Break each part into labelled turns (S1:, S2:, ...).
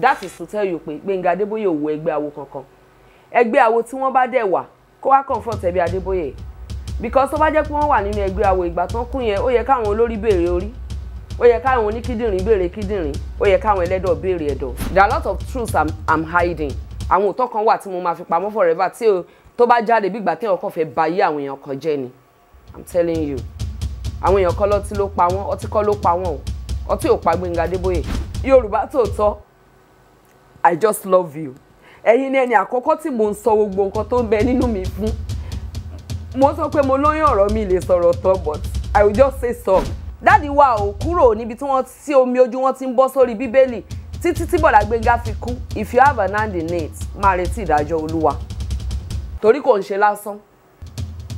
S1: that is to tell you pé Gbẹ́ngà Adébóyè ò wọ ẹgbẹ́ awo kankan ẹgbẹ́ awo tí wọ́n bá dẹ̀ wà kó wá comfort ẹbí Adébóyè because tó bá jẹ́ pé wọ́n wà nínú ẹgbẹ́ awo ìgbà tán kún yẹn ó yẹ káwọn olórí béèrè orí ó yẹ káwọn oníkídìrín béèrè kídìrín ó yẹ káwọn ẹlẹ́dọ̀ béèrè ẹ̀dọ̀ there are a lot of truths I'm, I'm hiding àwọn òótọ́ kan wà tí mo máa fi pamọ́ forever tí o tó bá jáde bí ìgbà téèyàn kàn fẹ́ ba ayé àwọn èèyàn kan jẹ́ ni I'm telling you àwọn èèyàn kan lọ́tí ló pa wọ́n ọtí kọ́ ló pa wọ́n o ọtí ò pa Gbẹ́ngà Adébóyè Yorùbá tòótọ́ i just love you ẹ̀yin ni ẹni àkọ́kọ́ tí mo ń sọ gbogbo nǹkan tó ń bẹ nínú mi fún mo sọ pé mo lóyún ọ̀rọ̀ mi lè sọ̀rọ̀ tán but i will just say so. dáàdi wa ò kúrò níbi tí wọ́n tí omi ojú wọn ti ń bọ́ sórí bíbélì títí tí bọ̀dà fi kú if you have an hand in it máa retí ìdájọ́ olúwa torí kò ń ṣe lásán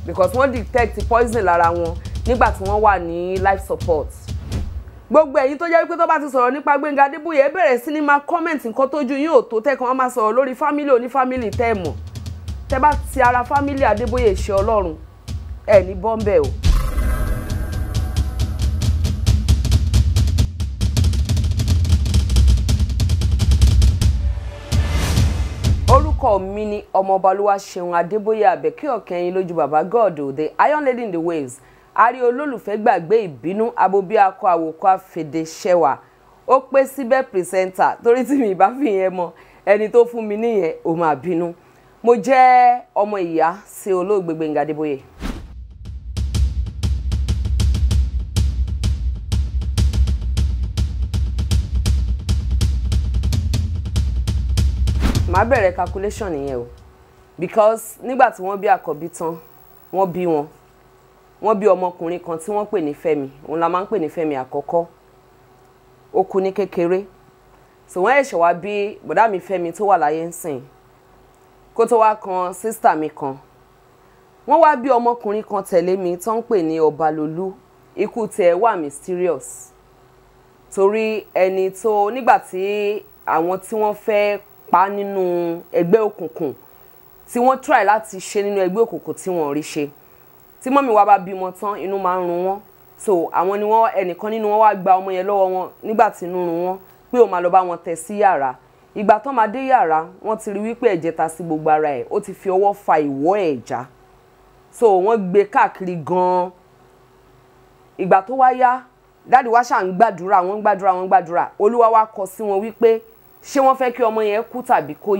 S1: because wọ́n detect poison lára wọn nígbà tí wọ́n wà ní life support gbogbo ẹ̀yin tó jẹ́ pé tó bá ti sọ̀rọ̀ nípa Gbẹ́ngà Adébóyè ẹ sí ni máa kọ́mẹ̀ntì nǹkan tójú yín ò tó tẹ́kàn wọ́n máa sọ̀rọ̀ lórí fámílì onífámílì tẹ́ ẹ̀ mọ̀ bá ti ara fámílì Adébóyè ṣe Ọlọ́run ẹ̀ ní bọ́ńbẹ́ o. orúkọ mi ni ọmọọba olúwa ṣeun adébóyè àbẹ̀kí lójú bàbá god the iron lady in the waves àrí olólùfẹ́ gbàgbé ìbínú abóbí akọ àwòkọ àfèdè ṣẹwà ó pé síbẹ̀ pìrìsẹ́ńtà torí tí mi bá fi yẹn mọ ẹni tó fún mi nìyẹn ò máa bínú mo jẹ́ ọmọ ìyá sí olóògbé Gbẹ́ngà màá bẹ̀rẹ̀ calculation nìyẹn o because nígbà tí wọ́n bí àkọ́bí tán wọ́n bí wọn wọ́n bí ọmọkùnrin kan tí wọ́n pè ní Fẹ́mi òun la máa ń pè ní Fẹ́mi àkọ́kọ́ ó kú ní kékeré so wọ́n ẹ̀ṣẹ̀ wá bí bọ̀dá mi Fẹ́mi tó wà láyé ń sìn kó tó wá kan sísítà mi kan wọ́n wá bí ọmọkùnrin kan tẹ̀lé mi tó ń pè ní Ọbalolú ikú tiẹ̀ wà mysterious torí ẹni tó nígbà tí àwọn tí wọ́n fẹ́ pa nínú ẹgbẹ́ òkùnkùn tí wọ́n try láti ṣe nínú ẹgbẹ́ òkùnkùn tí wọ́n rí ṣe tí mọ́mí wa bá bímọ tán inú máa ń run wọn so àwọn ni wọn ẹnìkan nínú wọn wá gba ọmọ yẹn lọ́wọ́ wọn nígbà tí inú run wọn pé ó máa lọ bá wọn tẹ̀ sí yàrá ìgbà tán máa dé yàrá wọn ti rí wípé ẹ̀jẹ̀ ta sí gbogbo ara ẹ̀ ó ti fi ọwọ́ fa ìwọ́ ẹ̀ so wọ́n gbé káàkiri gan-an ìgbà tó wá yá dáàdi wá ṣà ń gbàdúrà wọ́n ń gbàdúrà wọ́n ń gbàdúrà olúwa wá kọ sí wọn wípé ṣé wọ́n fẹ́ kí ọmọ yẹn kú tàbí kó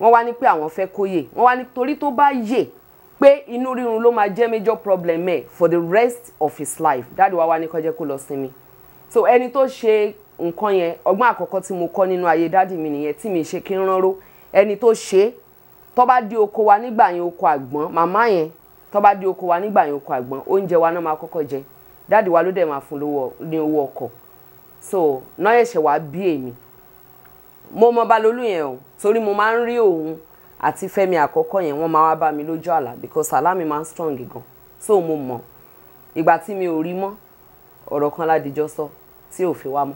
S1: wọ́n wá ní pé àwọn fẹ́ kó wọ́n wá ní torí tó bá yè pé inú rírun ló máa jẹ́ major problem ẹ̀ for the rest of his life dáàdi wa wá ní kọjá kó lọ sinmi so ẹni tó ṣe nǹkan yẹn ọgbọ́n àkọ́kọ́ tí mo kọ́ nínú ayé dáàdi mi nìyẹn tí mi ṣe kí n ránró ẹni tó ṣe é di oko wa nígbà yẹn oko àgbọn màmá yẹn tó di oko wa nígbà yẹn oko àgbọn oúnjẹ wa náà máa kọ́kọ́ jẹ dáàdi wa ló dẹ̀ máa fún lówó ní owó ọkọ̀ so náà ẹ̀ṣẹ̀ wá bí èmi mo mọ balolú yẹn o torí mo máa ń rí òun Ati femi akoko yẹn wọ́n máa wá bá mi lójú àlá because àlá mi máa strong gan so mo mọ̀ ìgbà tí mi ò rí mọ́ ọ̀rọ̀ kan ládìjọ́ sọ tí ò fi wá mọ́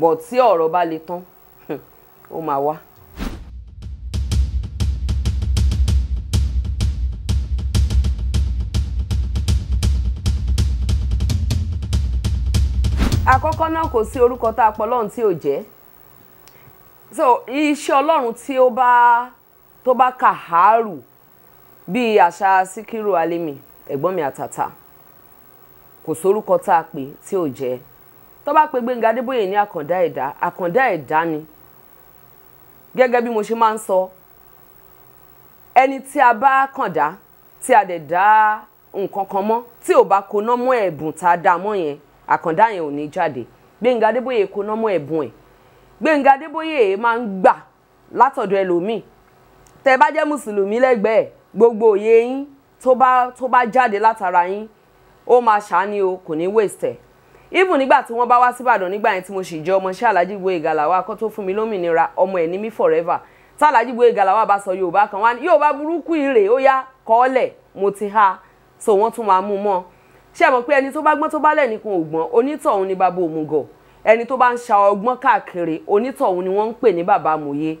S1: bọ̀ tí ọ̀rọ̀ bá le tán ó máa wá. àkọ́kọ́ náà kò sí orúkọ tá a pọ̀ lọ́run tí ò so iṣẹ́ ọlọ́run tí ó bá tó bá kà áàrù bíi àṣà síkírù alimi ẹ̀gbọ́n mi àtàtà kò sórúkọ tá a pè tí ò jẹ́ tó bá pe Gbẹ́ngà Adébóyè ní àkàndá ẹ̀dá àkàndá ẹ̀dá ni gẹ́gẹ́ bí mo ṣe máa ń sọ ẹni tí a bá kàndá tí a dẹ̀ dá nǹkan kan mọ́ tí ò bá koná mọ́ ẹ̀bùn tá a dá mọ́ yẹn àkàndá yẹn ò ní jáde Gbẹ́ngà Adébóyè koná mọ́ ẹ̀bùn ẹ̀ Gbẹ́ngà Adébóyè máa ń gbà látọ̀dọ̀ ẹlòmíì tẹ bá jẹ́ mùsùlùmí lẹ́gbẹ̀ẹ́ gbogbo òye yín tó bá tó bá jáde látara yín ó máa ṣàní o kò ní wèsì even nígbà tí wọ́n bá wá síbàdàn nígbà yẹn tí mo sì jẹ́ ọmọọṣẹ́ aláàjì Ìgbòho Gàlàwà kó tó fún mi lómìnira ọmọ ẹ̀ ní mí forever táláàjì Ìgbòho Gàlàwà bá sọ Yorùbá kan wá ní Yorùbá burúkú ire ó yá kọ́ọ̀lẹ̀ mo ti ha so wọ́n tún máa mú mọ́ ṣé ẹ mọ̀ pé ẹni tó bá gbọ́n tó bá lẹ́nìkan ògbọ́n onítọ̀hún ni bàbá òmùgọ̀ ẹni tó bá ń ṣa ọgbọ́n káàkiri onítọ̀hún ni wọ́n ń pè ní bàbá amòye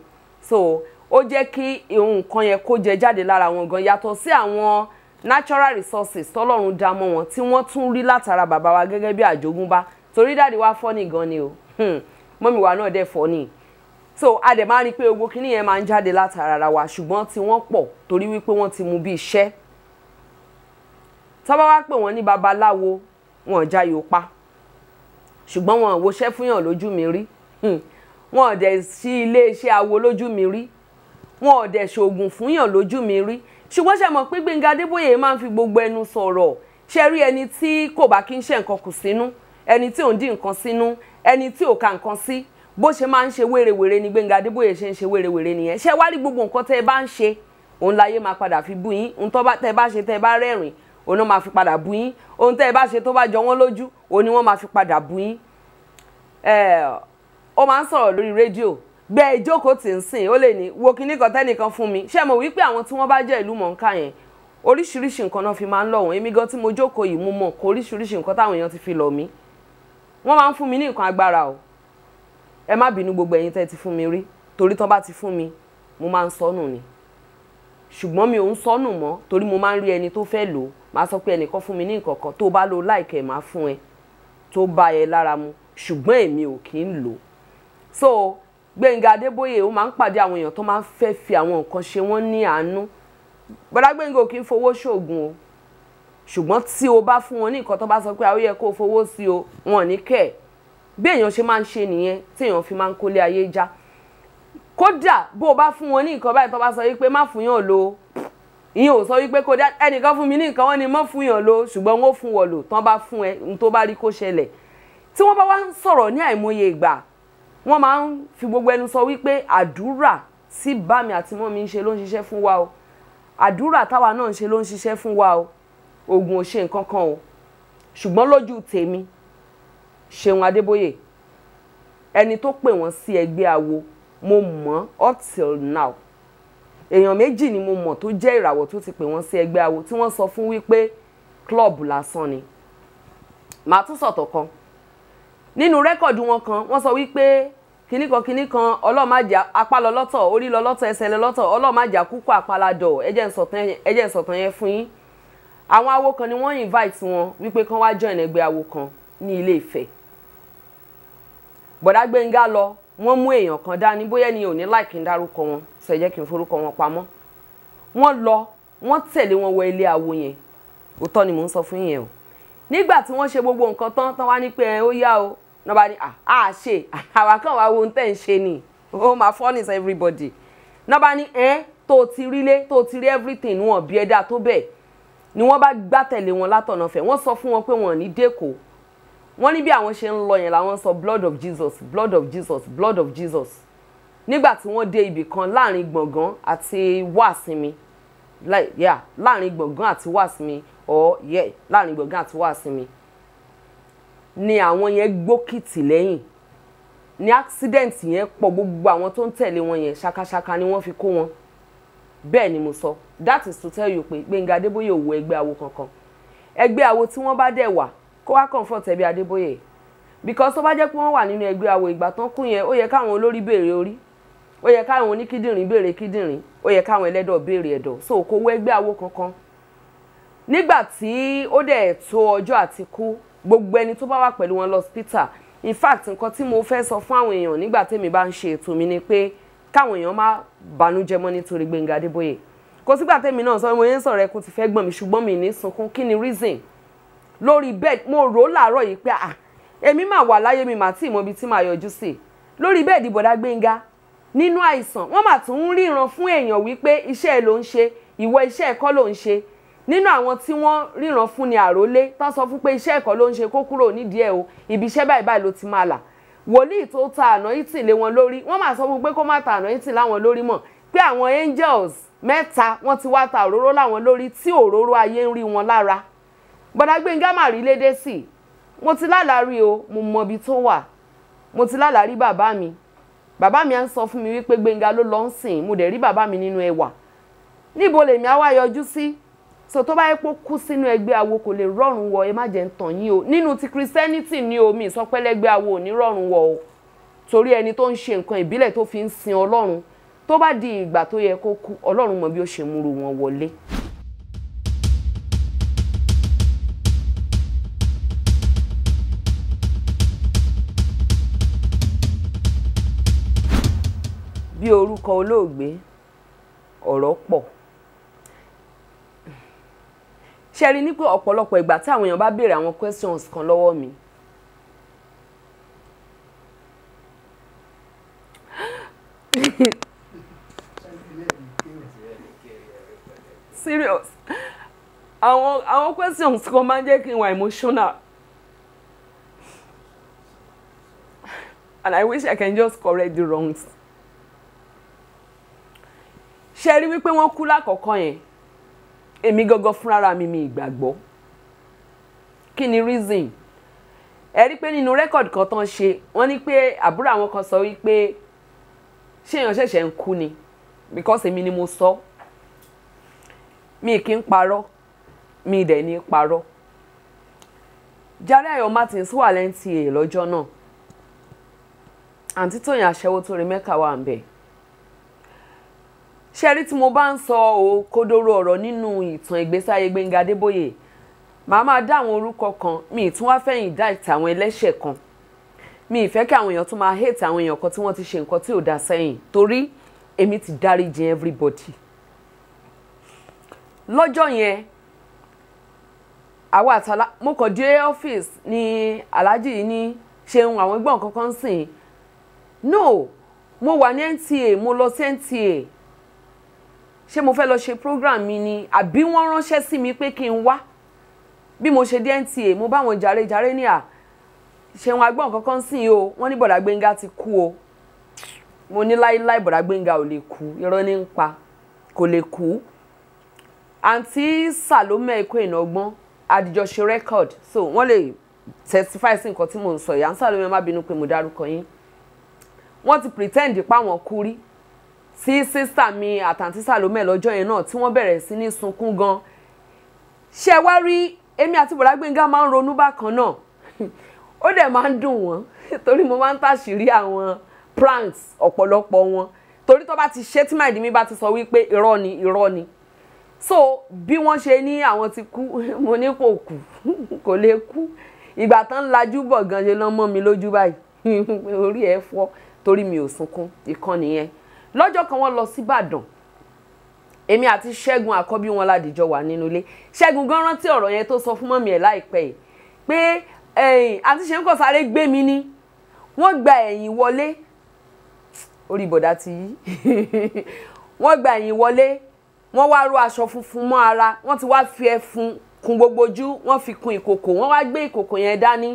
S1: so ó jẹ́ kí nǹkan yẹn kó jẹ jáde lára wọn gan yàtọ̀ sí àwọn natural resources tọ́lọ́run dá mọ́ wọn tí wọ́n tún rí látara bàbá wa gẹ́gẹ́ bí àjogúnbá torí dáàdi wa fọ́nì gan ni o hmm. mọ́mì wa náà dẹ̀ fọ́nì so a dẹ̀ máa rí i pé gbogbo kínní yẹn máa ń jáde látara ara wa ṣùgbọ́n tí wọ́n pọ̀ torí wípé wọ́n ti mú bí iṣẹ́ tọ́ba wá pè wọ́n ní babaláwo wọn já yóò pa ṣùgbọ́n wọn ò woṣẹ́ fúnyàn lójú mi rí hmm. wọn ò dẹ̀ sí iléeṣẹ́ awo lójú mi rí wọn ò dẹ̀ ṣoògùn fún yàn lójú mi rí ṣùgbọ́n ṣe mọ̀ pé Gbẹ́ngà Adébóyè máa ń fi gbogbo ẹnu sọ̀rọ̀ ṣe rí ẹni tí kò bá kí ń ṣe nǹkan kù sínú ẹni tí ò ń dí nǹkan sínú ẹni tí ò ka nǹkan sí bó ṣe máa ń ṣe wérewère ni Gbẹ́ngà Adébóyè ṣe ń ṣe wérewère nìyẹn ṣe wá rí gbogbo nǹkan tẹ́ ẹ bá ń ṣe òun láyé máa padà fi bú yín ohun tẹ́ ẹ bá ṣe tẹ́ ẹ bá rẹ́rìn òun máa fi padà bú yín ohun tẹ́ ẹ bá ṣe tó bá jọ wọ́n lójú òun ni wọ́n máa fi padà bú yín ó máa ń sọ̀rọ̀ lórí rédíò gbẹ ìjókòó tí ń sìn ó lè ní wo kinní kan tẹ́nìkan fún mi ṣé mo wí pé àwọn tí wọ́n bá jẹ́ ìlú mọ̀ọ́ká yẹn oríṣiríṣi nǹkan náà fi máa ń lọ̀ wọ́n èmi gan tí mo jókòó yìí mo mọ̀ kó oríṣiríṣi nǹkan táwọn èèyàn ti fi lọ̀ mí wọ́n máa ń fún mi ní nǹkan agbára o ẹ má bínú gbogbo ẹ̀yin tẹ́ ti fún mi rí torí tán bá ti fún mi mo máa ń sọnù ni ṣùgbọ́n mi ò ń sọnù mọ́ torí mo máa ń rí ẹni tó fẹ́ lò ó máa sọ pé ẹnìkan fún mi ní nǹkan kan tó bá lo láìkẹ́ máa fún ẹ tó bá ẹ lára mu ṣùgbọ́n èmi ò kì í lò so Gbẹ̀ngà Adébóyè ó máa ń pàdé àwọn èèyàn tó máa ń fẹ́ fi àwọn nǹkan ṣe wọ́n ní àánú bọ́dá Gbẹ̀ngà ò kí ń fowó ṣoògùn o ṣùgbọ́n tí o bá fún wọn ní nǹkan tó bá sọ pé àwọn yẹ kó o fowó sí o wọn ò ní kẹ́ ẹ̀ bí èèyàn ṣe máa ń ṣe nìyẹn tí èèyàn fi máa ń kólé ayé já kódà bó o bá fún wọn ní nǹkan báyìí tó bá sọ wípé má fún yàn lo ìyẹn ò sọ wípé kódà ẹnìkan fún mi ní nǹkan wọn ni mọ́ fún yàn lo ṣùgbọ́n wọn fún wọn lò tán bá fún ẹ n tó bá rí kó ṣẹlẹ̀ tí wọ́n bá wá ń sọ̀rọ̀ ní àìmọye ìgbà wọ́n máa ń fi gbogbo ẹnu sọ wípé àdúrà tí bá mi àti mọ́ mi ń ṣe ló ń ṣiṣẹ́ fún wa o àdúrà táwa náà ń ṣe ló ń ṣiṣẹ́ fún wa o oògùn ò ṣe nǹkan kan o ṣùgbọ́n lójú tèmi Ṣeun Adébóyè ẹni tó pè wọ́n sí ẹgbẹ́ awo mo mọ̀ up till now èèyàn méjì ni mo mọ̀ tó jẹ́ ìràwọ̀ tó ti pè wọ́n sí ẹgbẹ́ awo tí wọ́n sọ fún wípé club lásán ni màá tún sọ̀tọ̀ kan nínú rẹ́kọ̀dù wọn kan wọ́n sọ wípé kíní kan kíní kan ọlọ́màjà apálọ lọ́tọ̀ orí lọ lọ́tọ̀ ẹsẹ̀ lọ lọ́tọ̀ ọlọ́màjà kúkú àpàlàdọ̀ ẹjẹ́ ìsọ̀tàn yẹn fún yín àwọn awo kan ni wọ́n invite wọn wípé kán wá join ẹgbẹ́ awo kan ní ilé Ifẹ̀ bọ̀dá Gbẹ́ngà lọ wọ́n mú èèyàn kan dání bóyá ni ò ní láì kí n dárúkọ wọn sọ ẹ jẹ́ kí n forúkọ wọn pamọ́ wọ́n lọ wọ́n tẹ̀lé wọn wọ ilé awo yẹn òótọ́ ni mò ń sọ fún yẹn o nígbà tí wọ́n ṣe gbogbo nǹkan tán tán wá ní pé ó yá o náà bá ní à ah, ah, ṣe àwa kan wá wo ohun tẹ̀ ń ṣe ni ó máa furnish everybody náà bá ní ẹ tó ti rílé tó ti rí everything wọn bí ẹ̀dá tó bẹ́ẹ̀ ni wọ́n bá gbàtẹ̀lé wọn látọ̀nà fẹ̀ wọ́n sọ fún wọn pé wọn ní dẹ́kọ̀ wọ́n ní bí àwọn ṣe ń lọ yẹn làwọn sọ blood of Jesus blood of Jesus blood of Jesus nígbà tí wọ́n dé ibì kan láàrin gbọ̀ngàn àti wáàsinmi láàrin gbọ̀ngàn àti wáàsinmi ọ̀ yẹ láàrin gbọ̀ngàn àti wáàsinmi ni àwọn yẹn gbókìtì lẹ́yìn ní accident yẹn pọ̀ gbogbo àwọn tó ń tẹ̀lé wọn yẹn ṣakaṣaka ni wọ́n fi kó wọn bẹ́ẹ̀ ni mo sọ that is to tell you pé Gbẹ́ngà Adébóyè ò wọ ẹgbẹ́ awo kankan ẹgbẹ́ awo tí wọ́n bá dẹ̀ wà kó wá comfort ẹbí Adébóyè because tó bá jẹ́ pé wọ́n wà nínú ẹgbẹ́ awo ìgbà tán kú yẹn ó yẹ káwọn olórí béèrè orí ó yẹ káwọn oníkídìrín béèrè kídìrín ó yẹ káwọn ẹlẹ́dọ̀ béèrè ẹ̀dọ̀ so kò wọ ẹgbẹ́ awo kankan nígbà tí ó dẹ̀ tó ọjọ́ àti kú gbogbo ẹni tó bá wà pẹ̀lú wọn lọ hospital in fact nǹkan tí mo fẹ́ sọ fún àwọn èèyàn nígbà tèmi bá ń ṣe ètò mi ni pé káwọn èèyàn má banújẹ́ mọ́ nítorí Gbẹ́ngà Adébóyè kò sígbà tèmi náà sọ mo yẹn sọ̀rọ̀ ẹkún ti fẹ́ gbọ̀n mi ṣùgbọ́n mi ní sunkún kí ni reason lórí bed mo rò ó làárọ̀ yìí pé ah èmi mà wà láyé mi mà tí ì mọ ibi tí màá yọjú sí lórí bẹ́ẹ̀dì bọ̀dá Gbẹ́ngà nínú àìsàn wọ́n mà tún ríran fún èèyàn wípé iṣẹ́ ló ń ṣe ìwọ iṣẹ́ ẹ̀kọ́ ló ń ṣe nínú àwọn tí wọ́n ríran fún ni àrólé tán sọ fún pé iṣẹ́ ẹ̀kọ́ ló ń ṣe kó kúrò nídìí ẹ̀ o ibi iṣẹ́ báyìí báyìí ló ti máa là wòlíì tó ta àná ìtì lé wọn lórí wọ́n máa sọ fún pé kó má ta àná ìtì láwọn lórí mọ́ pé àwọn angels mẹ́ta wọ́n ti wá ta òróró láwọn lórí tí òróró ayé ń rí wọn lára bọ̀dá Gbénga mà rí lédè sí i mo ti lálàárí o mo mọ ibi tó wà mo ti lálàárí bàbá mi bàbá mi à ń sọ fún mi wípé Gbénga ló lọ ń sìn mo dẹ̀ rí bàbá mi nínú ẹwà níbo lèmi á wá yọjú sí so tó bá yẹ pé kú sínú ẹgbẹ́ awo kò lè rọrùn wọ ẹ má jẹ́ ń tàn yín o nínú ti christianity ni omi ìsọpẹ́lẹ́gbẹ́ awo ò ní rọrùn wọ o torí ẹni tó ń ṣe nǹkan ìbílẹ̀ tó fi ń sin ọlọ́run tó bá di ìgbà tó yẹ kó kú ọlọ́run mọ bí ó ṣe múru wọn wọlé. bí orúkọ olóògbé ọ̀rọ̀ pọ̀ ṣe rí ní pé ọ̀pọ̀lọpọ̀ ìgbà tí àwọn èèyàn bá béèrè àwọn questions kan lọ́wọ́ mi serious àwọn àwọn questions kan máa ń jẹ́ kí n wà emotional and I wish I can just correct the wrongs ṣe rí wípé wọ́n kú lákọ̀ọ́kọ́ yẹn èmi gangan fúnra mi mi ìgbàgbọ́ kí ni reason ẹ rí pé nínú rẹ́kọ̀dì kan tán ṣe wọ́n ní pé àbúrò àwọn kan sọ wípé ṣéèyàn ṣẹ̀ṣẹ̀ ń kú ni because èmi ni mo sọ mi kì í parọ́ mi dẹ̀ ní parọ́ Jare Ayọ̀ Martins wà lẹ́ńtì lọ́jọ́ náà àǹtí Tóyìn aṣẹ́wó tó rí mẹ́ka wà ń bẹ̀ ṣẹ́rí tí mo bá ń sọ òkodoro ọ̀rọ̀ nínú ìtàn ìgbésí ayé Gbẹ́ngà Adébóyè màá máa dá àwọn orúkọ kan mi ì tún wá fẹ́yìn dá ìtà àwọn ẹlẹ́ṣẹ̀ kan mi ì fẹ́ kí àwọn èèyàn tún máa hate àwọn èèyàn kan tí wọ́n ti ṣe nǹkan tí ò dá sẹ́yìn torí èmi ti dáríjì everybody lọ́jọ́ yẹn àwa àtàlà mo kàn dé ọ́fíìsì ní aláàjì ní ṣeun àwọn ẹgbọ́n kankan sìn no mo wà ní NTA mo lọ sí NTA ṣé mo fẹ́ lọ ṣe program mi ni àbí wọ́n ránṣẹ́ sí mi pé kí n wá bí mo ṣe dé NTA mo bá wọn jàre jàre ní à ṣẹ̀wọ̀n agbọ́n kankan sí i o wọ́n ní bọ̀dà Gbẹ́ngà ti kú o mo ní láíláí bọ̀dà Gbẹ́ngà ò lè kú irọ́ ní ń pa kò lè kú àǹtí Salome ikú ìnàgbọ́n àdìjọṣe record so wọ́n lè testify sí nǹkan tí mo ń sọ yìí àǹtí Salome má bínú pé mo dárúkọ yín wọ́n ti pretend pa àwọn kú rí tí sísà mi àtàntí Salome lọ́jọ́ yẹn náà tí wọ́n bẹ̀rẹ̀ sí ní sunkún gan ṣe wá rí èmi àti bọ̀dá Gbénga máa ń ronú bákan náà ó dẹ̀ máa ń dùn wọ́n torí mo máa ń tàṣírí àwọn pranks ọ̀pọ̀lọpọ̀ wọn torí tó bá ti ṣe tí màdí mi bá ti sọ wípé irọ́ ni irọ́ ni so bí wọ́n ṣe ní àwọn ti kú mo ní kò kú kò lè kú ìgbà tán lajú bọ̀ gan ṣe lọ́mọ mi lójú báyìí orí ẹ̀ fọ́ torí mi ò sunkún ìkànnì yẹn lọ́jọ́ kan wọ́n lọ síbàdàn èmi àti ṣẹ́gun àkọ́bí wọn ládìjọ wà nínú ilé ṣẹ́gun gan rántí ọ̀rọ̀ yẹn tó sọ fún mọ́mí ẹ̀ láìpẹ́ yìí pé àti ṣe ń kọ̀ sáré gbé mi ní wọ́n gba ẹ̀yìn wọlé orí bọ̀dá ti yí wọ́n gba ẹ̀yìn wọlé wọ́n wá ró aṣọ funfun mọ́ ara wọ́n ti wá fi ẹfun kun gbogbo ojú wọ́n fi kun ìkòkò wọ́n wá gbé ìkòkò yẹn dání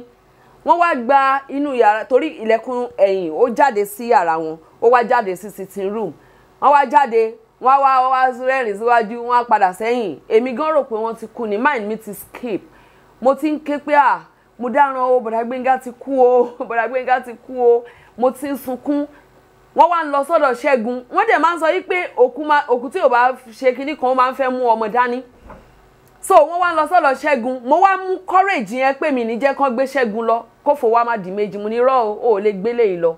S1: wọ́n wá gba inú yàrá torí ilẹ̀kùn ẹ̀yìn ó jáde sí yàrá wọn ó wá jáde sí sitting room wọ́n wá jáde wọ́n wá wá rẹ́rìn síwájú wọ́n á padà sẹ́yìn èmi gan rò pé wọ́n ti kú ni mind mi ti skip mo ti ń ké pé à mo dáràn o bọ̀dà Gbénga ti kú o bọ̀dà Gbénga ti kú o mo ti ń sunkún wọ́n wá ń lọ sọ́dọ̀ Ṣẹ́gun wọ́n dẹ̀ máa ń sọ yí pé òkú tí ò bá ṣe kinní kan ó máa ń fẹ́ mú ọmọ dání so wọ́n wá ń lọ sọ́dọ̀ Ṣẹ́gun mo wá mú courage yẹn pé mi ní jẹ́ kán gbé Ṣẹ́gun lọ kófò wá má di méjì mo ní rọ́ o ò lè gbélé yìí lọ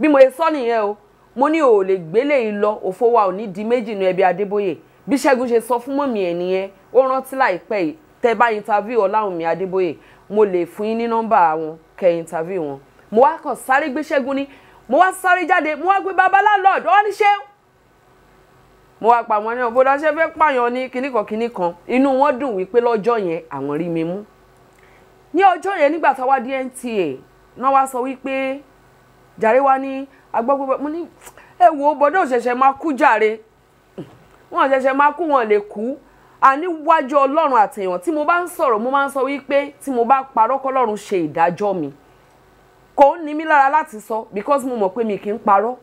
S1: bí mo ṣe sọ nìyẹn o mo ní o ò lè gbélé yìí lọ òfò wa ò ní di méjì nu ẹbí Adébóyè bí Ṣẹ́gun ṣe sọ fún mọ̀mí ẹ̀ nìyẹn ó rántí láìpẹ́ yìí tẹ́ bá interview Ọláwùnmí Adébóyè mo lè fún yín ní nọ́mbà wọn kẹ́ interview wọn mo wá kàn sáré gbé Ṣẹ́gun ní mo wá sáré jáde mo wá gbé babalá lọ́ọ̀dọ́ wọn ní ṣé mo wá pa àwọn ẹni ọ̀bọ̀dá ṣe fẹ́ pààyàn ní kinní kan kinní kan inú wọn dùn wípé lọ́jọ́ yẹn àwọn rí mi mú ní ọjọ́ yẹn nígbà táwa dé NTA náà wá sọ wípé jàre wa ní agbọ́gbọ́ mo ní ẹ wo bọ́dọ̀ ṣẹ̀ṣẹ̀ máa kú jàre wọn ṣẹ̀ṣẹ̀ máa kú wọn lè kú àníwájú ọlọ́run àtẹ̀yàn tí mo bá ń sọ̀rọ̀ mo máa ń sọ wípé tí mo bá parọ́ kọ́lọ́run ṣe ìdájọ́ mi kò ń ní mí lára láti sọ because mo mọ̀ pé mi kì í parọ́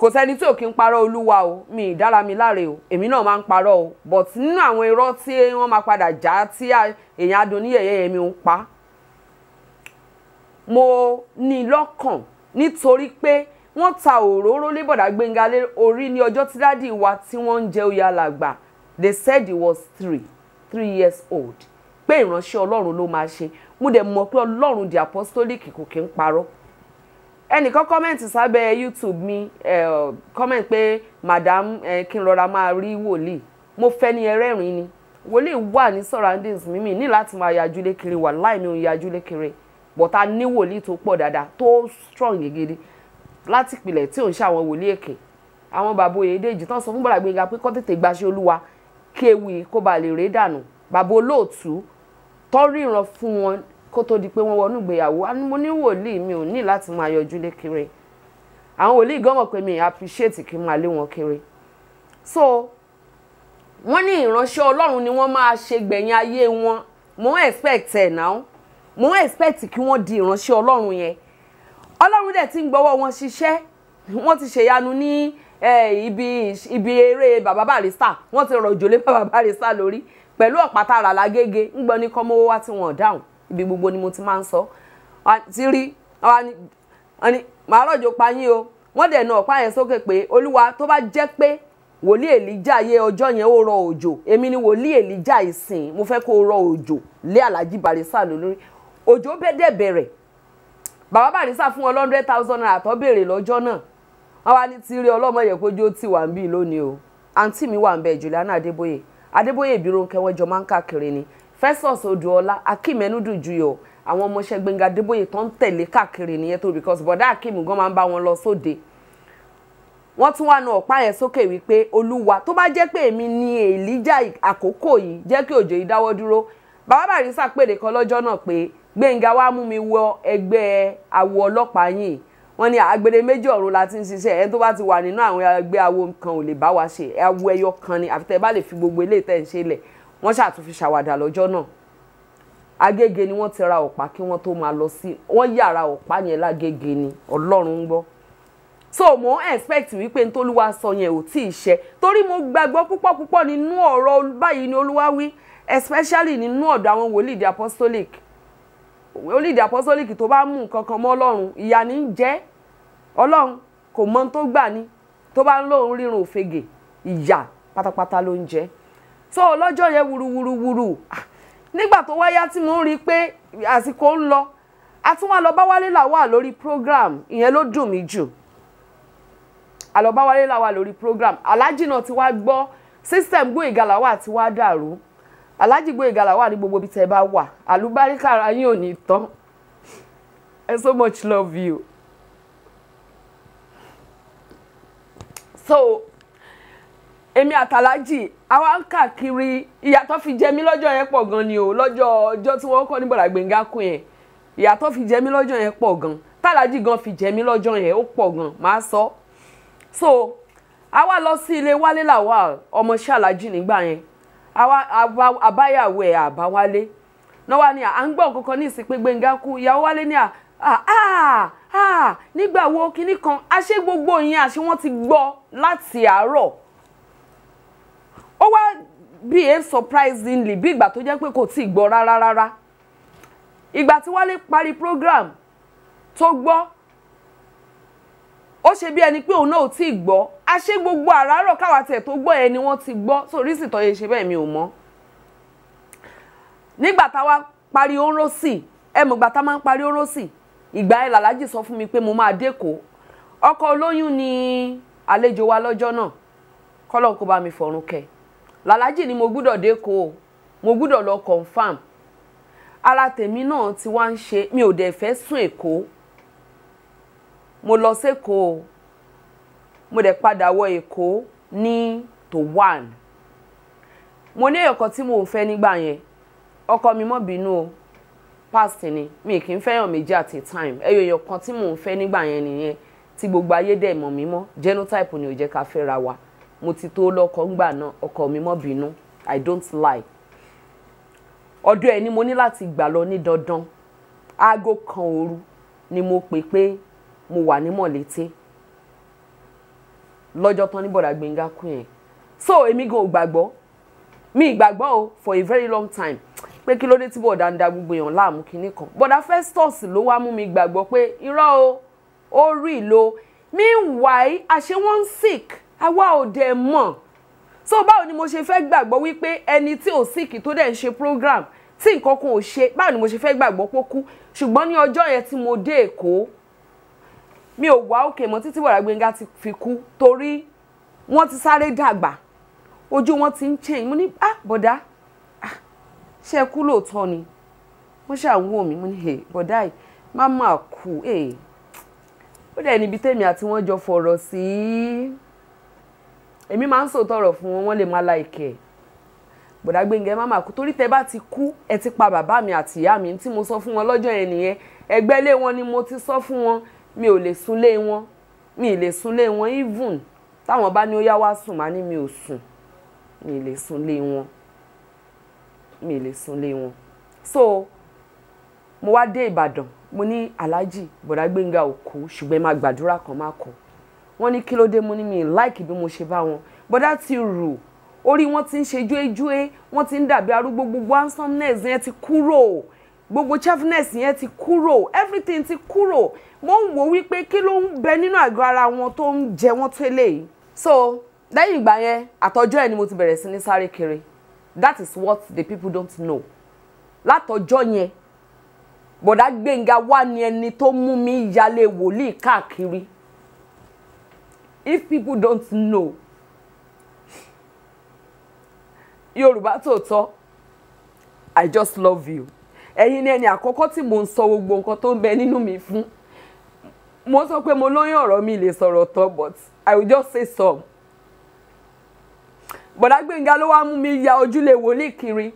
S1: kò sẹ́ni tí ò kí ń parọ́ olúwa o mi ì dára mi láre o èmi náà máa ń parọ́ o but nínú àwọn irọ́ tí wọ́n máa padà já tí èèyàn adoniyeyeyen mi ń pa mo ní lọ́kàn nítorí pé wọ́n ta òróró lébọ̀dà gbẹ̀ngà lé orí ní ọjọ́ tí dádì wa tí wọ́n ń jẹ oyè alàgbà they said he was three three years old pé ìránṣẹ́ ọlọ́run ló máa ṣe mo dẹ̀ mọ̀ pé ọlọ́run di apostolic kò kí ń parọ́ ẹnìkan kọ́mẹ̀ntì sábẹ́ youtube mi kọ́mẹ̀ntì pé madam kí n rọra máa rí wòlíì mo fẹ́ ní ẹrẹ́rìn ni wòlíì wà ní surroundings mímì ní láti máa yájú lékiri wà láì mi ò yájú lékiri but a ní wòlíì tó pọ̀ dáadáa tó strong gidi láti ìpìlẹ̀ tí ò ń ṣàwọn wòlíì èké àwọn bàbá Oyèdèjì tán sọ fún Bọ́lá Gbénga pé kó tètè gbaṣẹ́ Olúwa kéwì kó ba lè ré dànù bàbá olóòtú tọ́ ríran fún wọn kó tó di pé wọ́n wọnú ìgbéyàwó mo ní wòlíì mi ò ní láti máa yọjú lé kiri àwọn wòlíì gọ́mọ̀ pé mi appreciate kí n máa lé wọn kiri so wọ́n ní ìránṣẹ́ Ọlọ́run ni wọ́n máa ṣe gbẹ̀yìn ayé wọn mo expect ẹ̀ náà mò ń expect kí wọ́n di ìránṣẹ́ ọlọ́run yẹn ọlọ́run dẹ̀ ti ń gbọ́wọ́ wọn ṣiṣẹ́ wọ́n ti ṣèyanu ní ibi eré bàbá Barrister wọ́n ti rọ̀jò lé bàbá Barrister lórí pẹ̀lú ọ̀pátá ràlá gègé ń gbọ́ ní kọ́mọ́wọ́ wá tí wọ́n dáhùn ibi gbogbo ni mo ti máa ń sọ ti rí màá rọ̀jò pa yín o wọ́n dẹ̀ na ọ̀pá yẹn sókè pé olúwa tó bá jẹ́ pé wòlíì èlíjà yé ọjọ́ yẹn ó rọ òjò èmi ni wòlíì èlíjà ìsìn mo fẹ́ kó rọ òjò lé Alhaji Barrister lórí òjò bẹ́ẹ̀ dẹ̀ bẹ̀rẹ̀ bàbá Bàrísà fún wọn hundred thousand naira tó béèrè lọ́jọ́ náà wọn wá ní tìrẹ ọlọ́mọ yẹ kójú ó ti wà ń bí lónìí o àǹtí mi wà ń bẹ Juliana Adébóyè Adébóyè Ìbírónkẹ́ wọn jọ máa ń káàkiri ni Festus Odùọlá akímẹnudù juyọ àwọn ọmọọṣẹ́ Gbẹ́ngà Adébóyè tó ń tẹ̀lé káàkiri nìyẹn tó because bọ̀dá akim gan máa ń bá wọn lọ sóde wọ́n tún wá nu ọ̀pá yẹn sókè wípé olúwa tó bá jẹ́ pé èmi ni èlíjà àkókò yìí jẹ́ kí òjò yìí dáwọ́ dúró bàbá Bàrísà pèrè kan lọ́jọ́ náà pé gbẹ̀ngà wa mú mi wọ ẹgbẹ́ àwo ọlọ́pàá yìí wọ́n ní agbede méjì ọ̀run la ti ń ṣiṣẹ́ ẹni tó bá ti wà nínú àwọn ẹgbẹ́ awo kan ò lè bá wa ṣe awo ẹyọ kan ni àfi tẹ́ ẹ bá lè fi gbogbo eléyìí tẹ́ ń ṣe lẹ̀ wọ́n ṣàtúnfi ṣàwàdà lọ́jọ́ náà agége ni wọ́n ti ra ọ̀pá kí wọ́n tó máa lọ sí wọ́n yàrá ọ̀pá yẹn lágége ni ọlọ́run ń gbọ́ so mo ń expect wípé ntolúwa sọ yẹn ò tí ì ṣe torí mo gbàgbọ́ púpọ̀ púpọ̀ nínú ọ̀rọ̀ báyìí ni olúwa wí especially nínú ọ̀dọ̀ àwọn wòlíì di apostolic olùdí apọ́sọ́lìkì tó bá mú nǹkan kan mọ́ ọlọ́run ìyà ní í jẹ́ ọlọ́run kò mọ tó gbà ní tó bá ń lóun rírun òfegè ìyà pátápátá ló ń jẹ́ so lọ́jọ́ yẹn wuruwuruwuru ah, nígbà tó wáyá tí mo ń rí i pé àsìkò ń lọ àtúnwá Àlọ́báwálé là wà lórí program ìyẹn ló dùn mí jù Àlọ́báwálé là wà lórí program alájì náà ti gbọ́ system Gboyega Lawal ti wá dàrú Alhaji Gboyega Lawal ní gbogbo ibi tẹ́ ẹ bá wà àlùbáríkà ara yín ò ní tán I so much love you. So èmi àtàlájì àwa ń káàkiri ìyàtọ̀ fi jẹ mí lọ́jọ́ yẹn pọ̀ gan ni o lọ́jọ́ ọjọ́ tí wọ́n kọ́ ní Bọ̀dá Gbénga kún yẹn ìyàtọ̀ fi jẹ mí lọ́jọ́ yẹn pọ̀ gan tàlájì gan fi jẹ mí lọ́jọ́ yẹn ó pọ̀ gan máa sọ so àwa lọ sí ilé Wálé Lawal ọmọ ṣàlájì nígbà yẹn àbáyàwó ẹ̀ àbáwálé náà wá ní à ń gbọ́ kankan ní ìsìn pé Gbẹ́ngà kú ìyàwó wálé ní à nígbà wo kinní kan àṣé gbogbo yẹn àṣé wọ́n ti gbọ́ láti àárọ̀ ó wá behave surprisingly bí ìgbà tó jẹ́ pé kò tíì gbọ́ rárá rárá ìgbà tí wálé parí program tó gbọ́ ó ṣe bí ẹni pé òun náà ò tí ì gbọ́ a ṣe gbogbo àràárọ̀ káwa tó gbọ́ ẹni wọ́n ti gbọ́ so rísì tó yẹ ṣe bẹ́ẹ̀ mi ò mọ̀ nígbà táwa parí oró sí ẹ mọ̀ gbà tá máa ń parí oró sí ìgbà yẹn làlájì sọ fún mi pé mo máa dẹ́kọ̀ọ́ ọkọ olóyún ni àlejò wa lọ́jọ́ náà kọ́lọ́n kó bá mi fọ̀run kẹ́ làlájì ni mo gbúdọ̀ dẹ́kọ̀ọ́ mo gbúdọ̀ lọ confam ara tèmi náà ti wá ń ṣe mi ò dẹ̀ fẹ́ sún Èkó mo lọ sékòó mo dẹ̀ padà wọ èkó ní tó one mo ní èèyàn kan tí mo ń fẹ́ nígbà yẹn ọkọ mi mọ́ bínú o past ni mi kì í fẹ́yàn méjì at time ẹyọ èèyàn tí mo ń fẹ́ nígbà yẹn nìyẹn tí gbogbo ayé dẹ̀ mọ̀ mí genotype ni ò jẹ́ ká fẹ́ra wa mo ti tó lọ́kọ ńgbà náà ọkọ mi mọ́ bínú i don't lie ọdún ẹ ni mo ní láti gbà lọ ní dandan aago kan òru ni mo pè pé mo wà ní mọ̀lété lọ́jọ́ tán ní bọ̀dà Gbẹ́ngà kú yẹn so èmi gan ò mi ìgbàgbọ́ o for a very long time pé kí ló dé tí bọ̀dà ń da gbogbo èèyàn láàmú kinní kan bọ̀dà Festus ló wá mú mi gbàgbọ́ pé irọ́ o ó rí ìlò meanwhile àṣé wọ́n ń sick àwa ò dẹ̀ mọ̀ so báwo ni mo ṣe fẹ́ gbàgbọ́ wípé ẹni tí ò sick tó dẹ̀ ń ṣe program tí nǹkan kan ò ṣe báwo ni mo ṣe fẹ́ gbàgbọ́ pé ó kú ṣùgbọ́n ní ọjọ́ yẹn tí mo dé Èkó mi ò wá òkè mọ́ títí wàrà Gbẹ́ngà ti fi kú torí wọ́n ti sáré dàgbà ojú wọn ti ń change mo ní ah bọ̀dá ah ṣe kú lóòótọ́ ni wọ́n ṣàwọ́ mi mo ní he bọ̀dá yìí má má kú eh ó dẹ̀ níbi tèmi àti wọ́n jọ fọ̀rọ̀ sí èmi máa ń sòtọ̀rọ̀ fún wọn wọ́n lè má láìkẹ́ ẹ̀ bọ̀dá Gbẹ́ngà má má kú torí tẹ bá ti kú ẹ ti pa bàbá mi àti ìyá mi tí mo sọ fún wọn lọ́jọ́ yẹn nìyẹn ẹgbẹ́ lé wọn ni mo ti sọ fún wọn mi ò lè súnlé wọn mi ì lè súnlé wọn even táwọn bá ní ó yá wá sùn má ní mi ò sùn mi ì lè súnlé wọn mi ì lè súnlé wọn so mo wá dé Ìbàdàn mo ní Alhaji Bọ̀dá Gbénga ò kú ṣùgbọ́n ẹ máa gbàdúrà kan má kọ̀ wọ́n ní kí ló dé mo ní mi ì láìkì bí mo ṣe bá wọn bọ̀dá ti rù orí wọn ti ń ṣe jóéjóé wọn ti ń dàbí arúgbó gbogbo handsomeness yẹn ti kúrò gbogbo cheviness yẹn ti kúrò everything ti kúrò wọ́n ń wo wípé kí ló ń bẹ nínú àgọ́ ara wọn tó ń jẹ wọ́n tẹ́lẹ̀ yìí so lẹ́yìn ìgbà yẹn àtọjọ́ ẹ̀ ni mo ti bẹ̀rẹ̀ sí ní sáré kiri that is what the people don't know látọjọ́ yẹn bọ̀dá Gbénga wà ní ẹni tó mú mi yálé wòlíì káàkiri if people don't know Yorùbá tòótọ́ I just love you ẹ̀yin ni ẹni àkọ́kọ́ tí mo ń sọ gbogbo nǹkan tó ń bẹ nínú mi fún. mo sọ pé mo lóyún ọ̀rọ̀ mi lè sọ̀rọ̀ tán but i will just say some. bọ̀dá Gbénga ló wá mú mi ya ojúlé wòlíì kiri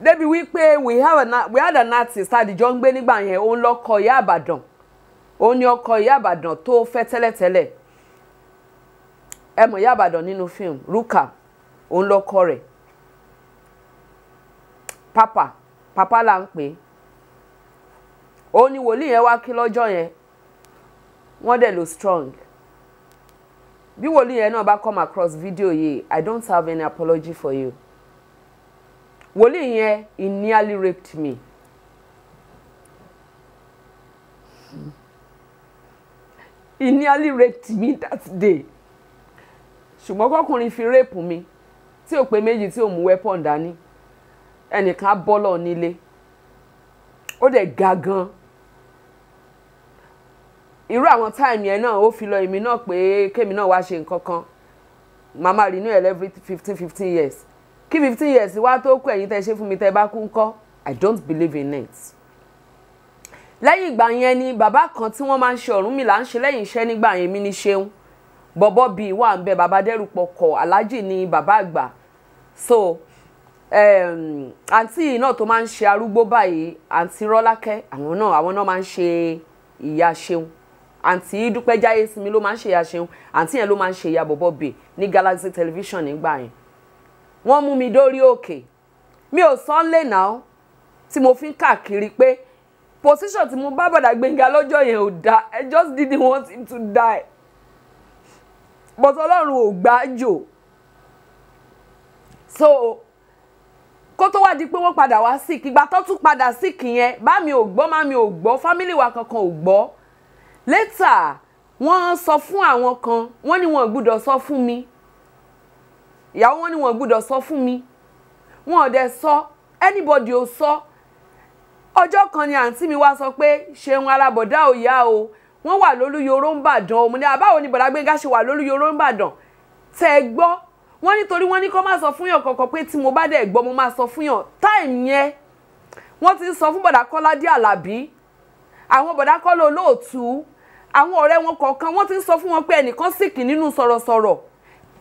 S1: débi wípé we have an we had an artist àdìjọ ń gbé nígbà yẹn òun lọkọ ìyá àbàdàn òun ni ọkọ ìyá àbàdàn tó fẹ́ tẹ́lẹ̀tẹ́lẹ̀ ẹ ìyá àbàdàn nínú fíìmù Rúkà òun lọkọ rẹ̀ pápá pápá là ń pè é òun ni wòlíì yẹn wá kí lọ́jọ́ yẹn wọ́n dẹ̀ lò strong bí wòlíì yẹn náà bá come across video yìí i don't have any apology for you wòlíì yẹn he nearly raped me he nearly raped me that day ṣùgbọ́n kọkùnrin fi rape mi tí ò pé méjì tí ò mú weapon dání ẹnìkan bọ́ lọ nílé ó dẹ̀ ga gan-an irú àwọn táìmù yẹn náà ó fi lọ èmi náà pé kémi náà wá ṣe nǹkan kan màmá renew every fifteen fifteen years kí fifteen years wá tó kú ẹ̀yin tẹ́ ṣe fún mi tẹ́ bá kú ńkọ́ I don't believe in it. lẹ́yìn ìgbà yẹn ni bàbá kan tí wọ́n máa ń ṣe Ọ̀rúnmìlà ń ṣe lẹ́yìn iṣẹ́ nígbà yẹn mi ní ṣeun bọ́bọ́ bí wà ń bẹ bàbá dẹ́rùpọ̀ kọ̀ aláàjì ni bàbá àgbà so um, àǹtí náà tó máa ń ṣe arúgbó báyìí àǹtí Rọ́lákẹ́ àwọn náà àwọn náà máa ń ṣe ìyá ṣeun àǹtí dúpẹ́ jáyé sinmi ló máa ń ṣe ìyá ṣeun àǹtí yẹn ló máa ń ṣe ìyá bọ̀bọ̀ bè ní Galaxy television nígbà yẹn wọ́n mú mi dórí òkè mi ò sọ lè nà ó tí mo fi ń káàkiri pé position tí mo bá bọ̀dà Gbénga lọ́jọ́ yẹn ò da I just didn't want him to die but Ọlọ́run ò gbájò so kó tó wá di pé wọ́n padà wá sí ìgbà tó tún padà sí kìyẹn bá mi ò gbọ́ má mi ò gbọ́ fámílì wa kankan ò gbọ́ lẹ́tà wọ́n sọ fún àwọn kan wọ́n ní wọn gbúdọ̀ sọ fún mi ìyàwó wọn ní wọn gbúdọ̀ sọ fún mi wọn ò dẹ̀ sọ anybody ò sọ ọjọ́ kan ni àǹtí mi wá sọ pé ṣeun alábọ̀dá ò yá o wọ́n wà lólúyòrò ń bàdàn òun àbáwo ni bọ̀dá gbẹ̀ngà ṣe wà lólúyòrò ń bàdàn tẹ́ ẹ gbọ́ wọ́n nítorí wọ́n ní kó má sọ fún yàn kankan pé tí mo bá dẹ̀ gbọ́ mo máa sọ fún yàn táìmù yẹn wọ́n ti sọ fún bọ̀dá kọ́ládé àlàbí àwọn bọ̀dá kọ́lá olóòtú àwọn ọ̀rẹ́ wọn kọ̀ọ̀kan wọ́n ti ń sọ fún wọn pé ẹnìkan sick nínú sọ̀rọ̀sọ̀rọ̀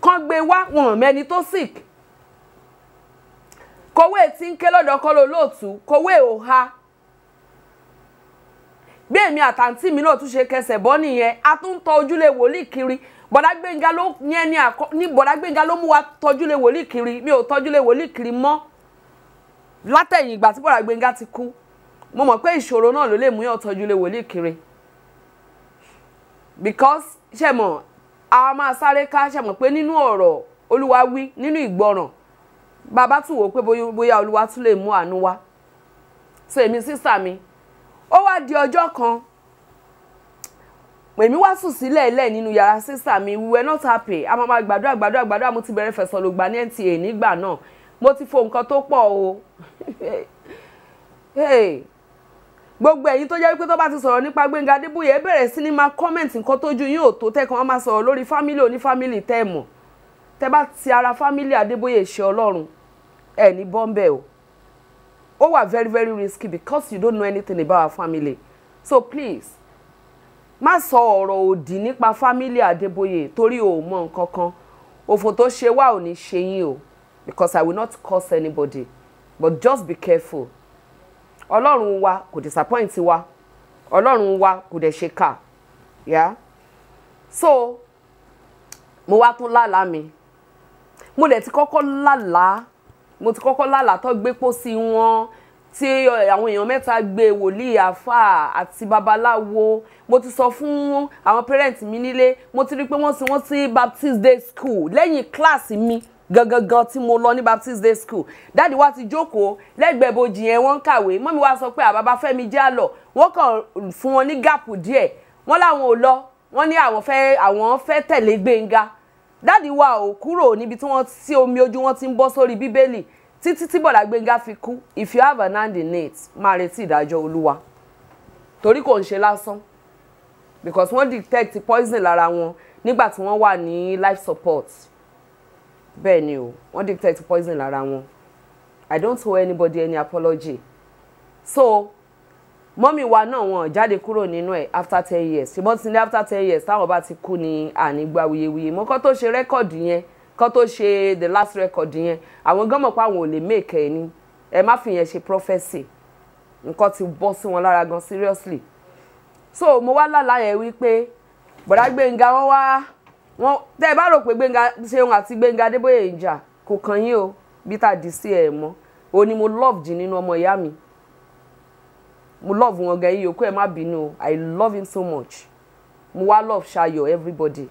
S1: kan gbé wá wọn ò mẹ́ni tó sick kọ̀wé tí ń ké lọ́dọ̀ kọ́ ló lóòtú kọ̀wé ò ha bí èmi àtàǹtí mi náà tún ṣe kẹsẹ̀ bọ́ nìyẹn a tún tọ ojúlé wòlíì kiri bọ̀dá gbẹ̀ngà ló yẹn ní àkọ́ ní bọ̀dá gbẹ̀ngà ló mú wa tọ́júlé wòlíì kiri mi ò tọ́júlé wòlíì kiri mọ́ látẹ̀yìn ìgbà tí bọ̀dá gbẹ̀ngà ti kú mo mọ̀ pé ìṣòro náà ló lè mú yàn tọ́júlé wòlíì kiri because ṣẹ̀mọ̀ a máa sáré ká ṣẹ̀mọ̀ pé nínú ọ̀rọ̀ olúwa wí nínú ìgbọràn bàbá tún wò ó pé bóyá olúwa tún lè mú àánú wá so èmi sísà mi ó wá di ọjọ́ kan èmi wá sùn sílẹ̀ ẹ̀lẹ́ nínú yàrá sísà mi we were not happy a máa máa gbàdúrà gbàdúrà gbàdúrà mo ti bẹ̀rẹ̀ fẹ̀sọ̀ lògbà ní NTA nígbà náà mo ti fo nǹkan tó pọ̀ o gbogbo ẹ̀yin tó jẹ́ wípé tó bá ti sọ̀rọ̀ nípa Gbẹ́ngà Adébóyè ẹ bẹ̀rẹ̀ sí ni máa kọ́mẹ̀ntì nǹkan tójú yín ò tó tẹ́kan wọ́n máa sọ̀rọ̀ lórí fámílì onífámílì tẹ́ mọ̀ tẹ́ bá ti ara fámílì Adébóyè ṣe Ọlọ́run ẹ̀ ní bọ́m̀bẹ̀ o ó wà very very risky because you don't know anything about our family so please má sọ ọ̀rọ̀ òdì nípa fámílì Adébóyè torí o ò mọ nǹkan kan òfò tó ṣe wá ò ní ṣe yín o because I will not curse anybody but just be careful ọlọ́run wa kò disappoint wa ọlọ́run wa kò dẹ̀ ṣe kà yá so mo wá tún lálàá mi mo dẹ̀ ti kọ́kọ́ lálàá mo ti kọ́kọ́ lálàá tó gbé pósí wọn tí eh, àwọn èèyàn mẹ́ta gbé wòlíì àáfàá àti babaláwo mo ti sọ fún àwọn parents mi nílé mo ti rí i pé wọ́n sin wọ́n sí baptist day school lẹ́yìn kíláàsì mi gangan gan tí mo lọ ní Baptist Day School dáàdi wa ti jókòó lẹ́gbẹ̀ẹ́ bojì yẹn wọ́n ń kàwé mọ́mi wa sọ pé àbábá fẹ́mi já lọ wọ́n kàn fún wọn ní gáàpù díẹ̀ wọ́n láwọn ò lọ wọ́n ní àwọn fẹ́ àwọn fẹ́ tẹ̀lé Gbẹ́ngà dáàdi wa ò kúrò níbi tí wọ́n sí omi ojú wọn ti ń bọ́ sórí bíbélì títí tí bọ̀dà Gbẹ́ngà fi kú if you have an hand in it máa retí ìdájọ́ olúwa torí kò ń ṣe lásán because wọ́n detect poison lára wọn nígbà tí wọ́n wà ní life support bẹ́ẹ̀ ni o wọ́n to poison lára wọn i don't owe anybody any apology so mọ́mì wa náà wọ́n jáde kúrò nínú ẹ̀ after ten years ṣùgbọ́n ti ní after ten years táwọn bá ti kú ní ànígbà wuyewuye mọ́ kọ́ tó ṣe rẹ́kọ̀dì yẹn kọ́ tó ṣe the last record yẹn àwọn gan mọ̀ pé àwọn ò lè make ẹ̀ ní ẹ má fi yẹn ṣe prophecy nǹkan ti bọ́ sí wọn lára gan seriously so mo wá lálàá yẹn wípé bọ̀dá Gbénga wọ́n wá. Wa wọn tẹ ẹ bá rò pé Gbẹ́ngà Ṣeun àti Gbẹ́ngà Adébóyè ìjà kò kàn yín o bí dì sí ẹ mọ́ o ni mo love jì nínú ọmọ ìyá mi mo love wọn gan yíyókù ẹ má bínú o I love him so much mo wá love Ṣayọ̀ everybody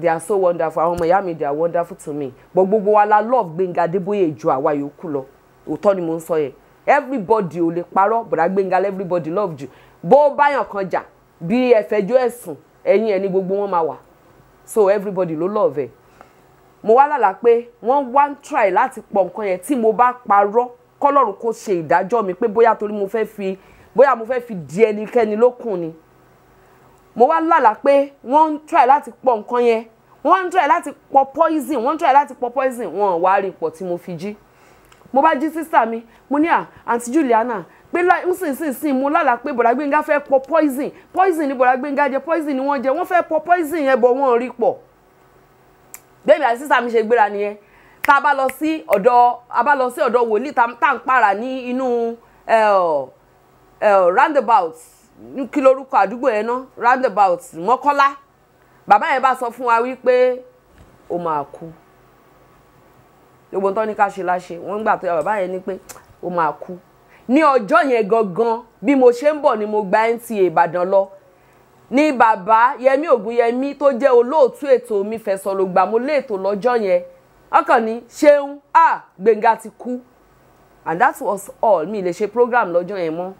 S1: they are so wonderful àwọn ọmọ ìyá mi they are wonderful to me but gbogbo wa la love Gbẹ́ngà Adébóyè ju àwa yòókù lọ òótọ́ ni mo ń sọ yẹn everybody ò lè parọ́ bọ̀dá Gbẹ́ngà everybody love jù bó báyàn kan jà bí ẹ fẹjọ́ ẹ̀sùn ẹ̀yìn ẹni gbogbo wọn máa wà so everybody ló love ẹ̀ mo wá lálà pé wọ́n wá ń try láti pọ̀ nǹkan yẹn tí mo bá parọ́ kọ́lọ́run kó ṣe ìdájọ́ mi pé bóyá torí mo fẹ́ fi bóyá mo fẹ́ fi di ẹnikẹ́ni lókun ni mo wá lálà pé wọ́n ń try láti pọ̀ nǹkan yẹn wọ́n ń try láti pọ̀ poison wọ́n ń try láti pọ̀ poison wọn wá rí ipò tí mo fi jí mo bá jí sísà mi mo ní à àǹtí Juliana pé ńsìnsìnsìn mo lálàá pé bọ̀dá gbẹ̀ngà fẹ́ pọ poison poison ni bọ̀dá gbẹ̀ngà jẹ poison ni wọ́n jẹ wọ́n fẹ́ pọ poison yẹn bọ̀ wọ́n rí pọ̀ bẹ́ẹ̀ni àti sísá mi ṣe gbéra nìyẹn tá a bá lọ sí ọ̀dọ̀ a bá lọ sí ọ̀dọ̀ wòlíì tá à ń para ní inú roundabout kí lorúkọ àdúgbò yẹn ná roundabout mọ́kọ́lá bàbá yẹn bá sọ fún wa wípé ó máa kú gbogbo tó ní ká ṣe láṣe wọ́n gbà tó yà bàbá yẹn ní pé ó máa kú ní ọjọ́ yẹn gangan bí mo ṣe ń bọ̀ ni mo gba NTA Ìbàdàn lọ ní bàbá Yẹmí Ògúnyẹmí tó jẹ́ olóòtú ètò mi fẹ̀sọ̀ ló gbà mo lé lọ́jọ́ yẹn ọkàn ní ṣeun a Gbẹ́ngà ti kú and that was all mi lè ṣe program lọ́jọ́ yẹn mọ́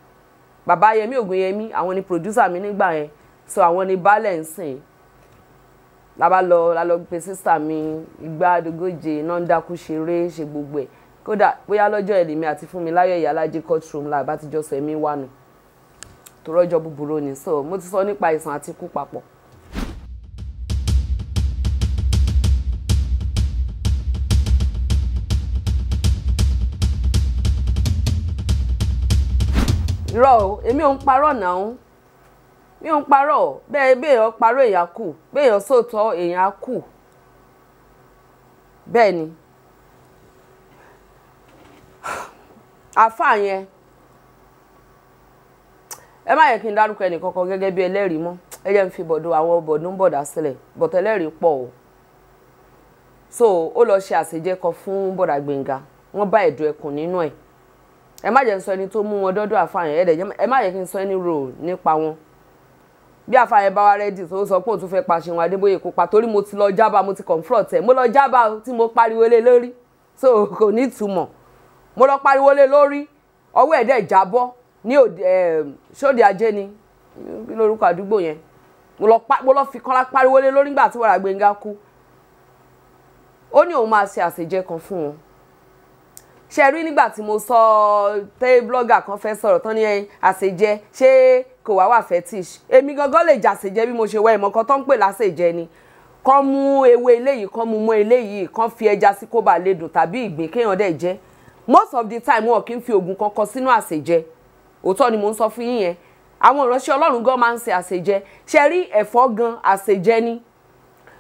S1: bàbá Yẹmí Ògúnyẹmí àwọn ni producer mi nígbà yẹn so àwọn ni balance yẹn la bá la lọ pe sísà mi igbá àdógóje náà ń dákú ṣeré gbogbo ẹ̀ kódà bóyá lọ́jọ́ ẹ̀lẹ́mi àti fún mi láyọ̀ ìyá alájí courtroom la bá ti jọ sẹ̀mí wánu tó rọ́jọ́ búburú ni so mo ti sọ nípa ìsàn àti ikú papọ̀. irọ́ o èmi ò ń parọ́ náà mi ò ń parọ́ bẹ́ẹ̀ béèyàn parọ́ èèyàn kù béèyàn sòótọ́ èèyàn á kù bẹ́ẹ̀ ni. àáfàá yẹn ẹ má yẹ kí n dárúkọ ẹnì kankan gẹ́gẹ́ bí ẹlẹ́rìí mọ́ ẹ jẹ́ n fi bọ̀dọ̀ àwọn bọ̀dún bọ̀dà sílẹ̀ bọ̀tẹ̀ ẹlẹ́rìí pọ̀ o so ó lọ ṣe àṣejẹ kan fún bọ̀dà Gbénga wọ́n bá ẹ̀dùn ẹkùn nínú ẹ̀ ẹ má jẹ́ n sọ ẹni tó mú wọn dọ́dọ̀ àáfàá yẹn ẹ má yẹ kí n sọ ẹni rò nípa wọn bí àfààyàn bá wa rẹ́dì tó sọ pé òun tún fẹ́ pa Ṣeun Adébóyè kó pa torí mo ti lọ jábà mo ti confront ẹ̀ mo lọ jábà tí mo pariwo lé lórí so kò ní ìtumọ̀ mo lọ pariwo lé lórí ọwọ́ ẹ̀ dẹ̀ ní sóde ajé ni lórúkọ àdúgbò yẹn mo lọ fi kọ́lá pariwo lé lórí nígbà tí wàrà Gbẹ́ngà kú ó ní òun máa ṣe àṣejẹ kan fún wọn ṣe rí nígbà tí mo sọ tẹ blogger kan fẹ́ sọ̀rọ̀ tán ní àṣejẹ ṣé kò wá wà fetish èmi gangan lè jàṣejẹ bí mo ṣe wá ìmọ̀ kan tó ń pè láṣejẹ ni kán mú ewé eléyìí kán mú mọ́ eléyìí kán fi ẹja sí kó bàa lè tàbí ìgbín kéèyàn dẹ̀ jẹ́ most of the time wọn kì í fi oògùn kankan sínú àṣejẹ òótọ́ ni mo ń sọ fún yín yẹn àwọn ìránṣẹ́ ọlọ́run gan máa ń ṣe àṣejẹ ṣe rí ẹ̀fọ́ gan àṣejẹ ni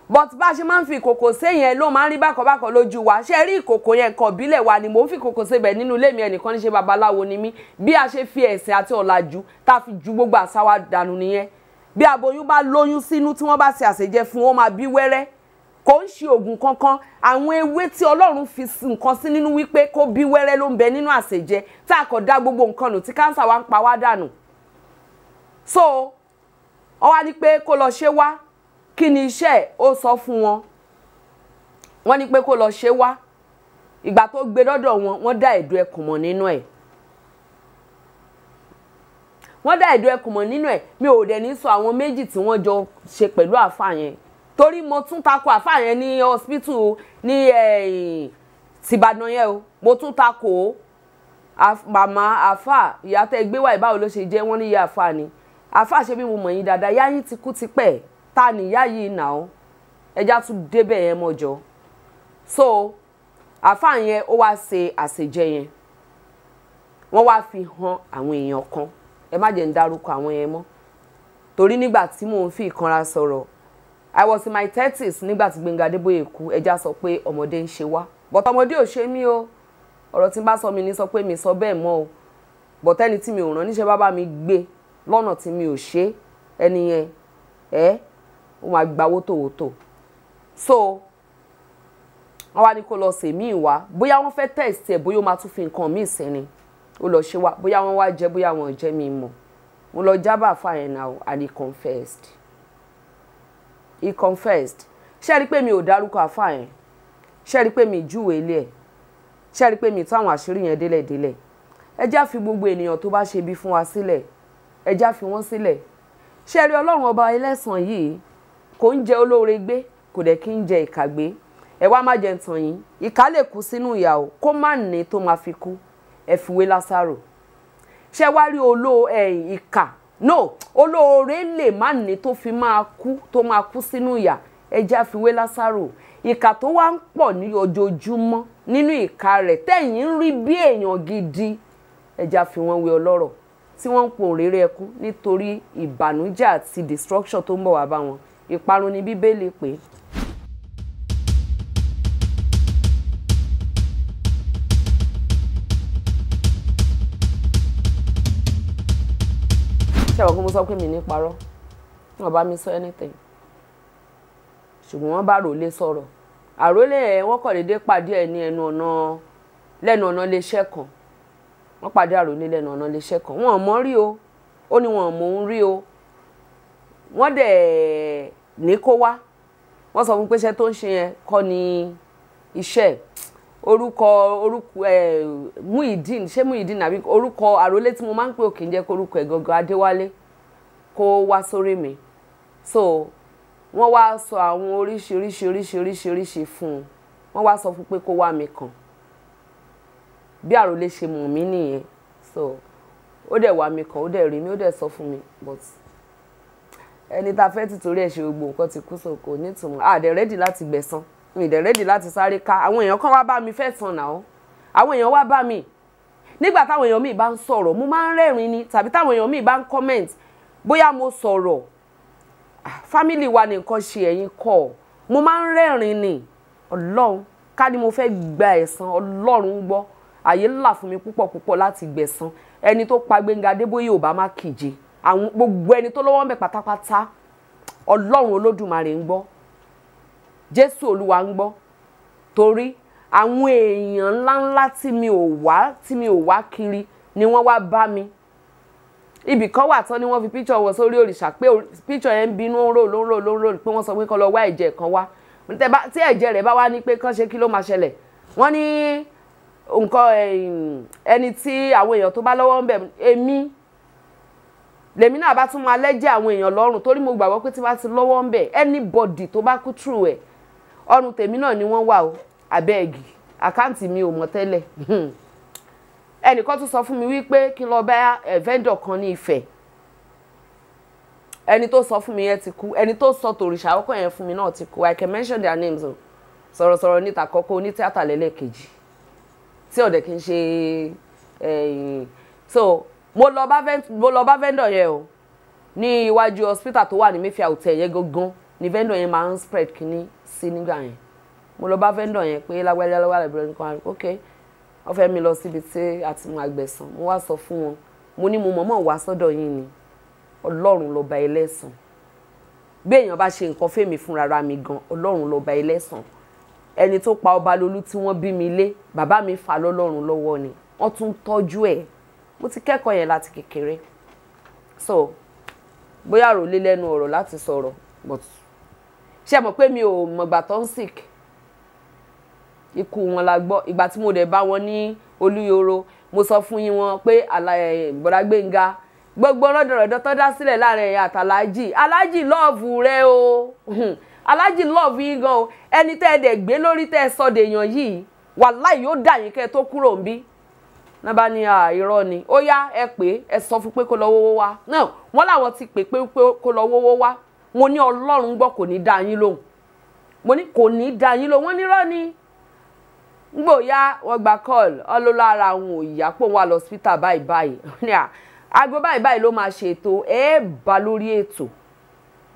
S1: but bá a ṣe máa ń fi ìkòkò ṣe yẹn ló máa ń rí bákọ̀bákọ̀ lójú wa ṣe rí ìkòkò yẹn kan ìbílẹ̀ wa ni mò ń fi ìkòkò ṣe bẹ̀ nínú ilé mi ẹnìkan ní ṣe babaláwo ni mí bí a ṣe fi ẹ̀sìn àti ọ̀làjú tá a fi ju gbogbo àṣà wa dànù nìyẹn bí aboyún bá lóyún sínú tí wọ́n bá ṣe àṣejẹ fún wọn máa bí wẹ́rẹ́ kò ń ṣe oògùn kankan àwọn ewé tí ọlọ́run fi nǹkan sí nínú wípé kó bí wẹ́rẹ́ ló ń bẹ nínú àṣejẹ tá a kò dá gbogbo nǹkan nù tí káńsà wa ń pa wá dànù. so wọ́n wá ní pé kó lọ ṣe wá kí ni iṣẹ́ ó sọ fún wọn wọ́n ní pé kó lọ ṣe wá ìgbà tó gbé dọ́dọ̀ wọn wọ́n dá ẹ̀dùn ẹkùn mọ̀ nínú ẹ̀ wọ́n dá ẹ̀dùn ẹkùn mọ̀ nínú ẹ̀ mi ò dẹ̀ ní sọ àwọn méjì tí wọ́n jọ ṣe pẹ̀lú àáfàá yẹn torí mo tún takò àfáà yẹn ní hospital ní eh, tìbàdàn yẹn o mo tún takò màmá àfáà ìyá tẹ gbé wá ìbáwo ló ṣe jẹ́ wọ́n ní ìyá àfáà ni àfáà ṣe bí mo mọ̀ yín dáadáa yáyín ti kú tipẹ́ ta nìyá yìí nà ó ẹja tún débẹ̀ yẹn mọ́jọ so àfáà yẹn ó wá ṣe àṣejẹ yẹn wọ́n wá fi hàn àwọn èèyàn kan ẹ má jẹ́ ń dárúkọ àwọn yẹn mọ́ torí nígbà tí mò ń fi ìkanra sọ̀rọ̀ i was in my thirties nígbà tí Gbẹ́ngà Adébóyè kú ẹja sọ pé ọmọdé ń ṣe wá bọ́tọ̀ ọmọdé ò ṣe mí o ọ̀rọ̀ tí n bá sọ mi ní sọ pé mi sọ bẹ́ẹ̀ mọ́ o bọ́tọ̀ ẹni tí mi ò rán níṣẹ́ bá bá mi gbé lọ́nà tí mi ò ṣe ẹni yẹn ẹ ó máa gba wótòwótò so wọn wá ní kó lọ sèmí ìwà bóyá wọn fẹ́ tẹ̀sí ẹ̀ bóyá ó máa tún fi nǹkan míì sẹ́ni ó lọ ṣe wá bóyá wọn wá jẹ bóyá wọn ò jẹ mi mọ̀ mo lọ jábà fáyẹn náà and he confessed he confessed ṣe rí pé mi ò dárúkọ àfa yẹn ṣe rí pé mi júwèé lé ẹ̀ ṣe rí pé mi táwọn àṣírí yẹn délẹ̀ délẹ̀ ẹ já fi gbogbo ènìyàn tó bá ṣe bí fún wa sílẹ̀ ẹ já fi wọ́n sílẹ̀ ṣe rí ọlọ́run ọba ẹlẹ́sàn yìí kò ń jẹ olóore gbé kò dẹ̀ kí ń jẹ ìkà gbé ẹ má jẹ ntàn yín ìkà lè kú sínú ìyà kó má ní tó máa fi kú ẹ lásàrò ṣe wá rí olóò ẹ̀yìn ìkà no olóore lè má ní tó fi máa kú tó máa kú sínú ìyà ẹja fiwé lásàrò ìkà tó wá ń pọ̀ ní ojoojúmọ́ nínú ìka rẹ̀ tẹ̀yìn ń rí bí èèyàn gidi ẹja fi wọ́n wé ọlọ́rọ̀ tí wọ́n ń pò rere ẹkún nítorí ìbànújẹ́ àti destruction tó ń bọ̀ wá bá wọn ìparun ni bíbélì pé ṣẹ̀wọ̀n kí mo sọ pé mi ní parọ́ wọn bá mi sọ anything ṣùgbọ́n wọ́n bá ròlé sọ̀rọ̀ àròlé ẹ̀ kọ̀ déédéé pàdé ẹ̀ ní ẹnu ọ̀nà lẹ́nu ọ̀nà iléeṣẹ́ kan wọ́n pàdé àròlé lẹ́nu ọ̀nà iléeṣẹ́ kan wọn mọ̀ rí o ó ní wọn mọ̀ ń rí o wọ́n dẹ̀ ní kó wá wọ́n sọ fún pé iṣẹ́ tó ń ṣe yẹn kọ́ ni iṣẹ́ ẹ̀ orúkọ orúkọ ẹ Muideen ṣé Muideen àbí orúkọ àròlé tí mo máa ń pè òkè ń jẹ́ orúkọ ẹ̀ gangan Adéwálé kó wá sórí mi so wọ́n wá sọ àwọn oríṣiríṣi oríṣiríṣi oríṣi fún un wọ́n wá sọ fún pé kó wá mi kàn bí àròlé ṣe mọ̀ mí nìyẹn so ó dẹ̀ wá mi kàn ó dẹ̀ rí mi ó dẹ̀ sọ fún mi but ẹni tá a fẹ́ tìtorí ẹ̀ ṣe gbogbo nǹkan ti kú sóko nítumọ̀ àdẹ̀ láti gbẹ̀san mi dẹ̀ rẹ́dì láti sáré ká àwọn èèyàn kan wá bá mi fẹ́ sàn náà àwọn èèyàn wá bá mi nígbà táwọn èèyàn míì bá ń sọ̀rọ̀ mo máa ń rẹ́rìn ni tàbí táwọn èèyàn míì bá ń comment bóyá mo sọ̀rọ̀ family wa nìkan ṣe ẹ̀yin kọ́ mo máa ń rẹ́rìn ni ọlọ́run ká ní mo fẹ́ gba ẹ̀san ọlọ́run gbọ́ àyè ńlá fún mi púpọ̀ púpọ̀ láti gbẹ̀san ẹni tó pa Gbẹ́ngà Adébóyè ò bá má kíje àwọn gbogbo ẹni tó lọ́wọ́ ń bẹ pátápátá ọlọ́run olódùmarè ń gbọ́ jésù olúwa ń gbọ́ torí àwọn èèyàn ńláńlá tí mi ò wá tí mi ò wá kiri ni wọ́n wá bá mi ibì kan wà tán ni wọ́n fi píṣọ̀ wọ̀ sórí òrìṣà pé píṣọ̀ yẹn ń bínú ń rò ló ń rò ló ń rò pé wọ́n sọ pé kó lọ wá ẹ̀jẹ̀ kan wá tí ẹ̀jẹ̀ rẹ̀ bá wá ní pé kán ṣe kí ló máa ṣẹlẹ̀ wọ́n ní nǹkan eh, ẹni tí àwọn èèyàn tó bá lọ́wọ́ ń bẹ̀ èmi lèmi náà bá tún máa lẹ́jẹ̀ àwọn èèyàn lọ́rùn torí mo gbàgbọ́ pé tí wọ́n ti lọ́wọ́ ń bẹ̀ anybody tó bá kú true ẹ̀ ọrùn tèmi náà ni wọ́n wà o abẹ́ẹ̀gì àkáǹtì mi ò mọ̀ tẹ́lẹ̀ ẹnìkan tún sọ fún mi wípé kí n lọ bá eh, vendor kan ní Ifẹ̀ ẹni tó sọ fún mi yẹn ti kú ẹni tó sọ tòrìṣà ọkọ yẹn fún mi náà ti kú I can mention their names o sọ̀rọ̀sọ̀rọ̀ níta kọ́kọ́ onítìátà lẹ́lẹ́kejì tí ọ̀dẹ̀ kì í ṣe eh, so mo lọ bá vendor yẹn o ní iwájú hospital tó wà ní Mayfair hotel yẹn gangan ni vendor yẹn máa ń spread kínní sí nígbà yẹn mo lọ bá vendor yẹn pé lágbájá lọ́wọ́ àlẹ́ bẹ̀rẹ̀ nìkan ok wọ́n fẹ́ mi lọ síbi tí a ti mọ àgbẹ̀sán mo wá sọ fún wọn mo ní mo mọ̀mọ́ wá sọ́dọ̀ yín ni ọlọ́run ló ba ẹlẹ́sàn bí èèyàn bá ṣe nǹkan fèmí fúnra mi gan ọlọ́run ló ba ẹlẹ́sàn ẹni tó pa Ọbalolú tí wọ́n bí mi lé bàbá mi fà lọ́lọ́run lọ́wọ́ ni wọ́n tún tọ́jú ẹ̀ mo ti kẹ́kọ̀ọ́ yẹn láti kékeré so bóyá rò lé lẹ́nu ọ̀rọ̀ láti sọ̀rọ̀ but ṣé mọ̀ pé mi ò mọ̀gbà tó ń sick ikú wọn la gbọ́ ìgbà tí mo dẹ̀ bá wọn ní olúyoro mo sọ fún yín wọn pé bọ̀dá gbẹ̀ngà gbogbo rọ́dọ̀rọ̀dọ̀ tó dá sílẹ̀ láàrin ẹ̀yà àtàlájì alájì lọ́ọ̀bù rẹ o alájì lọ́ọ̀bù yín gan o ẹni tẹ́ ẹ dẹ̀ gbé lórí tẹ́ ẹ sọ dèèyàn yìí wàláì yóò dà yín kẹ́ ẹ tó kúrò ń bí nábà ní irọ́ ni ó yá ẹ pé ẹ sọ fún pé kó lọ wówó wá náà wọ́n làwọn ti pè pé kó lọ wówó wá mo ní ọlọ́run gbọ́ kò ní dá yín lóhùn mo ní kò ní dá yín lóhùn wọ́n ní rọ́ọ̀nì ngbòya wọ́n gba kọ́ọ̀lù ọlọ́lá ara àwọn òyà pò wà lọ́sítà báyìí báyìí ní à aago báyìí báyìí ló máa ṣètò ẹ bá lórí ètò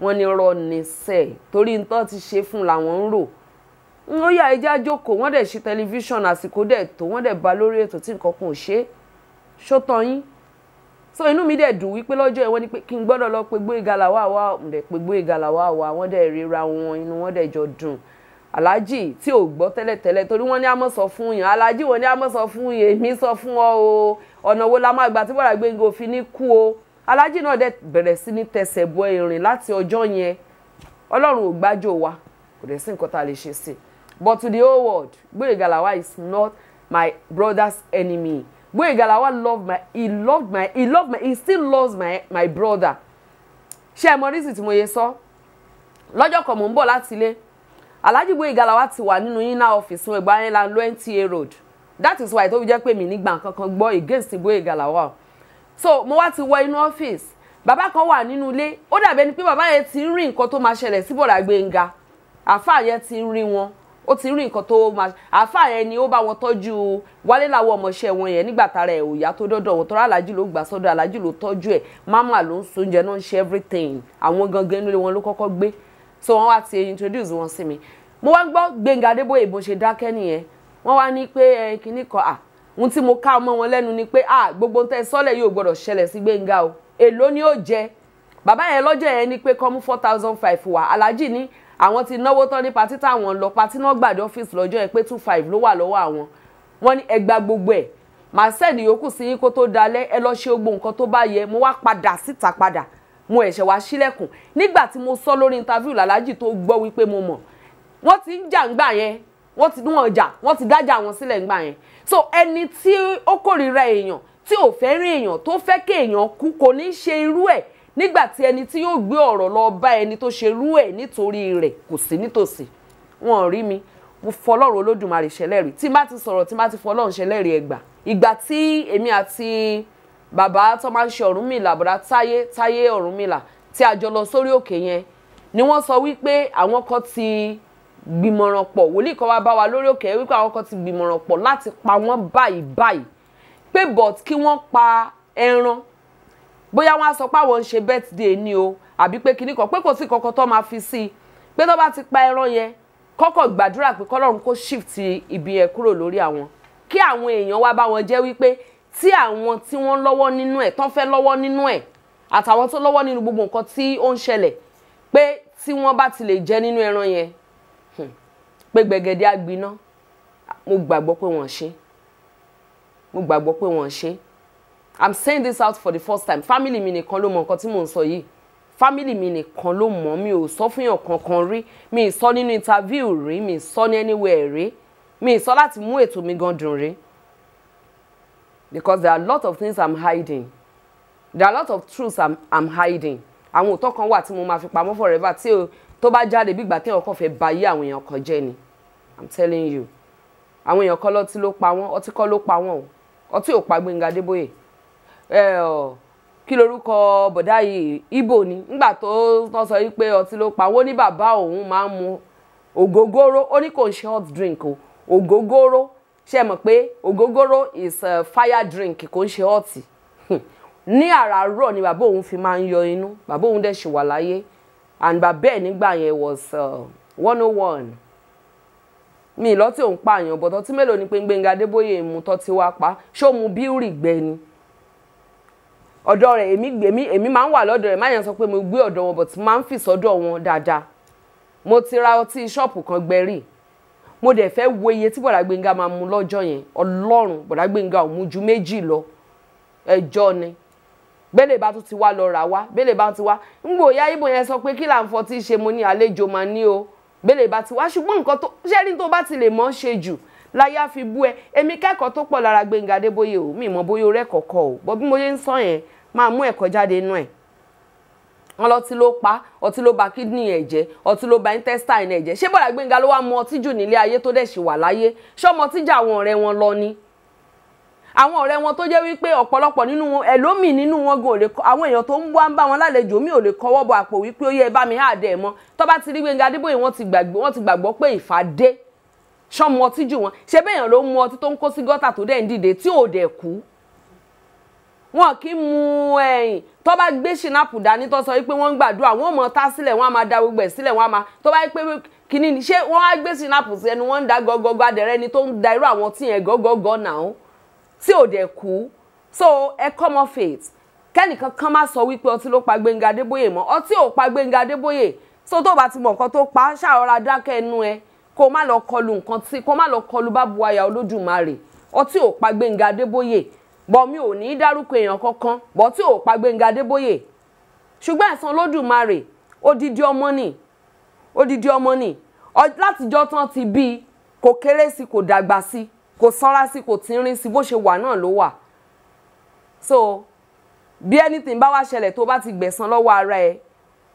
S1: wọ́n ní rọ́ọ̀nì sẹ̀ torí nǹkan ti ṣe fún làwọn ń rò ó yà ẹja jókòó wọ́n dẹ̀ ṣe tẹlifíṣàn àsìkò dẹ̀ tó wọ́n dẹ̀ bá lórí ètò tí nǹkan kan ò ṣe é ṣó tán yín so inú mi dẹ̀ dùn wípé lọ́jọ́ ìwọ ni pé kí n gbọ́dọ̀ lọ pe Gboyega Lawal wá ǹdẹ̀ pe Gboyega Lawal wá wọ́n dẹ̀ ríra wọn inú wọn dẹ̀ jọ dùn aláàjì tí ò gbọ́ tẹ́lẹ̀tẹ́lẹ̀ torí wọ́n ní a mọ̀ sọ fún yàn aláàjì wọ́n ní a mọ̀ sọ fún yàn èmi sọ fún ọ o ọ̀nà wo la máa gbà tí Bọ̀dá Gbénga ò ní kú o aláàjì náà dẹ̀ bẹ̀rẹ̀ sí ní tẹsẹ̀ bọ ìrìn láti ọjọ́ yẹn ọlọ́run ò gbájò wa kò dẹ̀ sí nǹkan tá a lè ṣe sí but to the whole world Gboyega Lawal is not my brother's enemy Boy Galawa loved my he loved my he loved my he still loves my my brother. Ṣé ẹ mọ rísì tí mo yẹ sọ? Lọ́jọ́ kan mò ń bọ̀ láti ilé. Alhaji Boy Galawa ti wà nínú yínà ọ́fíìsì ẹgbẹ́ ayélujára ló NTA road. That is why tó fi jẹ́ pé mi nígbà kankan gbọ́ against Boy Galawa. So mo wá ti wọ inú ọ́fíìsì. Bàbá kan wà nínú ilé. Ó dàbí ẹni pé bàbá yẹn ti ń rí nǹkan tó máa ṣẹlẹ̀ sí Bọ̀dá Gbénga. Àfáà yẹn ti ń rí wọn ó ti rí nǹkan tó máa àáfà yẹn ni ó bá wọn tọ́jú wálé làwọn ọmọọṣẹ́ wọn yẹn nígbà tára ẹ̀ òyà tó dọ́dọ̀ wọn tọ́ra aláàjì ló gbà sọ́dọ̀ aláàjì ló tọ́jú ẹ̀ máma ló ń sóúnjẹ náà ń ṣe everything àwọn gangan inú wọn ló kọ́kọ́ gbé so wọn wá ti introduce wọn sí mi mo wá gbọ́ Gbẹ́ngà Adébóyè bó ṣe dákẹ́ nìyẹn wọ́n wá ní pé kinní kan à ohun tí mo ká ọmọ wọn lẹ́nu ni pé à gbogbo tẹ́ sọ́lẹ̀ yóò gbọ́dọ̀ ṣẹlẹ̀ sí Gbẹ́ngà o èló ni ó jẹ bàbá yẹn lọ́jọ́ yẹn ni pé kọ́ four thousand five wá aláàjì ní àwọn ti náwó tán ní patí táwọn lọ patí náà gbàdé ọ́fíìsì lọ́jọ́ yẹn pé two five ló wà lọ́wọ́ àwọn wọ́n ní ẹgbà gbogbo ẹ̀ màá sẹ́ẹ̀dì yòókù sí yín kó tó dalẹ̀ ẹ lọ́ọ́ ṣe gbogbo nǹkan tó bá yẹ mo wá padà síta padà mo ẹ̀ṣẹ̀ wá sílẹ̀kùn nígbà tí mo sọ lórí interview làlájì tó gbọ́ wípé mo mọ̀ wọ́n ti ń jà ńgbà yẹn wọ́n ti wọ́n jà wọ́n ti dájà wọn sílẹ̀ ńgbà yẹn so ẹni tí ó kórìíra èèyàn tí ò fẹ́ rí èèyàn tó fẹ́ kéèyàn kú kò ní ṣe irú ẹ̀ nígbà tí ẹni tí yóò gbé ọ̀rọ̀ lọ bá ẹni tó ṣe rú ẹ̀ nítorí rẹ̀ kò sí nítòsí wọn rí mi mo fọlọ́run olódùmarè ṣẹlẹ́rìí tí má ti sọ̀rọ̀ tí má ti fọlọ́run ṣẹlẹ́rìí ẹgbà ìgbà tí èmi àti bàbá tó máa ń ṣe Ọ̀rúnmìlà bọ̀dá táyé táyé Ọ̀rúnmìlà tí a jọ lọ sórí òkè yẹn ni wọ́n sọ wípé àwọn kan ti gbìmọ̀ràn pọ̀ wòlíì kan wá bá wa lórí òkè wípé àwọn kan ti gbìmọ̀ràn pọ̀ láti pa wọ́n báyìí báyìí pé but kí wọ́n pa ẹran bóyá wọ́n á sọ pé àwọn ń ṣe birthday ni o àbí pé kinní kan pé kò sí kankan tó máa fi sí i pé tó bá ti pa ẹran yẹn kọ́kọ́ gbàdúrà pé kọ́lọ́run kó shift ibi yẹn kúrò lórí àwọn kí àwọn èèyàn wá bá wọn jẹ́ wípé tí àwọn tí wọ́n lọ́wọ́ nínú ẹ̀ tán fẹ́ lọ́wọ́ nínú ẹ̀ àtàwọn tó lọ́wọ́ nínú gbogbo nǹkan tí ó ń ṣẹlẹ̀ pé tí wọ́n bá ti lè jẹ nínú ẹran yẹn hmm, pé gbẹ̀gẹ̀dẹ̀ á gbiná mo gbàgbọ́ pé wọ́n ṣe mo gbàgbọ́ pé wọ́n ṣe i'm saying this out for the first time family mi nìkan ló mọ nǹkan tí mò ń sọ yìí family mi nìkan ló mọ mi ò sọ fún yàn kankan rí mi ì sọ nínú interview rí mi ì sọ ní anywhere rí mi ì sọ láti mú ètò mi gan dùn rí because there are a lot of things i'm hiding there are a lot of truths i'm, I'm hiding àwọn òótọ́ kan wà tí mo máa fi pamọ́ forever tí o tó bá jáde bí ìgbà téèyàn kàn fẹ́ ba ayé àwọn èèyàn kan jẹ́ ni i'm telling you àwọn èèyàn kan lọ́tí ló pa wọ́n ọtí kọ́ ló pa wọ́n o ọtí ò pa Gbẹ́ngà kí lorúkọ bọ̀dá yìí ibo ni nígbà tó tán sọ wípé ọtí ló pa wọ́n ní bàbá òun máa ń mu ògógóró ó ní kò ń ṣe hot drink o ògógóró ṣe mọ̀ pé ògógóró is a fire drink kò ń ṣe hot hmm. ní àràárọ̀ ni bàbá òun fi máa ń yọ inú bàbá òun dẹ̀ ṣì wà láyé and bàbá ẹ̀ nígbà yẹn was uh, one oh one mi ìlọ́tí òun pààyàn bọ̀tọ̀ tí mélòó ni pé Gbénga Adébóyè mu tọ́ ti wá pa ṣó mu bíúrì gbẹ ni ọ̀dọ̀ rẹ̀ èmi èmi èmi máa ń wà lọ́dọ̀ rẹ̀ má yẹn sọ pé mo gbé ọ̀dọ̀ wọn but máa ń fi sọ́dọ̀ wọn dáadáa mo ti ra ọtí ṣọ́ọ̀pù kan gbẹ̀rì mo dẹ̀ fẹ́ wo iye tí bọ̀dá Gbénga máa mu lọ́jọ́ yẹn ọlọ́run bọ̀dá Gbénga ò mu ju méjì lọ ẹjọ́ ni bẹ́lẹ̀ bá tún ti wá lọ rà wá bẹ́lẹ̀ bá ti wá ńgbò ya ibo yẹn sọ pé kí là tí ṣe mo ní àlejò máa ní o bẹ́lẹ̀ bá ti wá ṣùgbọ́n nǹkan tó ṣẹ́rí tó bá ti lè mọ́ ṣe jù láyà fi bú ẹ èmi kẹ́kọ̀ọ́ tó pọ̀ lára Gbénga Adébóyè o mi mọ̀ bóyá o rẹ́ kọ̀ọ̀kọ̀ o bọ́ bí mo yẹ ń sọ yẹn máa mú ẹ̀kọ́ jáde inú ẹ̀ wọn lọtí ló pa ọtí ló ba kidney ẹ̀ jẹ́ ọtí ló ba intestine ẹ̀ jẹ́ ṣé Bọ́lá Gbẹ́ngà ló wá mu ọtí jù nílé ayé tó dẹ̀ ṣì wà láyé ṣọmọ tíjà àwọn ọ̀rẹ́ wọn lọ ni àwọn ọ̀rẹ́ wọn tó jẹ́ wípé ọ̀pọ̀lọpọ̀ nínú wọn ẹlòmíì nínú wọn gan ò lè kọ àwọn èèyàn tó ń wá ń bá wọn lálejò mi ò lè kọwọ́ bọ àpò wípé ó yẹ ẹ bá mi hàn dẹ̀ mọ́ tó bá ti rí Gbẹ́ngà Adébóyè wọ́n ti gbàgbọ́ pé ìfà wọn kì í mu ẹyìn tó bá gbé ṣìnàpù dání tó sọ wípé wọ́n ń gbàdúrà wọ́n mọ̀ tá sílẹ̀ wọ́n á máa da gbogbo ẹ̀ sílẹ̀ wọ́n á máa tó bá pé kínní ni ṣé wọ́n á gbé ṣìnàpù sí ẹnu wọ́n ń da gọgọgọ adẹ̀rẹ́ ni tó ń da irú àwọn tí yẹn gọgọgọ náà tí ò dẹ̀ kú so ẹ kọ́ mọ́ faith kẹ́nìkan kan má sọ wípé ọtí ló pa Gbẹ́ngà Adébóyè mọ́ ọtí ò pa Gbẹ́ngà Adébóyè so tó bá ti mọ̀ nǹkan tó pa ṣàrọ̀ra dákẹ́ ẹnu ẹ kó má lọ kọlu nǹkan tí kó má lọ kọlu bá buwaya Olódùmarè ọtí ò pa Gbẹ́ngà Adébóyè bọ̀ mi ò ní í dárúkọ èèyàn kankan bọ̀ tí ò pa Gbẹ́ngà Adébóyè ṣùgbọ́n ẹ̀san Olódùmarè odidi ọmọ nì odidi ọmọ nì látijọ́ tán ti bí kò kéré sí kò dàgbà sí kò sanra sí kò tínrín sí bó ṣe wà náà ló wà so bí anything bá wá ṣẹlẹ̀ tó bá ti gbẹ̀san lọ́wọ́ ara ẹ̀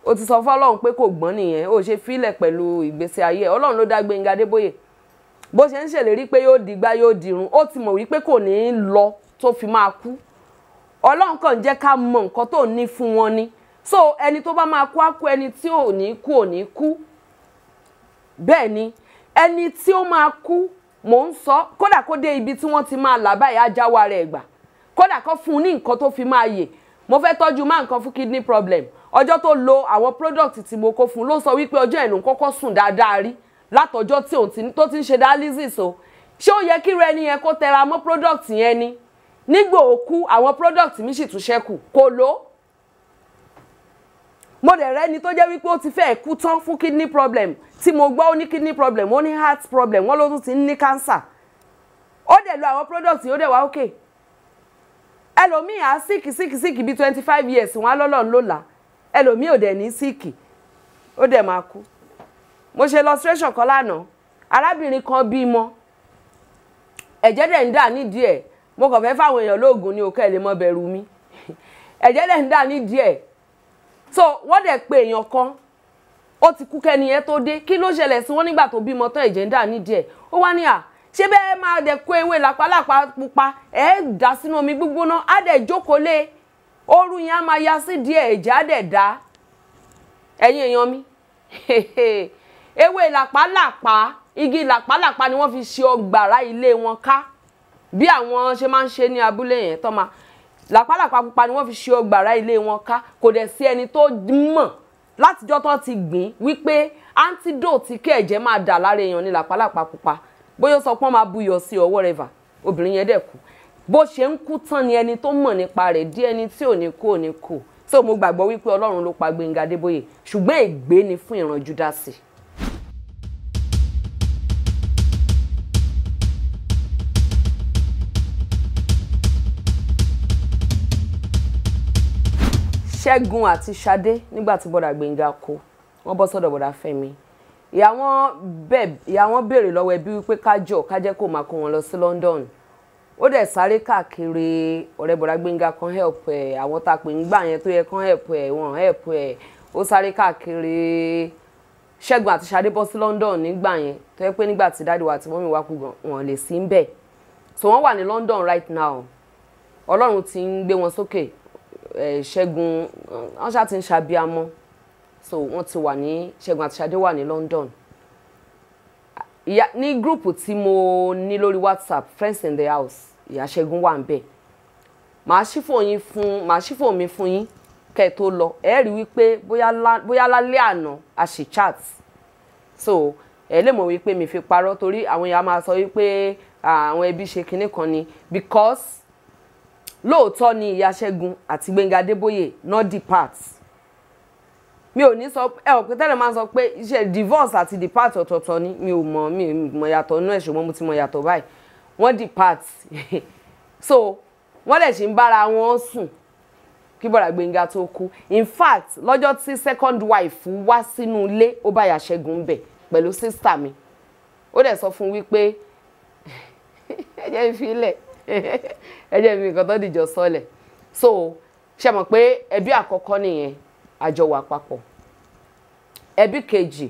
S1: o ti sọ fọlọ́run pé kò gbọ́n nìyẹn o ṣe fílẹ̀ pẹ̀lú ìgbésí ayé ọlọ́run ló dá Gbẹ́ngà Adébóyè bó ṣe ń ṣèlérí pé yóò dìgbà yóò dìrun ó ti mọ̀ wípé kò ní í lọ tó fi máa kú ọlọ́run kàn jẹ́ ká mọ nǹkan tó ní fún wọn ni so ẹni tó bá máa kú á kú ẹni tí ò ní kú ò ní kú bẹ́ẹ̀ ni ẹni tí ó máa kú mò ń sọ kódà kó dé ibi tí wọ́n ti máa là báyìí ajáwa rẹ̀ gbà kódà kó fún un ní nǹkan tó fi máa yè mo fẹ́ tọ́jú máa nǹkan fún kidney problem ọjọ́ tó lo àwọn product tí mo kó fún un ló sọ wípé ọjọ́ ẹ̀ ló ń kọ́kọ́ sùn dáadáa rí látọjọ́ tí òun tó ti ń ṣe dialysis o ṣé ó yẹ kí irú ẹni yẹn kó tẹra mọ́ product yẹn ni nígbà òkú àwọn product mi sì tún ṣẹ́kù kò ló mo dẹ̀ rẹ́ni tó jẹ́ wípé ó ti fẹ́ kú tán fún kidney problem tí mo gbọ́ ó ní kidney problem ó ní heart problem wọ́n ló tún ti ń ní cancer ó dẹ̀ lo àwọn product yìí ó dẹ̀ wá òkè ẹlòmíì á síkì síkì síkì bíi twenty five years wọn á lọ́lọ́ ń lò là ẹlòmíì ò dẹ̀ ní síkì ó dẹ̀ máa kú mo ṣe illustration kan lánàá arábìnrin kan bímọ ẹ̀jẹ̀ dẹ̀ ń dà nídìí ẹ̀ mo kàn fẹ́ fáwọn èèyàn lóògùn ni òkè lè mọ bẹ̀rù mi ẹ̀jẹ̀ dẹ̀ ń dà ní díẹ̀ so wọ́n dẹ̀ pe èèyàn kan ó ti kú kẹ́ni yẹn tó dé kí ló ṣẹlẹ̀ sí wọn nígbà tó bímọ tán ẹ̀jẹ̀ ń dà ní díẹ̀ ó wá ní à ṣé bẹ́ẹ̀ máa dẹ̀ kó ewé làpálàpá pupa ẹ̀ ẹ́ dà sínú omi gbígbóná á dẹ̀ jókòó lé ooru yẹn á máa ya sí díẹ̀ ẹ̀jẹ̀ á dẹ̀ dá ẹ̀yin èèyàn mi ewé làpálàpá igi làpálàpá ni wọ́n fi ṣe ọgbàrá ilé wọn ká bí àwọn ṣe máa ń ṣe ní abúlé yẹn tó máa làpálàpá pupa ni wọ́n fi ṣe ọgbàrá ilé wọn ká kò dẹ̀ sí ẹni tó mọ̀ látijọ́ tó ti gbìn wípé antidote kí ẹ̀jẹ̀ máa dà lára èèyàn ní làpálàpá pupa bóyá ó sọ pé wọ́n máa buyọ̀ sí ọwọ́ rẹ̀ và obìnrin yẹn dẹ̀ kú bó ṣe ń kú tán ni ẹni tó mọ̀ nípa rẹ̀ dí ẹni tí ò ní kú ò ní kú so mo gbàgbọ́ wípé ọlọ́run ló pa Gbénga Adébóyè ṣùgbọ́n ègbé ni fún ìran Júdásì. ṣẹ́gun àti ṣadé nígbà tí bọ́dà gbẹ̀ngà kú wọ́n bọ́ sọ́dọ̀ bọ́dà fẹ́mi ìyá wọn bẹ́ẹ̀ ìyá wọn béèrè lọ́wọ́ ẹbí wípé kájọ kájẹ́ kó máa kó wọn lọ sí London ó dẹ̀ sáré káàkiri ọ̀rẹ́ bọ́dà gbẹ̀ngà kan help ẹ̀ àwọn tá a pè ń gbà yẹn tó yẹ kan help ẹ̀ wọn help ẹ̀ ó sáré káàkiri ṣẹ́gun àti ṣadé bọ́ sí London nígbà yẹn tó yẹ pé nígbà tí dáàdi wa àti mọ́mí wa kú wọn lè sí ń bẹ̀ so wọ́n wà ní London right now ọlọ́run ti ń gbé wọn sókè ṣẹ́gun wọ́n ṣáà ti ń ṣàbíamọ́ so wọ́n ti wà ní ṣẹ́gun àti ṣadé wà ní London ìyá ní gúrùpù tí mo ní lórí WhatsApp friends in the house ìyá ṣẹ́gun wà ń bẹ̀ màá ṣífò yín fún màá ṣífò mi fún yín kẹ́ ẹ tó lọ ẹ rí wípé bóyá lálẹ́ àná a ṣì chat so ẹ lè mọ̀ wípé mi fi parọ́ torí àwọn èèyàn máa sọ wípé àwọn ẹbí ṣe kinní kan ni because lóòótọ́ ni ìyá ṣẹ́gun àti gbẹ̀ngà adébóyè not depart mi ò ní sọ ẹ ò pé tẹ́lẹ̀ máa sọ pé iṣẹ́ divorce àti depart ọ̀tọ̀ọ̀tọ̀ ni mi ò mọ̀ mi ò mọ̀ yàtọ̀ inú ẹ̀ ṣùgbọ́n mo ti mọ̀ yàtọ̀ báyìí wọ́n depart so wọ́n lè ṣe ń bára wọn sùn kí bọ̀dà gbẹ̀ngà tó kú in fact lọ́jọ́ tí second wife wá sínú ilé ó bá ìyá ṣẹ́gun bẹ̀ pẹ̀lú sísà mi ó dẹ̀ sọ fún wípé ẹ jẹ́ ìfilẹ̀ ẹ jẹ́ mi nǹkan tó dìjọ sọlẹ̀ so ṣe mọ̀ pé ẹbí àkọ́kọ́ nìyẹn àjọ wà papọ̀ ẹbí kejì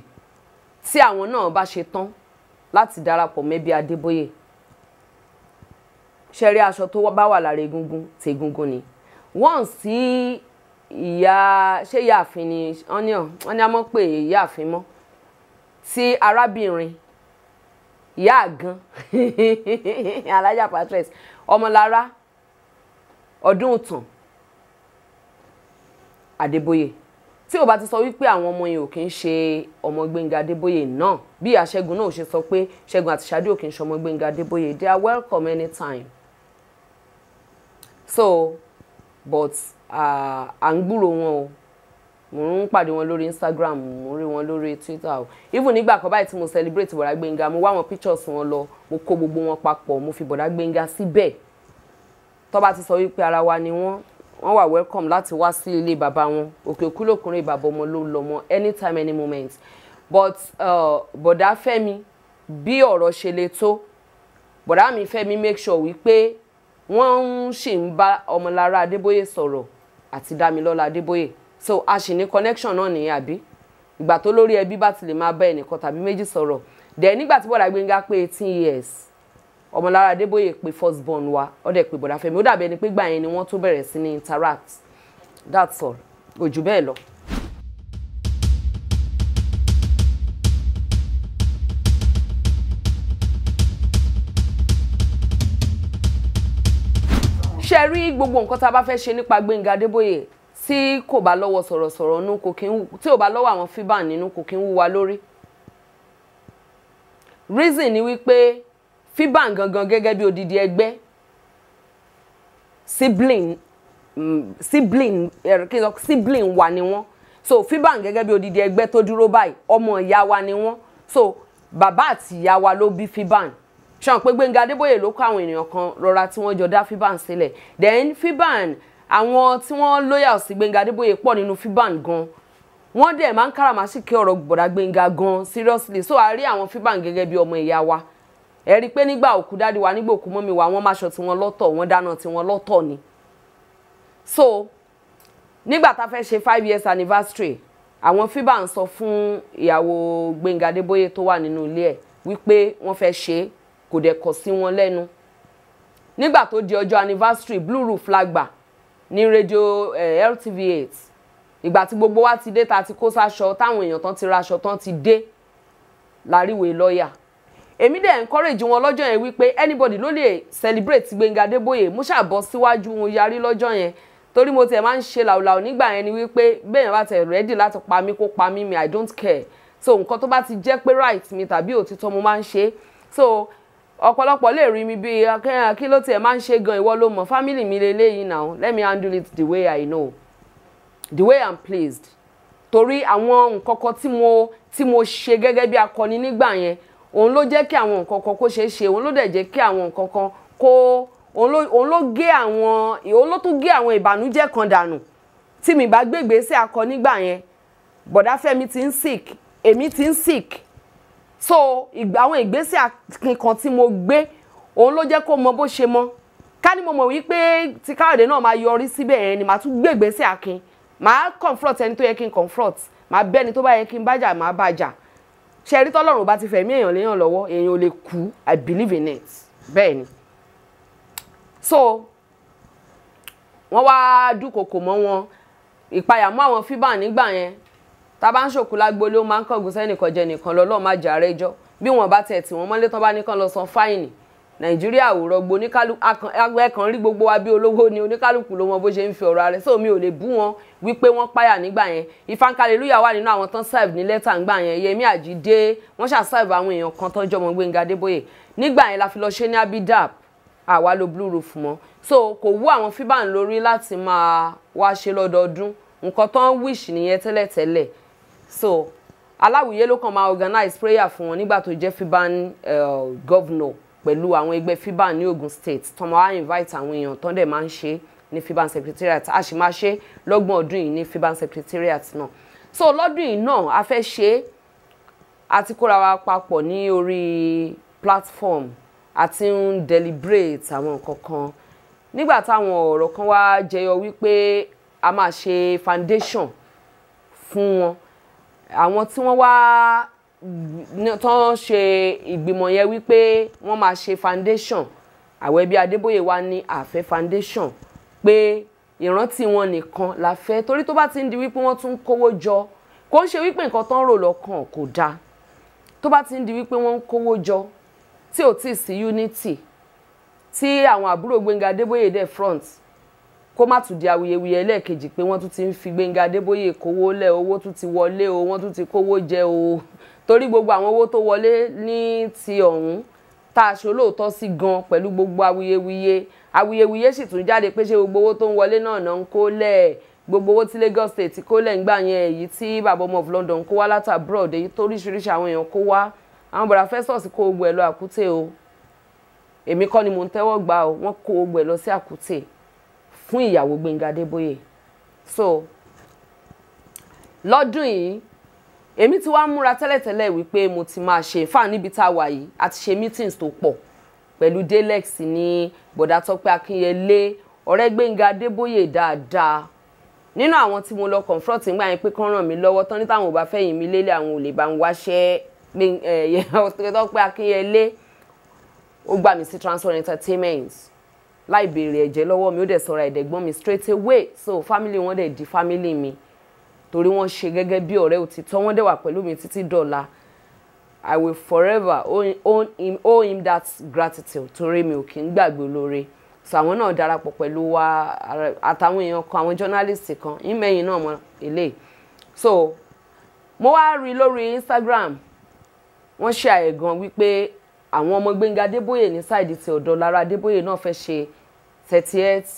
S1: tí àwọn náà bá ṣe tán láti darapọ̀ mẹ́bí Adébóyè ṣẹ̀rí aṣọ tó bá wà lára egungun tẹ̀gungun ni once tí ìyá ṣé ìyáàfin ni onion onion mọ̀ pé ìyáàfin mọ́ tí arábìnrin ìyá àgàn alájà patress ọmọlára ọdún ìtàn adébóyè tí o bá ti sọ wípé àwọn ọmọ yẹn ò kí ń ṣe ọmọ gbẹ̀ngà adébóyè náà bí àṣẹgun náà ò ṣe sọ pé ṣẹgun àti ṣadé ò kí ń ṣe ọmọ gbẹ̀ngà adébóyè they are welcome anytime so but à ń gbúrò wọn o mo ń pàdé wọn lórí Instagram mo rí wọn lórí Twitter o even nígbà kan báyìí tí mo celebrate bọ̀dá Gbénga mo wá àwọn pictures wọn lọ mo kó gbogbo wọn papọ̀ mo fi bọ̀dá Gbénga síbẹ̀ tó bá ti sọ wípé ara wa ni wọ́n wọ́n wà welcome láti wá sí ilé bàbá wọn òkè òkú lòkùnrin bàbá ọmọ ló ń lọ anytime any moment but uh, bọ̀dá Fẹ́mi bí ọ̀rọ̀ ṣe le tó bọ̀dá mi Fẹ́mi make sure wípé wọ́n ń ṣì ń bá Ọmọlára Adébóyè sọ̀rọ̀ àti Dámilọ́lá Adébóyè so a sì ní connection náà nìyẹn àbí ìgbà tó lórí ẹbí bá ti lè máa bá ẹnìkan tàbí méjì sọ̀rọ̀ dẹ̀ nígbà tí bọ̀dà Gbénga pé eighteen years ọmọlára Adébóyè pé first born wa ọ̀dẹ̀ pé bọ̀dà Fẹ́mi ó dàbí ẹni pé gbà yẹn ni wọ́n tó bẹ̀rẹ̀ sí ní interact that's all òjú bẹ́ẹ̀ lọ. ṣe rí gbogbo nǹkan tá a bá fẹ́ ṣe nípa Gbénga Adébóyè tí kò bá lọ́wọ́ sọ̀rọ̀sọ̀rọ̀ nú kò kí ń tí ò bá lọ́wọ́ àwọn fíbà nínú kò kí ń wúwa lórí. reason ni wípé fíbà gangan gẹ́gẹ́ bí odidi ẹgbẹ́ sibling mm, sibling er, sibling wa ni wọ́n so fíbà gẹ́gẹ́ bí odidi ẹgbẹ́ tó dúró báyìí ọmọ ìyá wa ni wọ́n so bàbá àti ìyá wa ló bí fíbà ṣàn pé Gbẹ́ngà Adébóyè ló kọ àwọn ènìyàn kan rọra tí wọ́n jọ dá fíbà sílẹ̀ then fíbà àwọn tí wọ́n lóyà sí Gbẹ́ngà Adébóyè pọ̀ nínú fiban gan wọ́n dẹ̀ máa ń káràmásìkí ọ̀rọ̀ gbọ̀dá Gbẹ́ngà gan seriously so a rí àwọn fiban gẹ́gẹ́ bí ọmọ ìyá wa ẹ rí i pé nígbà òkú dáàdi wa nígbà òkú mọ́mi wa wọ́n máṣọ tiwọn lọ́tọ̀ wọ́n dáná tiwọn lọ́tọ̀ ni so nígbà tá a fẹ́ ṣe five years anniversary àwọn fiban ń sọ fún ìyàwó Gbẹ́ngà Adébóyè tó wà nínú ilé ẹ̀ wípé wọ́n fẹ́ ṣe kò dẹ̀ kọ̀ sí wọn lẹ́nu nígbà tó di ọjọ́ anniversary blue roof lágbà ní rédíò eh, LTV eight ìgbà tí gbogbo wa ti dé ta ti kó sáṣọ táwọn èèyàn tán ti raṣọ tán ti dé láríwèé lọ́ọ̀yà èmi dẹ̀ encourage wọn lọ́jọ́ yẹn wípé anybody ló lè celebrate Gbẹ́ngà Adébóyè mo ṣàbọ̀ síwájú mo yarí lọ́jọ́ yẹn torí mo tiẹ̀ máa ń ṣe làwùlàwù nígbà yẹn ni wípé bẹ́ẹ̀ bá tẹ̀ ready láti pa mí kó pa mí mi I don't care so nǹkan tó bá ti jẹ́ pé right mi tàbí òtítọ́ mo máa ń ṣe so ọ̀pọ̀lọpọ̀ lè rí mi bíi akẹ́hìn kí ló tiẹ̀ máa ń ṣe gan ìwọ ló mọ̀ family mi lélẹ́yìn now let me handle it the way I know the way I'm pleased torí àwọn nǹkan kan tí mo tí mo ṣe gẹ́gẹ́ bí akọni nígbà yẹn òun ló jẹ́ kí àwọn nǹkan kan kó ṣeé ṣe òun ló dẹ̀ jẹ́ kí àwọn nǹkan kan kó òun ló gé àwọn òun ló tún gé àwọn ìbànújẹ́ kan dànù tí mi bá gbégbé sí akọ nígbà yẹn bọ̀dá Fẹ́mi ti ń sick èmi ti ń sick so àwọn ìgbésẹ̀ kan tí mo gbé òun ló jẹ́ kó mọ bó ṣe mọ́ ká ní mo mọ̀ wípé tí káyọ̀dé náà máa yọrí síbẹ̀ ẹ̀ ni màá tún gbé ìgbésẹ̀ akin màá confront ẹni tó yẹ kí n confront màá bẹ́ni tó bá yẹ kí n bájà màá bájà ṣe rí tọ́lọ́run bá ti fẹ̀mí èèyàn léèyàn lọ́wọ́ èèyàn ò lè kú i believe in it bẹ́ẹ̀ ni so wọ́n wá dúnkokò mọ́ wọn ìpayà mọ́ àwọn fíbà nígbà yẹn tá a bá ń ṣòkú lágbolé ó máa ń kángun sẹ́nìkan jẹ nìkan lọ́lọ́ má jà rẹjọ́ bí wọ́n bá tẹ̀ tí wọ́n mọ́lé tán bá nìkan lọ san fáìnì nàìjíríà ò rọgbọ oníkálukú ẹkàn rí gbogbo wa bí olówó ni oníkálukú ló mọ bó ṣe ń fi ọ̀rọ̀ rẹ̀ so mi ò lè bú wọn wípé wọ́n páyà nígbà yẹn ìfankaleluya wà nínú àwọn tán serve ní lẹ́tà ńgbà yẹn yẹmí àjídé wọ́n ṣà serve àwọn èèyàn kan tán jọmọ gbẹ̀ngà adébóyè nígbà yẹn la fi lọ ṣe ní abidab àwa ló blue roof mọ́ so kò wú àwọn fíbàn lórí láti máa wá ṣe lọ́dọọdún nǹkan tán wish nìyẹn tẹ́lẹ̀tẹ́lẹ̀ so aláwìyé ló kàn máa organize prayer fún wọn nígbà tó jẹ́ fiban uh, governor pẹ̀lú àwọn ẹgbẹ́ fiban ní Ogun State tọmọ á invite àwọn èèyàn tán dẹ̀ máa ń ṣe ní fiban secretariat a sì máa ṣe lọ́gbọ̀n ọdún yìí ní fiban secretariat náà so lọ́dún yìí náà a fẹ́ ṣe é àti kóra wa papọ̀ ní orí platform àti ń deliberate àwọn nǹkan kan nígbà táwọn ọ̀rọ̀ kan wá jẹyọ wípé a máa ṣe foundation fún wọn àwọn tí wọ́n wá tán ṣe ìgbìmọ̀ yẹn wípé wọ́n máa ṣe foundation Àwẹ̀bí Adébóyè wa ní àfẹ́ foundation pé ìrántí wọn nìkan la fẹ́ torí tó bá ti ń di wípé wọ́n tún ń kówó jọ kò ń ṣe wípé nǹkan tán rò lọ́kàn kò dáa tó bá ti ń di wípé wọ́n ń kówó jọ tí ò tí ì sí unity tí àwọn àbúrò Gbénga Adébóyè dẹ̀ front kó má tún di awuyewuye ẹlẹ́ẹ̀kejì pé wọ́n tún ti ń fi Gbẹ́ngà Adébóyè kówó lẹ̀ owó tún ti wọlé o wọ́n tún ti kówó jẹ o torí gbogbo àwọn owó tó wọlé ní ti ọ̀hún tá a ṣe olóòótọ́ sí gan pẹ̀lú gbogbo awuyewuye awuyewuye sì tún jáde pé ṣé gbogbo owó tó ń wọlé náà náà ń kó lẹ̀ gbogbo owó tí Lagos State kó lẹ̀ ń gbà yẹn èyí tí bàbá ọmọ of London kó wá láti abroad èyí tó oríṣiríṣi àwọn èèyàn kó wá àwọn bọ̀dà fẹ́sọ̀sì kó gbogbo ẹ̀ lọ àkútè o èmi kọ́ ni mò ń tẹ́wọ́ gbà o wọ́n kó gbogbo ẹ̀ lọ sí àkútè fún ìyàwó Gbẹ́ngà Adébóyè so lọ́dún yìí èmi ti wá múra tẹ́lẹ̀tẹ́lẹ̀ wípé mo ti máa ṣe fáà níbi tá a wà yìí a ti ṣe meetings tó pọ̀ pẹ̀lú Delex ní bọ̀dá Tọ́pẹ́ Akínyẹlé ọ̀rẹ́ Gbẹ́ngà Adébóyè dáadáa nínú àwọn tí mo lọ confront ńgbà yẹn pé kán ràn mí lọ́wọ́ tán ní táwọn ò bá fẹ́ yìn mí lélẹ̀ àwọn ò lè bá ń wáṣẹ́ Tọ́pẹ́ Akínyẹlé ó gbà mí sí Transworld Entertainment láì béèrè ẹ̀jẹ̀ lọ́wọ́ mi ó dẹ̀ sọra ẹ̀dẹ̀gbọ́n mi straight away so family wọn dẹ̀ di family mi torí wọ́n ṣe gẹ́gẹ́ bí ọ̀rẹ́ òtítọ́ wọ́n dẹ̀ wà pẹ̀lú mi títí dọ̀la I will forever owe him, him, him that gratitude torí mi ò kì í gbàgbé olóore so àwọn náà darapọ̀ pẹ̀lú wa àtàwọn èèyàn kan àwọn journalist kan ìmẹ̀yìn náà mọ èlé so mo wá rí lórí Instagram wọ́n ṣe àyè gan wípé àwọn ọmọ Gbẹ́ngà Adébóyè ní sáìdì ti ọ̀dọ̀ Lára Adébóyè náà fẹ́ ṣe thirtieth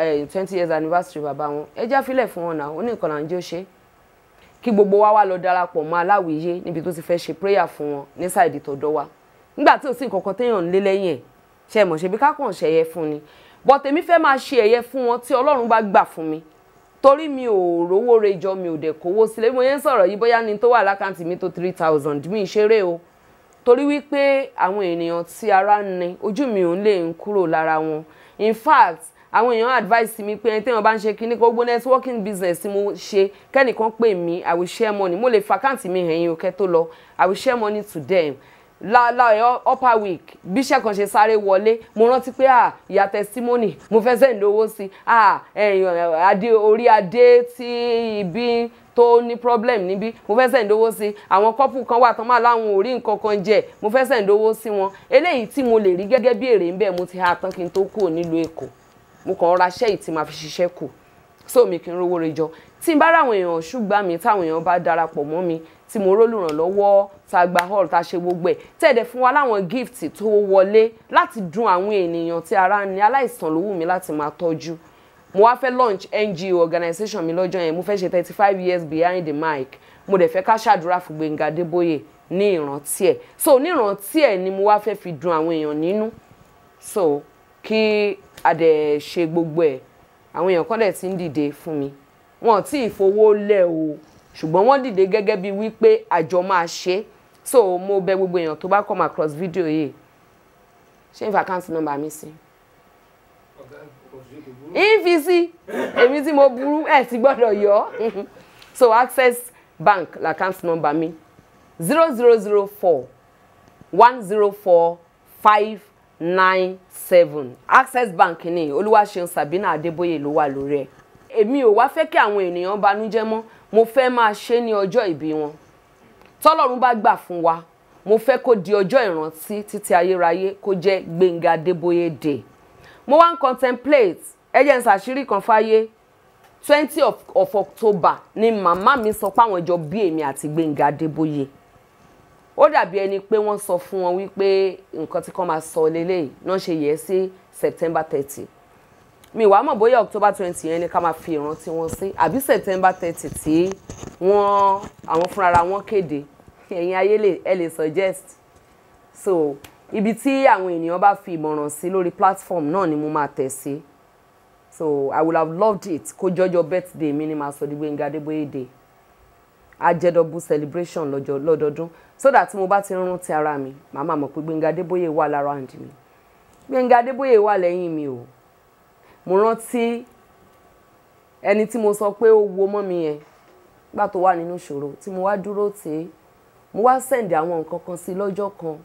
S1: eh, twenty years anniversary bàbá wọn ẹ já fílẹ̀ fún wọn náà ó ní nǹkan là ń jẹ́ ó ṣe kí gbogbo wa wá lọ darapọ̀ mọ́ Aláwìyé níbi tó ti fẹ́ ṣe prayer fún wọn ní sáìdì tọ̀dọ̀ wa nígbà tí ò sí nǹkan kan téèyàn ń lé lẹ́yìn ẹ̀ ṣe mọ̀ ṣe bí ká kàn ṣẹ̀yẹ fún ni bọ̀ tèmi fẹ́ máa ṣe ẹ̀yẹ fún wọn tí Ọlọ́run bá gbà fún mi torí mi ò rówó rejọ mi ò dẹ̀ kówó sílẹ̀ bí mo yẹn sọ̀rọ̀ yìí bóyá ni tó wà lákàntì mi tó three thousand mi ìṣeré o torí wípé àwọn ènìyàn tí ara ń ni ojú mi ò lè ń kúrò lára wọn in fact àwọn èèyàn advice mi pé ẹni téèyàn bá ń ṣe kinní kan gbogbo networking business tí mo ṣe kẹ́nìkan pè mí I will share money mo lè fa àkáǹtì mi hẹ̀yìn òkè tó lọ I will share money to them láàyò upper week bíṣẹ́ kan ṣe sáré wọlé mo rántí pé à ìyá testimony mo fẹ́ sẹ́ǹdì owó sí à ẹ̀yìn adé orí adé tí ibi tó ní problem níbí mo fẹ́ sẹ̀ǹd owó sí àwọn kọ́pù kan wà tán máa láwọn ò rí nǹkan kan jẹ mo fẹ́ sẹ̀ǹd owó sí wọn eléyìí tí mo lè rí gẹ́gẹ́ bí èrè ń bẹ̀ mo ti ha tán kí n tó kúrò nílùú èkó mo kàn ra ṣẹ́yì tí màá fi ṣiṣẹ́ kù so mi kì í rówó rejọ tí n bá ráwọn èèyàn ṣùgbọ́n mi táwọn èèyàn bá darapọ̀ mọ́ mi tí mo rólùrànlọ́wọ́ ta gba hall ta ṣe gbogbo ẹ̀ tẹ̀dẹ̀ fún wa láwọn gift tó wọlé láti dùn àwọn ènìyàn tí ara ń ní aláìsàn ló wù láti máa tọ́jú mo wá fẹ́ launch NGO organisation mi lọ́jọ́ yẹn mo fẹ́ ṣe thirty five years behind the mic mo dẹ̀ fẹ́ ká ṣàdúrà fún Gbẹ̀ngà Adébóyè ní ìrántí ẹ̀ so ní ìrántí ẹ̀ ni mo wá fẹ́ fi dun àwọn èèyàn nínú so kí a dẹ̀ ṣe gbogbo ẹ̀ àwọn èèyàn kan dẹ̀ ti ń dìde fún mi wọn ò tí ì fowó lẹ̀ o ṣùgbọ́n wọ́n dìde gẹ́gẹ́ bíi wípé àjọ máa ṣe so mo bẹ̀ gbogbo èèyàn tó bá come across video yìí ṣé n fi àkáǹtì mi sí Invisi, èmi tí mo burú ẹ̀ ti gbọ́dọ̀ yọ so access bank l'account number mi zero zero zero four one zero four five nine seven access bank ni olúwaṣeun sabina adébóyè ló wà lórí ẹ̀ èmi ò wá fẹ́ kí àwọn ènìyàn banújẹ́ mọ́ mo fẹ́ máa ṣe ní ọjọ́ ìbí wọn tọ́lọ́run bá gbà fún wa mo fẹ́ kó di ọjọ́ ìrántí títí ayérayé kó jẹ́ Gbénga Adébóyè day mo wá ń contemplate ẹ jẹ́ n ṣàṣírí kan fáyé twenty of, of October ni màmá mi sọ pé àwọn jọ bí èmi àti Gbénga Adébóyè ó dàbí ẹni pé wọ́n sọ fún wọn wípé nǹkan tí kò máa sọ lélẹ́yìí náà ṣe yẹ sí September thirty mi wàá mọ̀ bóyá October twenty yẹn ni ká máa fi ìrántí wọn sí àbí September thirty tí wọ́n àwọn fúnra wọn kéde ẹ̀yin ayé ẹ lè suggest so ibi tí àwọn ènìyàn bá fi ìmọ̀ràn sí lórí platform náà ni mo máa tẹ̀ sí. Si so i would have loved it Ko jojo birthday minimal ni màá sọ di Gbénga Adébóyè day ajẹdọgbù celebration lọ́jọ́ lọ́dọọdún so that mo bá ti rún ti ara mi màmá mọ̀ pé Gbénga Adébóyè wà lára àǹdí mi Gbénga Adébóyè wà lẹ́yìn mi o mo rántí ẹni tí mo sọ pé ó wo mọ́ mi yẹn gbà tó wà nínú ìṣòro tí mo wá dúró tè é mo wá sẹ̀ǹdì àwọn nǹkan kan sí lọ́jọ́ kan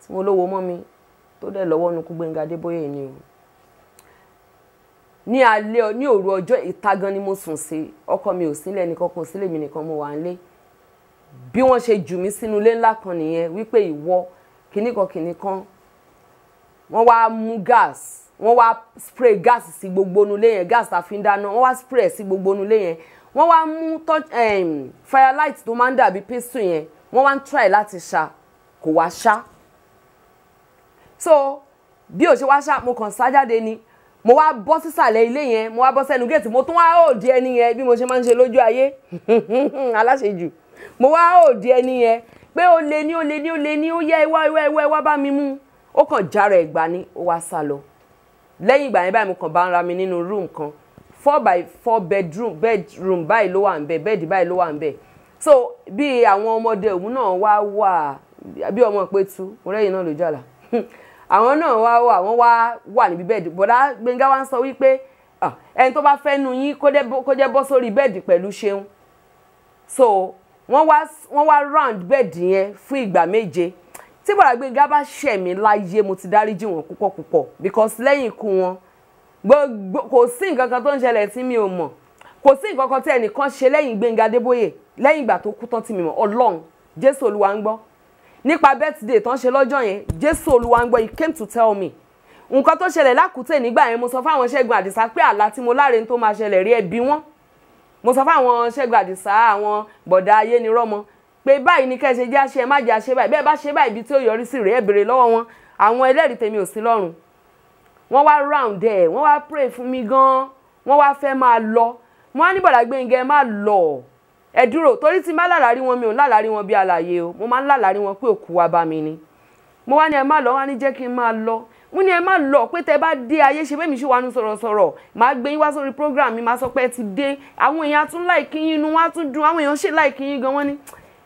S1: tí mo lówó mọ́ mi tó dẹ̀ lọ́wọ́ nukú Gbénga Adébóyè ni o ní alẹ́ ní òru ọjọ́ ìta gan ni mo sùn sí ọkọ mi ò sílẹ̀ nìkan kò sílẹ̀ mi nìkan mo wà nílé bí wọ́n ṣe jù mí sínú ilé ńlá kan nìyẹn wípé ìwọ kìnnìkan kìnnìkan wọ́n wá mú gas wọ́n wá spray gas sí gbogbo inú yẹn gas tá a fi ń dáná wọ́n wá spray sí gbogbo inú ilé yẹn wọ́n wá mú firelight tó máa ń dàbí pistol yẹn wọ́n wá ń try láti ṣá kò wá ṣá so bí ò ṣe wá ṣá mo kàn sá jáde ni mo wá bọ́ sísàlẹ̀ ilé yẹn mo wá bọ́ sẹ́nu géètì mo tún wá òòdì ẹni yẹn bí mo ṣe máa ń ṣe lójú ayé aláṣejù mo wá òòdì ẹni yẹn pé o lé ní ó lé ní ó lé ní ó yẹ ìwá ìwá ìwá ìwá bá mi mú ó kàn jára ẹ̀ gbà ní ó wá sá lọ lẹ́yìn ìgbà yẹn báyìí mo kàn bá ń ra mi nínú room kan four by four bedroom bedroom báyìí ló wà ń bẹ bẹ́ẹ̀dì báyìí ló wà ń bẹ so bí àwọn ọmọdé òun náà wá wà bí ọmọ pé tú mo rẹ́yìn náà ló jàlá àwọn náà wá wà wọ́n wá wà níbi bẹ́ẹ̀dì bọ̀dá Gbẹ́ngà wá ń sọ wípé ẹni tó bá fẹ́ nu yín kó jẹ́ bọ́ sórí bẹ́ẹ̀dì pẹ̀lú Ṣeun so wọ́n wá wọ́n wá round bẹ́ẹ̀dì yẹn fún ìgbà méje tí bọ̀dá Gbẹ́ngà bá ṣẹ̀ mí láyé mo ti dáríjì wọn púpọ̀ púpọ̀ because lẹ́yìn ikú wọn gbogbo kò sí nǹkan kan tó ń ṣẹlẹ̀ tí mi ò mọ̀ kò sí nǹkan kan tí ẹnìkan ṣe lẹ́yìn Gbẹ́ngà Adébóyè lẹ́yìn ìgbà tó kú tán tí mi mọ̀ Ọlọ́run Jésù Olúwa ń gbọ́ nípa birthday tán ṣe lọ́jọ́ yẹn jésù olúwa he came to tell me nǹkan tó ṣẹlẹ̀ lákùtẹ̀ nígbà yẹn mo sọ fáwọn ṣẹ́gun àdìsá pé àlá tí mo láre tó máa ṣẹlẹ̀ rí ẹbí wọn mo sọ fáwọn ṣẹ́gun àdìsá àwọn bọ̀dá ayé ni rọ́mọ pé báyìí ni kẹ́ ṣe jẹ́ àṣẹ má jẹ́ àṣẹ báyìí bẹ́ẹ̀ bá ṣe báyìí ibi tí ó yọrí sí rèé béèrè lọ́wọ́ wọn àwọn ẹlẹ́rìí tèmi ò sí lọ́rùn wọ́n wá round ẹ̀ wọ́n wá pray fún mi gan-an wọ́n wá fẹ́ máa lọ mo wá ní bọ̀dà gbẹ̀ngẹ̀ má lọ ẹ dúró torí tí n bá lálàrí wọn mi ò lálàrí wọn bí àlàyé o mo máa ń lálàrí wọn pé òkú wa bá mi ni mo wá ní ẹ má lọ wá ní jẹ́ kí n máa lọ mo ní ẹ má lọ pé tẹ bá dé ayé ṣe bẹ́ẹ̀ mi ṣe wà sọ̀rọ̀sọ̀rọ̀ màá gbé yín wá sórí program mi màá sọ pé ẹ ti dé àwọn èèyàn tún láìkí yín inú wọn á tún dùn àwọn èèyàn ṣe láìkí yín gan wọn ni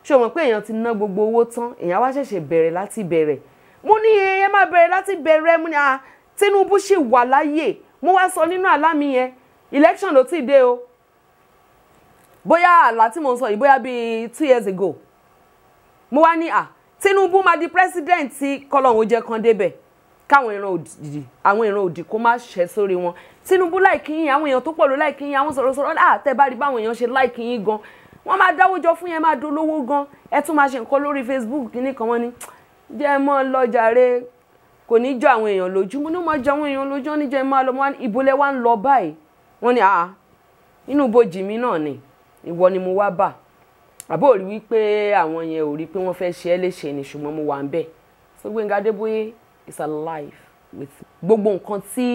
S1: ṣé o mọ̀ pé èèyàn ti ná gbogbo owó tán èèyàn wá ṣẹ̀ṣẹ̀ bẹ̀rẹ̀ láti bẹ̀rẹ̀ mo ní ẹ má bẹ̀rẹ̀ láti bẹ̀rẹ̀ mo ní à ah, Tinubu ṣì wà láyè mo wá sọ nínú àlá mi yẹn election ló ti dé o bóyá àlá tí mo ń sọ yìí bóyá bíi two years ago mo wá ní à Tinubu máa di president tí kọlọ́hún jẹ́ kan débẹ̀ káwọn ìran òdì àwọn ìran òdì kó má ṣẹ́ sórí wọn Tinubu láìkí yín àwọn èèyàn tó pọ̀ ló láìkí yín àwọn sọ̀rọ̀sọ̀rọ̀ à tẹ́ bá rí báwọn èèyàn ṣe láìkí yín gan wọ́n máa dáwọ́jọ fún yẹn máa dolówó gan ẹ tún máa ṣe nǹkan lórí Facebook kìíní kan wọ́n ní jẹ́ mọ́ lọ́jà rẹ kò ní jọ àwọn èèyàn lójú mo ní mo jọ àwọn èèyàn lójú wọn ní jẹ́ máa lọ ìbúlẹ̀ wa ń lọ báyìí wọ́n ní àá inú ibojì mi náà ni ìwọ ni mo wá bà àbó rí wípé àwọn yẹn ò rí pé wọ́n fẹ́ ṣe é léṣe ni ṣùgbọ́n mo wà ń bẹ̀ so Gbẹ́ngà Adébóyè is alive with gbogbo nǹkan tí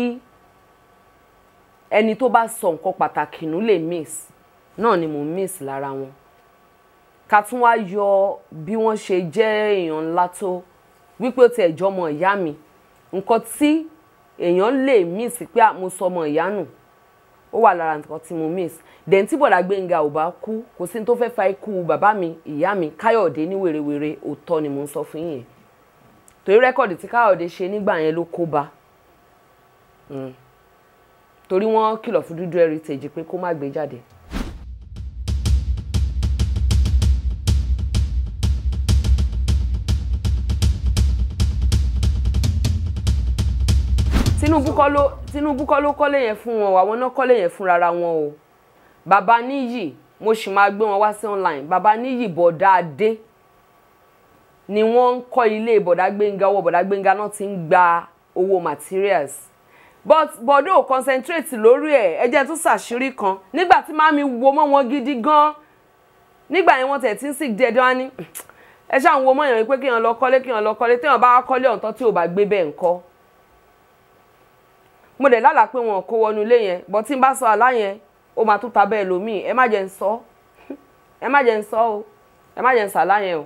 S1: ẹni tó bá sọ nǹkan pàtàkì nù lè miss náà ni mo miss lára wọn ká tún wá yọ bí wọ́n ṣe jẹ́ èèyàn ńlá tó wípé ó ti ẹ̀jọ́ ọmọ ìyá mi nǹkan tí èèyàn lè miss pé mo sọ ọmọ ìyá nù ó wà lára nǹkan tí mo miss then tí bọ̀dà Gbẹ́ngà ò bá kú kò sí ní tó fẹ́ẹ́ fa ikú bàbá mi ìyá mi Káyọ̀dé ní wèrèwèrè òótọ́ ni mo ń sọ fún yín torí rẹ́kọ̀dì tí Káyọ̀dé ṣe nígbà yẹn ló kó ba hmm. torí wọ́n kìlọ̀ fún Dúdú Heritage pé kó má gbé jáde Tinubu kọ́ ló Tinubu kọ́ ló kọ́lé yẹn fún wọn àwọn náà kọ́lé yẹn fún rárá wọn o bàbá níyì mo sì máa gbé wọn wá sí online bàbá níyì bọ̀dá adé ni wọ́n ń kọ́ ilé bọ̀dá gbẹ̀ngà owó bọ̀dá gbẹ̀ngà náà ti ń gba owó materials but bọ̀dọ̀ concentrate lórí ẹ̀ ẹ jẹ́ tún ṣàṣírí kan nígbà tí màmí wo mọ́ wọn gidi gan nígbà yẹn wọ́n tẹ̀ tí ń sì díẹ̀ dán á ní ẹ ṣáà ń wo mọ́ yẹn pé kéèyàn lọ kọ́lé kéèyàn lọ kọ́lé téèyàn bá wá kọ́lé ọ̀tọ́ tí ò bá gbé bẹ́ẹ̀ ńkọ́ mo dẹ̀ lálàá pé wọn kó wọnú ilé yẹn bọ́ tí n bá sọ àlá yẹn ó máa tún ta bẹ́ẹ̀ lómìn ẹ má jẹ́ ń sọ ẹ má jẹ́ ń sọ o ẹ má jẹ́ ń sàlá yẹn o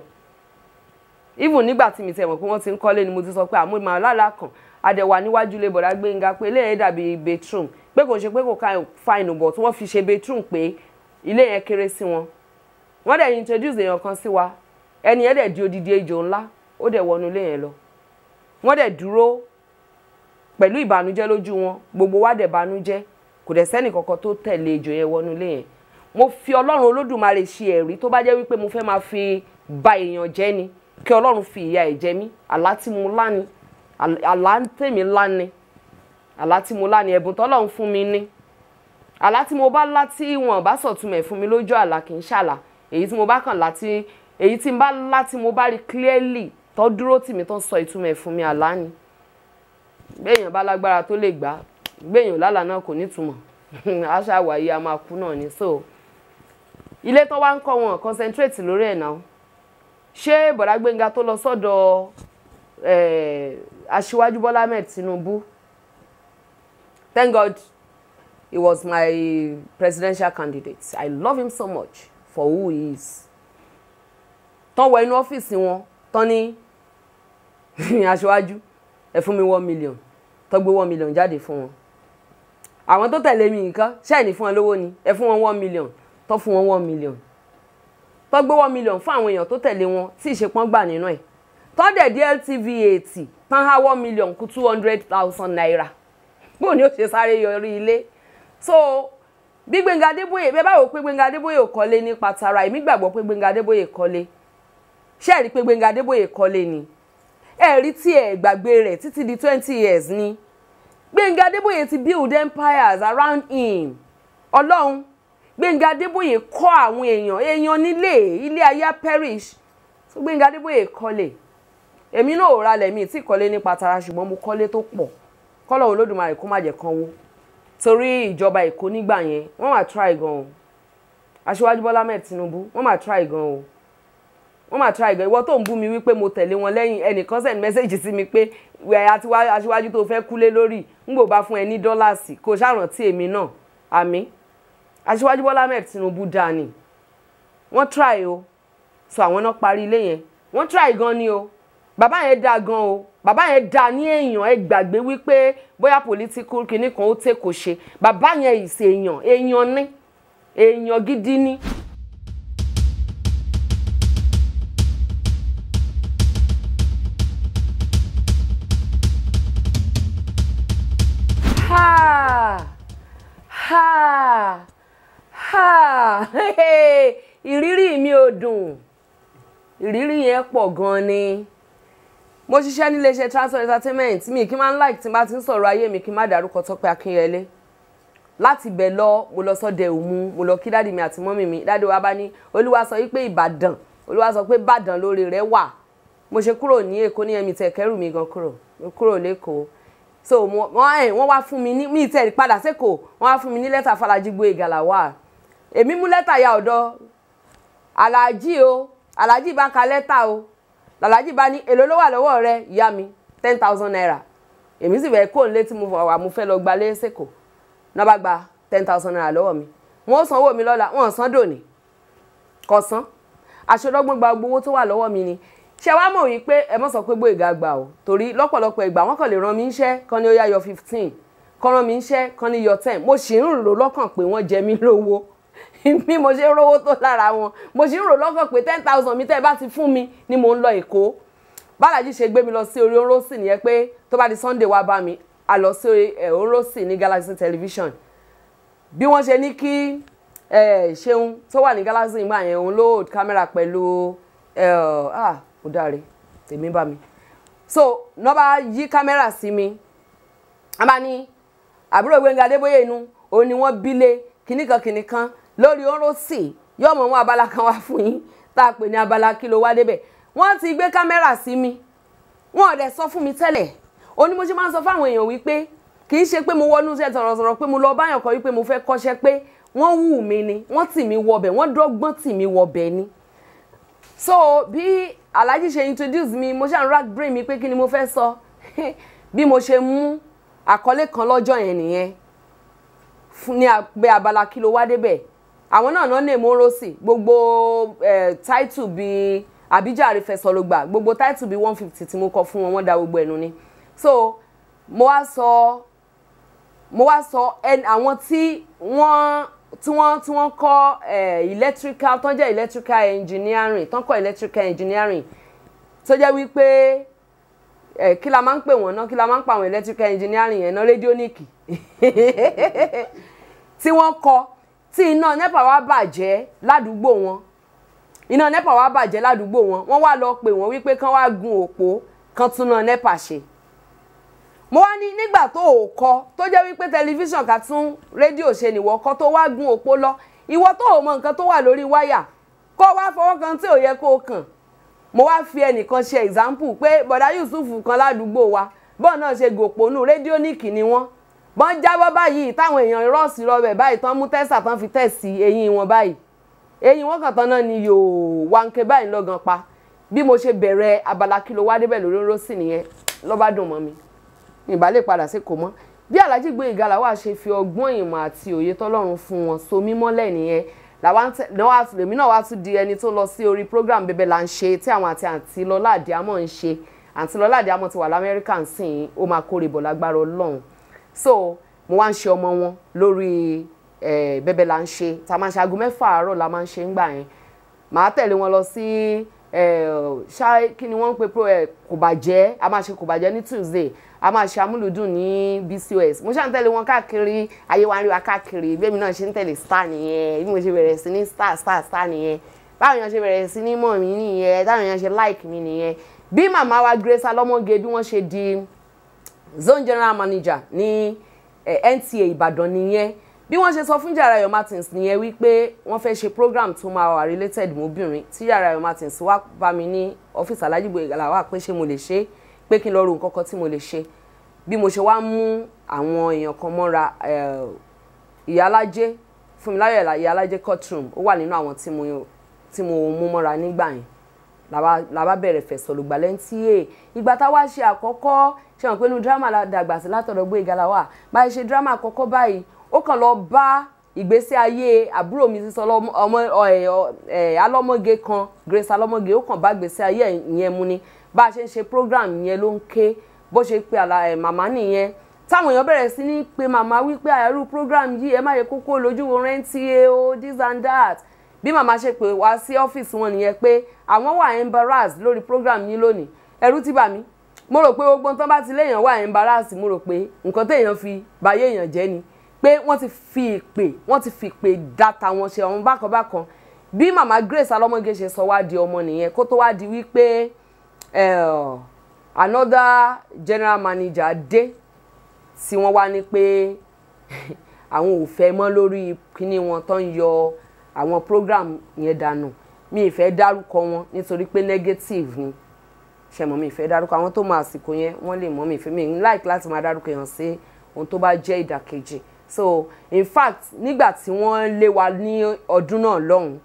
S1: even nígbà tí mi tẹ̀ mọ̀ pé wọ́n ti ń kọ́lé ni mo ti sọ pé àmọ́ màá lálàá kan àdẹ̀wà níwájú ilé bọ̀dá Gbénga pé ilé yẹn dàbí bedroom pé kò ṣe pé kò ká fine bọ̀ tí wọ́n fi ṣe bedroom pé ilé yẹn kéré sí wọn wọ́n dẹ̀ introduce èèyàn kan sí wa ẹni yẹn dẹ̀ di odidi ejò ńlá ó dẹ̀ wọnú ilé yẹn lọ wọ́n dẹ̀ dúró pẹ̀lú ìbànújẹ́ lójú wọn gbogbo wa dẹ̀ bànújẹ́ kò dẹ̀ sẹ́nì kankan tó tẹ̀lé ejò yẹn wọnú ilé yẹn mo fi ọlọ́run olódùmarè ṣe ẹ̀rí tó bá jẹ́ wípé mo fẹ́ máa fi ba èèyàn jẹ́ ni kí ọlọ́run fi ìyà ẹ̀ jẹ mí àlá tí mo lá ni àlá tèmi lá ni àlá tí mo lá ni ẹ̀bùn tọ́lọ́run fún mi ni àlá tí mo bá lá tí wọn bá sọ̀túnmẹ̀ fún mi lójú àlá kì í ṣàlà èyí tí mo bá kàn lá èyí tí n bá lá mo bá rí clearly tó dúró tì mí tó ń sọ ìtumọ̀ fún mi àlá ni gbẹ̀yàn bá lágbára tó lè gbà gbẹ̀yàn lálà náà kò nítumọ̀ àṣà wàyí a máa kú náà ni so ilé tó wá ń kọ́ wọn concentrate lórí ẹ̀ náà ṣé bọ̀dá Gbẹ́ngà tó lọ sọ́dọ̀ aṣíwájú Bọ́lá Ahmed Tinubu thank God he was my presidential candidate I love him so much for who he is tán wọ inú ọ́fíìsì wọn tán ní aṣíwájú ẹ fún mi one million tó gbé one million jáde fún wọn àwọn tó tẹ̀lé mi nǹkan ṣẹ́ẹ̀nì fún wọn lówó ni ẹ fún wọn one million tó fún wọn one million tó gbé one million fún àwọn èèyàn tó tẹ̀lé wọn tí ìṣepọ́n gbà nínú ẹ̀ tó dẹ̀ DLTV eighty tán há one million kú two hundred thousand naira bó ni ó ṣe sáré yọrí ilé so bí Gbẹ́ngà Adébóyè bẹ́ẹ̀ báwo pé Gbẹ́ngà Adébóyè kọ́lé nípa tara èmi gbàgbọ́ pé Gbẹ́ngà Adébóyè kọ́lé ṣé ẹ rí pé Gbẹ́ngà Adébóyè kọ́lé ni ẹ̀rí tí ẹ̀ gbàgbé rẹ̀ títí di twenty years ni Gbẹ̀ngà Adébóyè ti build empires around him ọlọ́run Gbẹ̀ngà Adébóyè kọ́ àwọn èèyàn èèyàn nílé ilé ayé perish so Gbẹ̀ngà Adébóyè kọ́lé èmi náà ò ralẹ̀ mi tí kọ́lé nípa tara ṣùgbọ́n mo kọ́lé tó pọ̀ kọ́lọ̀ Olódùmarè kó má jẹ́ kán wó torí ìjọba Èkó nígbà yẹn wọ́n máa try gan o Aṣíwájú Bọ́lá Ahmed Tinubu wọ́n máa try gan o wọ́n máa try gan ìwọ tó ń bú mi wípé mo tẹ̀lé wọn lẹ́yìn ẹnìkan send message sí mi pé aṣíwájú tó fẹ́ kúlé lórí ń gbò bá fún ẹ ní dọ́làsì kò ṣàrántí èmi náà àmì aṣíwájú Bọ́lá Ahmed Tinubu dáa ni wọ́n try o so àwọn náà parí ilé yẹn wọ́n try gan ni o bàbá yẹn dáa gan o bàbá yẹn dáa ní èèyàn ẹ gbàgbé wípé bóyá political kinní kan ó tẹ́ kò ṣe bàbá yẹn ìṣèèyàn èèyàn ní èèyàn gidi ni. ha ha ha ìrírí mi ò dùn ìrírí yẹn pọ̀ gan-an ni mo ṣiṣẹ́ ní iléeṣẹ́ transfer entertainment mi kí n máa ń like tí n bá ti ń sọ̀rọ̀ ayé mi kí n má dárúkọ Tọ́pẹ́ Akínyẹlé láti ibẹ̀ lọ mo lọ sọ́dẹ̀ òmu mo lọ kí dáàdì mi àti mọ́mì mi dáàdì wa bá ní olúwa sọ wípé Ìbàdàn olúwa sọ pé Ìbàdàn lórí rẹ̀ wà mo ṣe kúrò ní Èkó ní ẹ̀mí tẹ̀ kẹ́rù mi gan kúrò mo kúrò lÉkòó so eh, wọ́n wá fún mi ní mi tẹ̀ padà sẹ́kọ̀ọ́ wọ́n wá fún mi ní lẹ́tà Falaji Gboyega Lawal èmi mú lẹ́tà ya ọ̀dọ̀ alaji o alaji bá ka lẹ́tà o Alhaji bá ní èlò ló wà lọ́wọ́ rẹ ìyá mi ten thousand naira èmi sì fẹ́ kó n lé tí mo wà mo fẹ́ lọ gba lé sẹ́kọ̀ọ́ náà bá gba ten thousand naira lọ́wọ́ mi wọ́n sanwó mi lọ́la wọ́n san dòní kọ̀sán àṣọdọ́gbọ́n gba gbowó tó wà lọ́wọ́ mi ni ṣé wàá mọ̀ wípé ẹ mọ̀ sọ pé Gbóyèga gbà o torí lọ́pọ̀lọpọ̀ ìgbà wọ́n kàn lè rán mi iṣẹ́ kan ní ó yá yọ fifteen kan rán mi iṣẹ́ kan ní yọ ten mo sì ń rò lọ́kàn pé wọ́n jẹ mí lówó bí mo ṣe rówó tó lára wọn mo sì ń rò lọ́kàn pé ten thousand mi tẹ́ ẹ bá ti fún mi ni mo ń lọ Èkó Bàlájì ṣe gbé mi lọ sí orí orósì nìyẹn pé tó bá di Sunday wá bá mi a lọ sí orósì ní Galaxy television bí wọ́n ṣe ní kí ṣeun tó wà ní Galaxy ìgbà yẹn òun ló hold pẹ̀lú ah, ó dáre tèmi bá mi so ná bá yí kámẹ́rà sí mi a bá ní àbúrò Gbénga Adébóyè inú òun ni wọ́n bílé kìnnìkan kìnnìkan lórí oró sí yóò mọ̀ wọn abala kan wá fún yín tá a pè ní abala kí ló wá débẹ̀ wọ́n ti gbé kámẹ́rà sí mi wọ́n ọ̀dẹ̀ sọ fún mi tẹ́lẹ̀ ó ní mo ṣe máa ń sọ fáwọn èèyàn wípé kì í ṣe pé mo wọnú iṣẹ́ tọ̀rọ̀tọ̀rọ̀ pé mo lọ báyàn kan wípé mo fẹ́ kọ́ṣẹ́ pé wọ́n wù mí ni wọ́n tì mí wọbẹ̀ wọ́n dọ́gbọ́n tì mí wọbẹ̀ ni so bí alhaji ṣe introduce mi mo ṣe ń rack brain mi pé kí ni mo fẹ́ sọ bí mo ṣe mú àkọlé kan lọ́jọ́ yẹn nìyẹn ní abẹ́ abala kilo ló wá débẹ̀ àwọn náà náà nèmó rossi gbogbo táìtù bíi àbíjàre fẹsọlọgbà gbogbo táìtù bíi one fifty tí mo kọ fún wọn wọ́n da gbogbo ẹnu ni so mo wá sọ mo wá sọ àwọn tí wọ́n tí wọ́n tí wọ́n kọ́ eh, electrical tó jẹ́ electrical engineering tó kọ́ electrical engineering tó jẹ́ wípé ẹ eh, kí la máa ń pè wọ́n náà kí la máa ń pa àwọn electrical engineering yẹn náà rédíónìkì tí wọ́n kọ́ tí iná nepa wá bàjẹ́ ládùúgbò wọn iná nepa wá bàjẹ́ ládùúgbò wọn wọ́n wá lọ pè wọ́n wípé kán wá gun òpó kán tún náà nepa ṣe mo wá ní nígbà tó o kọ tó jẹ́ wípé tẹlifíṣàn ká tún rédíò ṣe nìwọ kọ tó wá gun òpó lọ ìwọ tó o mọ nǹkan tó wà lórí wáyà kó wá fọwọ́ kan tí ò yẹ kó o kàn mo wá fi ẹnìkan ṣe example pé bọ̀dá Yusuf kan ládùúgbò wa bọ́ọ̀ náà ṣe gòpónú rédíónìkì ni wọ́n bọ́n jábọ́ báyìí táwọn èèyàn rọ́ọ̀sì rọbẹ̀ báyìí tán mú tẹ́sà tán fi tẹ̀sí eyín wọn báyìí eyín wọn kàn tán náà ni yòó wáńkẹ́ báyìí lọ́gàn pa bí mo ṣe bẹ̀rẹ̀ abala kí ló wá débẹ̀ lórí rọ́ọ̀sì nìyẹn ló bá dùn mọ́ mi ìbá lè padà sí kò mọ́ bí Alhaji Gboyega làwa ṣe fi ọgbọ́n ìmọ̀ àti òye tọ́lọ́run fún wọn so mímọ́lẹ̀ nìyẹn lèmi náà wá tún di ẹni tó lọ sí orí program bẹbẹ là ń ṣe tí àwọn àti àǹtí lọ́lá àdìámọ̀ ń ṣe àǹtí lọ́lá àdìámọ̀ ti wà lamẹ́ríkà nsìn ó máa kórè bọ̀ lágbára ọlọ́run so mo wá ń ṣe ọmọ wọn lórí bẹbẹ là ń ṣe tá a máa ṣe aago mẹ́fà àárọ̀ la máa ń ṣe ń gbà yẹn màá tẹ̀lé wọn lọ sí ṣá kí ni wọ́n ń pe kò bàjẹ́ a máa ṣe kò bàjẹ́ ní Tuesday a máa ṣe amúlùdùn ní BCOS mo ṣáà ń tẹ̀lé wọn káàkiri ayé wa ń rí wa káàkiri bẹ́ẹ̀ náà ṣe ń tẹ̀lé star nìyẹn bí mo ṣe bẹ̀rẹ̀ sí ní star star star nìyẹn báwọn èèyàn ṣe bẹ̀rẹ̀ sí ní mọ̀ mí nìyẹn táwọn èèyàn ṣe like mi nìyẹn bí màmá wa Grace Alomoge bí wọ́n ṣe di zone general manager ní eh, NTA Ìbàdàn nìyẹn bí wọ́n ṣe sọ fún Jarayo Martins nìyẹn wípé wọ́n fẹ́ ṣe program tó máa wà related mọ́bìnrin tí Jarayo Martins wá bá mi ní ọ́fíìsì Alhaji Gboyega Lawal pé ṣé mo lè ṣe é pé kí n lọ ro nǹkan kan tí mo lè ṣe bí mo ṣe wá mú àwọn èèyàn kan mọ́ra ìyálájé Fúnmiláyọ̀ ìyálájé courtroom ó wà nínú àwọn tí mo mú mọ́ra nígbà yẹn làbá bẹ̀rẹ̀ fẹ̀sọ̀ lùgbà lẹ́ńtì yé ìgbà táwa ṣe àkọ́kọ́ ṣe hàn pé inú dírámà la dàgbà sí látọ̀dọ̀ gbé ìgalà wà báyìí ṣe dírámà àkọ́kọ́ báyìí ó kàn lọ bá ìgbésí ayé àbúrò mi sísọ ọmọ alọ́mọge kan Grace alọ́mọge ó kàn bá ìgbésí ayé yẹn ni bá a ṣe ń ṣe program yẹn ló ń ké bó ṣe pe àlà ẹ̀ eh, màmá nìyẹn táwọn èèyàn bẹ̀rẹ̀ sí ní pe màmá wípé àyẹ̀rú program yìí ẹ má yẹ kókó lójú wo rẹ́ńtì e o this and that bí màmá ṣe pè wá sí ọ́fíìsì wọn nìyẹn pé àwọn wà embarrassed lórí program yìí lónìí ẹ̀rù ti bà mí mo rò pé gbogbo tán bá ti léèyàn wà embarrassed mo rò pé nǹkan téèyàn fi báyé èèyàn jẹ́ ni pé wọ́n ti fi ìpè wọ́n ti fi ìpè data wọn ṣe àwọn bákan bákan bí màmá Grace Alọ́mọge ṣe sọ wá di ọmọ nìyẹn kó tó wá di wípé uh, another general manager dé tí wọ́n wá ní pé àwọn ò fẹ́ mọ́ lórí kíní wọn tó ń yọ àwọn program yẹn dànù mi ì fẹ́ dárúkọ wọn nítorí pé negative ni ṣe mi ì fẹ́ dárúkọ àwọn tó máa àsìkò yẹn wọ́n lè mọ̀ mi ì fẹ́ mi ì like láti máa dárúkọ yẹn sí ohun tó bá jẹ́ ìdàkejì so in fact nígbà tí wọ́n lé wa ní ọdún náà lọ́hùn-ún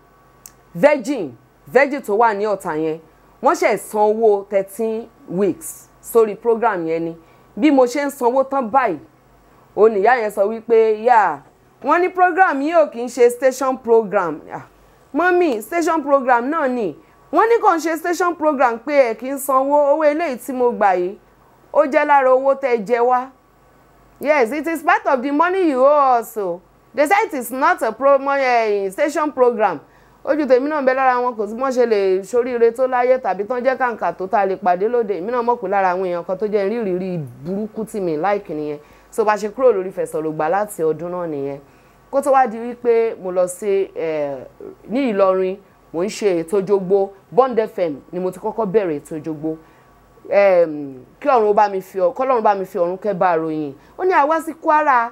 S1: virgin virgin tó wà ní ọ̀tà yẹn wọ́n ṣe san owó thirteen weeks sórí program yẹn ni bí mo ṣe ń sanwó tán báyìí oníyá yẹn sọ wípé yà wọ́n ní program yìí ò kì í ṣe station program mọ́mì station program náà nì wọ́n ní kò ń ṣe station program pé ẹ̀ kì í sanwó owó eléyìí tí mo gbà yìí ó jẹ́ lára owó tẹ́ jẹ wá yes it is part of the money you owe us o they say is not a pro uh, station program ojú tèmi náà bẹ lára wọn kò sí mọ́ṣe lè ṣoríire tó láyé tàbí tán jẹ́ kàǹkà tó ta lè pàdé lóde èmi náà mọ̀ pé lára àwọn èèyàn kan tó jẹ́ rírìírí burúkú tì mí láìkì nìyẹn tó bá ṣe kúrò lórí fẹ̀sọ̀rọ̀gbà láti ọdún náà nìyẹn kó tó wá di wípé mo lọ sí ní Ìlọrin mo ń ṣe ètò jogbo Bond FM ni mo ti kọ́kọ́ bẹ̀rẹ̀ ètò jogbo kí ọ̀run bá mi fi ọ kọ́lọ́run bá mi fi ọ̀run kẹ́ bá ròyìn ó ní àwa sí Kwara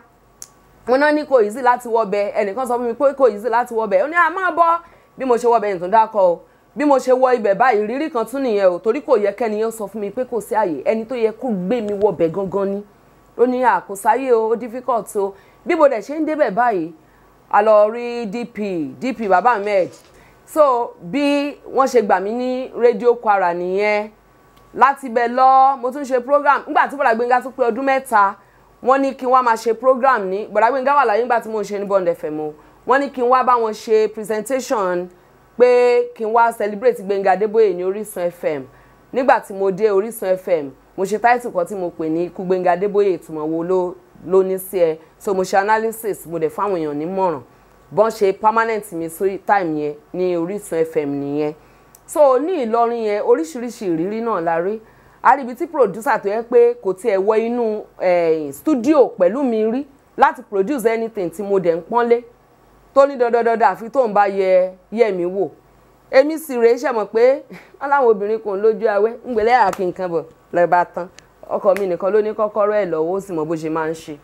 S1: wọn náà ní kò easy láti wọbẹ ẹnìkan sọ fún mi pé kò easy láti wọbẹ ó ní à máa bọ̀ bí mo ṣe wọ ibẹ̀ nìkan dákọ̀ o bí mo ṣe wọ ibẹ̀ báyìí rírí kan tún nìyẹn o torí kò yẹ kẹ́niyàn sọ fún mi pé kò sí àyè ẹni tó yẹ kó gbé mi wọ bẹ̀ gangan ni ó ní àkósáyé o difficult o bí mo dẹ̀ ṣe ń débẹ̀ báyìí a lọ rí DP DP baba Ahmed so bí wọ́n ṣe gbà mí ní rédíò Kwara nìyẹn láti bẹ̀ lọ mo tún ṣe program nígbà tí bọ̀dà Gbénga tún pé ọdún mẹ́ta wọ́n ní kí wọ́n máa ṣe program ní bọ̀dà Gbénga wà láyé nígbà tí mo ń ṣe ní Bond wọ́n ní kí n wá bá wọn ṣe presentation pé kí n wá celebrate Gbẹ́ngà Adébóyè ní Orísun FM nígbà tí mo dé Orísun FM mo ṣe táìtì kan tí mo pè ní ikú Gbẹ́ngà Adébóyè ìtumọ̀ wo ló ló ní sí ẹ so mo ṣe analysis mo dẹ̀ fáwọn èèyàn nímọ̀ràn bọ́n ṣe permanent mi sórí time yẹn ní Orísun FM nìyẹn so ní Ìlọrin yẹn oríṣiríṣi ìrírí náà la rí àríbi tí producer tó yẹ pé kò tiẹ̀ wọ inú eh, studio pẹ̀lú mi rí láti produce anything tí mo dẹ̀ ń pọ́nlé tó ní dandandandan àfi tóun bá yẹ yẹ mí wò èmi sì rèé ṣẹ̀mọ̀ pé wọ́n láwọn obìnrin kò ń lójú awẹ́ ń gbélé àkínkan bọ̀ lẹ́ẹ̀bá tán ọkọ mi nìkan ló ní kọ́kọ́rọ́ ẹ̀ lọ́wọ́ ó sì mọ bó ṣe máa ń ṣe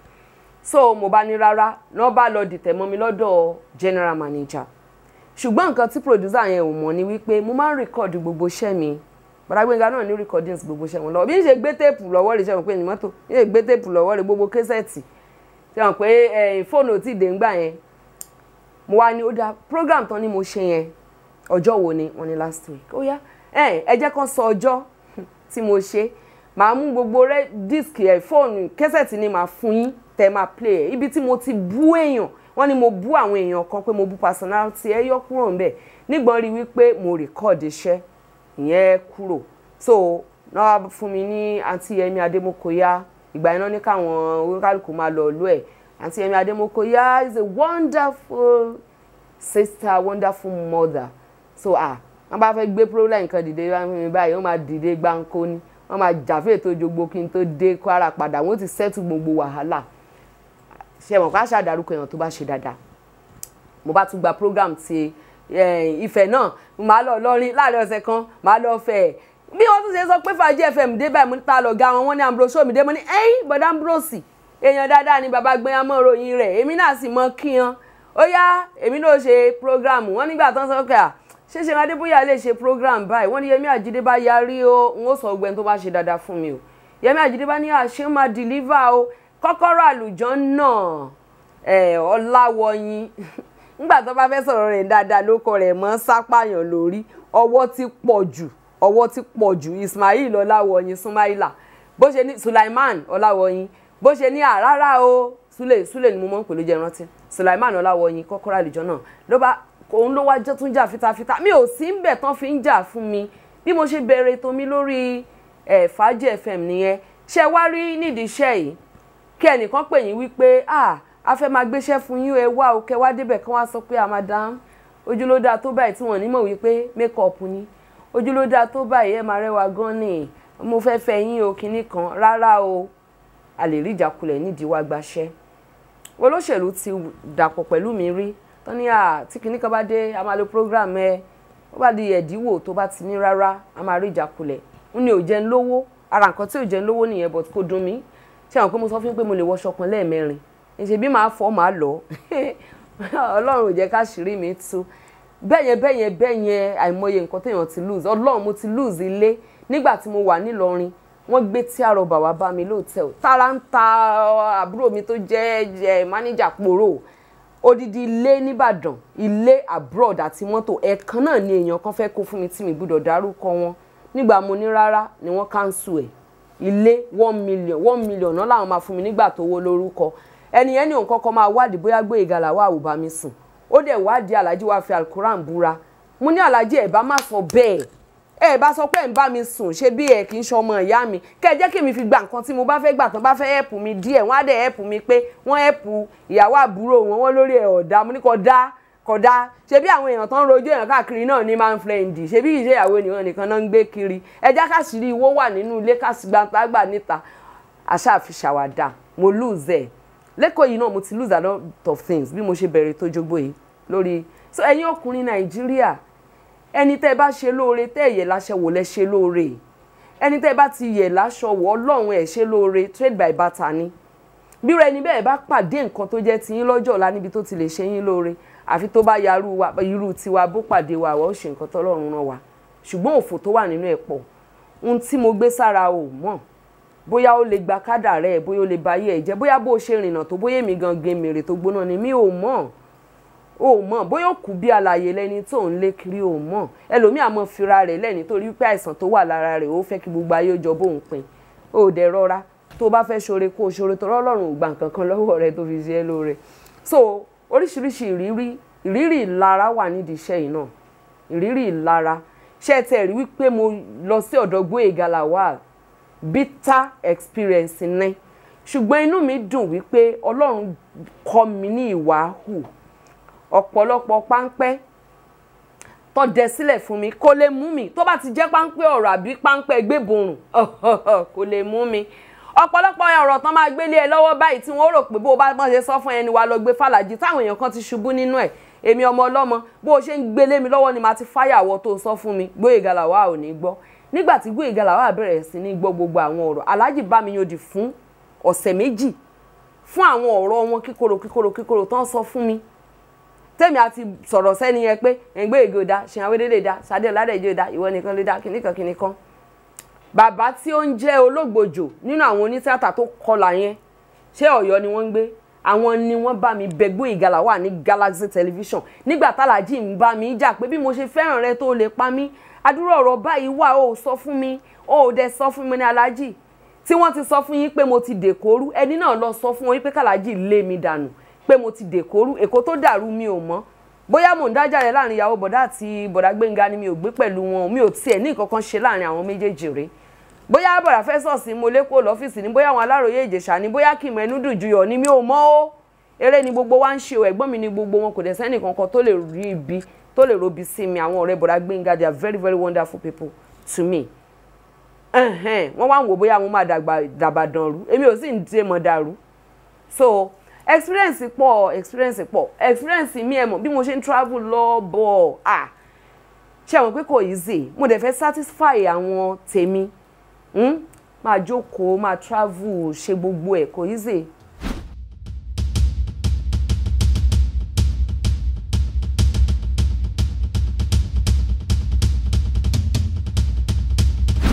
S1: so mo bá ní rárá náà bá lọ dìtẹ̀ mọ́ mi lọ́dọ̀ general manager ṣùgbọ́n nǹkan tí producer yẹn ò mọ̀ ni wípé mo máa ń rìkọ́ọ̀dù gbogbo iṣẹ́ mi Bàdágbénga náà ní recordings gbogbo iṣẹ́ wọn lọ́wọ́ bí n ṣe gbé téèpù lọ́wọ́ rẹ̀ ṣẹ́wọ̀n pé ní mọ́tò bí n ṣe gbé téèpù lọ́wọ́ rẹ̀ gbogbo késẹ́ẹ̀tì ṣẹ́wọ̀n pé fóònù eh, ò tí ì dé ńgbà yẹn mo wá ní ó dá program tán ni mo ṣe yẹn ọjọ́ wo ni wọ́n ní last week ó yá ẹ jẹ́ kán sọ ọjọ́ tí mo ṣe màá mú gbogbo rẹ disc ẹ fóònù kẹsẹ̀tì ni màá fún yín tẹ máa play ẹ ibi tí mo ti bú èèyàn wọ́n ní mo bú àwọn èèyàn kan pé mo bú personality ẹ yọ kúrò ńbẹ̀ nígbọ́n rí wípé mo record iṣẹ́ ìyẹn kúrò so náà fún mi ní àǹtí Yẹmí Adémọ́kọ̀yà ìgbà iná ní káwọn oníkálukú máa lọ lọ ẹ̀ Auntie Yemi Ademokoya is a wonderful sister, wonderful mother. So ah, wọ́n bá fẹ́ gbé problem kan dìde báyìí wọ́n máa dìde gbáǹkó ni wọ́n máa jàfẹ́ ètò ìjogbo kí n tó dé Kwara padà wọ́n ti settle gbogbo wàhálà. Ṣé mọ̀ pàṣẹ àdàrúkọ èèyàn tó bá ṣe dáadáa? Mo bá tún gba program ti ìfẹ́ náà, màá lọ lọ́rin láàrin ọ̀sẹ̀ kan, màá lọ fẹ̀ bí wọ́n tún ṣe sọ pé Fàájì FM dé báyìí mo ní ta lọ̀gá wọn wọ́n ní Ambrose Omide mo ní ẹ̀yìn bọ̀dá Ambrose èèyàn dáadáa ni bàbá gbẹ̀yìn amọ̀ròyìn rẹ̀ èmi náà sì mọ kíyan ó yá èmi náà ṣe program wọn nígbà tán sọ́kà ṣéṣe adébóyè lè ṣe program báyìí wọ́n ní Yẹmí Àjídé bá yarí o n ó sọ ọgbẹ́ni tó bá ṣe dáadáa fún mi o Yẹmí Àjídé bá ní àṣẹ máa deliver o kọ́kọ́rọ́ àlùjọ náà ọ̀làwọ̀yìn nígbà tó bá fẹ́ sọ̀rọ̀ rẹ̀ dáadáa ló kọ rẹ̀ mọ́ sápàyàn lórí ọwọ́ ti pọ̀ jù ọwọ́ ti pọ̀ jù Ismail ọ̀làwọ̀yìn Sumaila bó ṣe ní Sulaiman ọ̀làwọ̀yìn bó ṣe ní àràrà o súlẹ̀ súlẹ̀ ni mo mọ̀ ń pè ló jẹ́ rántí Sulaiman Ọláwọ̀yìn kọ́kọ́rọ́ àlùjọ náà ló bá òun ló wá jẹ́ tún jà fitafita mi ò sí ń bẹ̀ tán fi ń jà fún mi bí mo ṣe bẹ̀rẹ̀ ètò mi lórí ẹ̀ Fàájì FM nìyẹn ṣe wá rí nídìí iṣẹ́ yìí kí ẹnìkan pè yín wípé ah a fẹ́ máa gbéṣẹ́ fún yín ẹ wá o kẹ wá débẹ̀ kí wọ́n sọ pé a madam ojú ló dáa tó báyìí tí wọ́n ní mọ̀ wípé make ni ojú ló dáa tó báyìí ẹ máa rẹwà gan ni mo fẹ́ fẹ́ yín o kinní kan rárá o a lè rí ìjákulẹ̀ nídìí wá gbaṣẹ́ olóṣèlú ti dàpọ̀ pẹ̀lú mi rí tán ní à tí kinní kan bá dé a máa lo program ẹ ó bá di ẹ̀dínwó tó bá ti ní rárá a máa rí ìjákulẹ̀ n ní ò jẹ́ ń lówó ara nǹkan tí ò jẹ́ ń lówó nìyẹn but kò dùn mí ṣé àwọn pé mo sọ fún yín pé mo lè wọṣọ kan lẹ́ẹ̀mẹrin ṣe bí màá fọ́ màá lọ ọlọ́run ò jẹ́ ká ṣírí mi tú bẹ́yẹn bẹ́yẹn bẹ́yẹn àìmọye nǹkan téèyàn ti lose ọlọ́run mo ti lose ilé nígbà tí mo wà nílọrin wọ́n gbé tí àrọ̀bà wá bá mi lóòtẹ́ẹ̀lì tara ń ta uh, àbúrò mi tó jẹ́ ẹ̀ mánéjà pòrò odidi ilé nìbàdàn ilé abroad àti mọ́tò ẹ̀ẹ̀kan náà ni èèyàn kan fẹ́ kó fún mi tí mi gbúdọ̀ dárúkọ wọn nígbà mo ní rárá ni wọ́n káńsù ẹ̀ ilé one million one million náà làwọn máa fún mi nígbà tó wó lórúkọ ẹni yẹn ní òun kọ́kọ́ máa wádìí bóyá gbé ìgalà wà ò bá mi sùn ó dẹ̀ wádìí alájí wàá fi alukuran búra mo ní alájí ẹ̀ bá má sọ bẹ́ẹ̀ ẹ bá sọ pé ẹ ń bá mi sùn ṣe bí ẹ kì í ṣọmọ ìyá mi kẹ ẹ kí mi fi gba nǹkan tí mo bá fẹ́ gbà tán bá fẹ́ ẹ̀pù mi díẹ̀ wọ́n á dẹ̀ ẹ̀pù mi pé wọ́n ẹ̀pù ìyàwó àbúrò wọn wọ́n lórí ẹ̀ ọ̀dà mo ní kò dá kò dá ṣe bí àwọn èèyàn tán ń rojọ́ èèyàn káàkiri náà ní máa ń flẹ̀ ǹdì ṣe bí ìṣe ìyàwó ènìyàn nìkan náà ń gbé kiri ẹ káṣírí ìwó wà nínú ilé káṣígbàntágbà níta àṣàfiṣàwàdà mo lose ẹ lẹ́kọ̀ọ́ yìí náà mo ti lose a lot of things bí mo ṣe bẹ̀rẹ̀ tó jogbo yìí lórí so ẹ̀yin ọkùnrin Nàìjíríà ẹni tẹ́ ẹ bá ṣe lóore tẹ́ ẹ yẹ̀ láṣẹ wò lẹ ṣe lóore ẹni tẹ́ ẹ bá ti yẹ̀ láṣọ wọ̀ ọlọ́run ẹ̀ ṣe lóore trade by barter ni bírọ ẹni bẹ́ẹ̀ bá pàdé nǹkan tó jẹ́ tiyín lọ́jọ́ ọ̀la níbi tó ti lè ṣe yín lóore àfi tó bá yarú wa irú tiwa bó pàdé wa àwa ó nǹkan tọ́lọ́run rán wa ṣùgbọ́n òfò tó wà nínú ẹ̀ pọ̀ ohun tí mo gbé sára ò mọ̀ bóyá ó lè gba kádà rẹ̀ bóyá ó lè bayé ẹ̀ jẹ́ bóyá bó ṣe rìnnà tó bóyá èmi gan mèrè tó gbóná ni mi ò mọ̀ o mọ̀ bóyá òkú bí alàyè lẹni tó ń lé kiri o mọ̀ ẹlòmíì àmọ́ fira rẹ̀ lẹ́ni torí pé àìsàn tó wà lára rẹ̀ ó fẹ́ kí gbogbo ayé ó jọ bóun pin ó dẹ̀ rọra tó bá fẹ́ ṣoore kó o ṣoore tọrọ ọlọ́run ò gbà nǹkan kan lọ́wọ́ rẹ tó fi ṣe é lóore so oríṣiríṣi ìrírí ìrírí ìlara wà nídìí iṣẹ́ yìí náà ìrírí ìlara ṣé tẹ̀ rí wípé mo lọ sí ọ̀dọ̀ Gboyega Lawal bitter experience ni ṣùgbọ́n inú mi dùn wípé ọlọ́run kọ́ mi ní ìwà hù ọ̀pọ̀lọpọ̀ páńpẹ́ tó dẹ sílẹ̀ fún mi kò lè mú mi tó bá ti jẹ́ páńpẹ́ ọ̀rọ̀ àbí páńpẹ́ gbébòrùn kò lè mú mi ọ̀pọ̀lọpọ̀ ọ̀rọ̀ tán máa gbélé ẹ lọ́wọ́ báyìí tí wọ́n rò pé bó o bá ṣe sọ fún ẹni wa lọ gbé fàlàjì táwọn èèyàn kan ti ṣubú nínú ẹ̀ èmi ọmọ ọlọ́mọ bó o ṣe ń gbélé mi lọ́wọ́ ni màá ti fáyàwọ́ tó sọ fún mi Gboyega Lawal ò ní gbọ́ nígbà tí Gboyega Lawal bẹ̀rẹ̀ sí ní gbọ́ gbogbo àwọn ọ̀rọ̀ Alhaji Bámiyòdì fún ọ̀sẹ̀ méjì fún àwọn ọ̀rọ̀ wọn kíkorò kíkorò kíkorò tán sọ fún mi tẹ́mi àti sọ̀rọ̀ sẹ́ni yẹn pé ẹ̀ǹgbẹ́ ègò da ṣìyàn awédélé da Ṣadé Ọládèjọ da ìwọ nìkan ló da kìnnìkan kìnnìkan bàbá tí ó ń jẹ́ ológbòjò nínú àwọn onítìátà tó kọlà yẹn ṣé Ọ̀yọ́ ni wọ́n ń gbé àwọn ni wọ́n bá mi bẹ̀gbọ́n ìgalà wà ní Galaxy Television nígbà tálàjì ń bá mi jà pé bí mo ṣe fẹ́ràn rẹ tó lè pa mí adúrò ọ̀rọ̀ báyìí wà ó sọ fún mi ó dẹ̀ sọ fún mi ní alájì tí wọ́n ti sọ fún yín pé mo ti dèkóru ẹni náà lọ sọ fún wọn yín pé kàlájì lé mi dànù pé mo ti dèkórú èkó tó dàrú mi ò mọ́ bóyá mò ń dájà rẹ láàrin ìyàwó bọ̀dá àti bọ̀dá gbẹ̀ngà ni mi ò gbé pẹ̀lú wọn mi ò tiẹ̀ ní ìkankan ṣe láàrin àwọn méjèèjì rèé bóyá bọ̀dà fẹ́ sọ̀sì mo lé kó lọ́fíìsì ni bóyá àwọn aláròyé ìjẹ̀ṣà ni bóyá kìmọ̀ ẹnu dùn juyọ̀ ni mi ò mọ̀ ó eré ni gbogbo wa ń ṣe o ẹ̀gbọ́n mi ni gbogbo wọn kò dẹ̀ sẹ́nì kankan tó lè rí ibi tó lè robi sí mi àwọn ọ̀rẹ́ bọ̀dà gbẹ̀ngà they are very very wonderful people to me. wọ́n wá ń wò bóyá mo máa dàgbà dàbàdàn rú èmi ò sì ń dé mọ̀ dàrú so experience pọ̀ experience pọ̀ experience mi ẹ̀ mọ̀ bí mo ṣe ń travel lọ bọ̀ à ṣe àwọn pé kò easy mo dẹ̀ fẹ́ satisfy àwọn tèmi hmm? máa jókòó máa travel ṣe gbogbo ẹ̀ kò easy.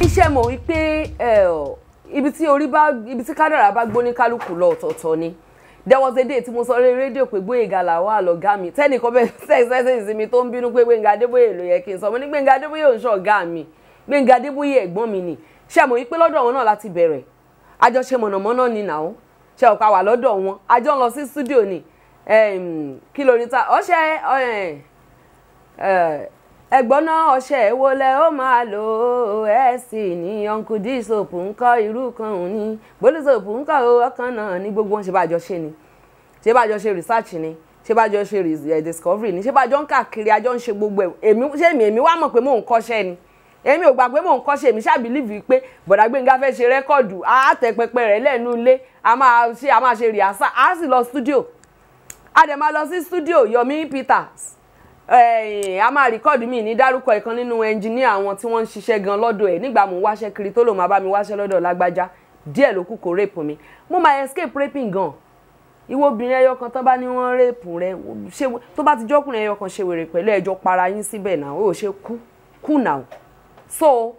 S1: iṣẹ́ mọ̀ wípé eh, ibi tí orí bá ibi tí kádàrá bá gbóní kálukú lọ ọ̀tọ̀ọ̀tọ̀ ni there was a day tí mo sọ lórí rédíò pé Gbóyèga Lawal ọ̀gá mi tẹ́nìkan bẹ́ẹ̀ sẹ́ẹ̀sẹ́sẹ́ ìsinmi tó ń bínú pé Gbénga Adébóyè ló yẹ kí n sọ mo ní Gbénga Adébóyè ò ń ṣọ̀gá mi Gbénga Adébóyè ẹ̀gbọ́n mi ni ṣé mo yí pé lọ́dọ̀ wọn náà láti bẹ̀rẹ̀ àjọṣe mọ̀nàmọ́ná ni nà ó ṣe ọ̀pá wà lọ́dọ̀ wọn àjọ lọ sí studio ni kí lóri ta ọ̀ṣẹ́ ẹ̀gbọ́n náà ọṣẹ èwo lẹ ó máa lò ó ẹ sì ní uncle d soap ńkọ́ irú kan òun ní gbólú soap ńkọ́ ọkàn náà ní gbogbo wọn ṣe bá jọ ṣe ni ṣe bá jọ ṣe research ni ṣe bá jọ ṣe eh, discovery ni ṣe bá jọ ń káàkiri àjọ ń ṣe gbogbo ẹ̀ ṣé èmi èmi wá mọ̀ pé mò ń kọ́ṣẹ́ ni èmi ò gbà pé mò ń kọ́ṣẹ́ mi ṣáà bìlíìfì pé bọ̀dà Gbénga fẹ́ ṣe rẹ́kọ̀dù àátẹ̀pẹpẹ rẹ̀ lẹ́nu ilé a máa ṣe a máa ṣe rìhásà a sì lọ studio a dẹ̀ máa lọ sí studio Yomi Peters a máa rìkọ́ọ̀dù mi ní dárúkọ ìkan nínú ẹnjìníà àwọn tí wọ́n ń ṣiṣẹ́ gan lọ́dọ̀ ẹ̀ nígbà mò ń wáṣẹ́ kiri tó lò máa bá mi wáṣẹ́ lọ́dọ̀ lágbájá díẹ̀ ló kù kó rape mi mo máa escape raping gan ìwọ obìnrin ẹyọ kan tán bá ní wọ́n rape rẹ ṣé tó bá ti jọ́kùnrin ẹyọ kan ṣe wèrè pẹ̀lú ẹjọ́ para yín síbẹ̀ náà ó ṣe kú kú náà so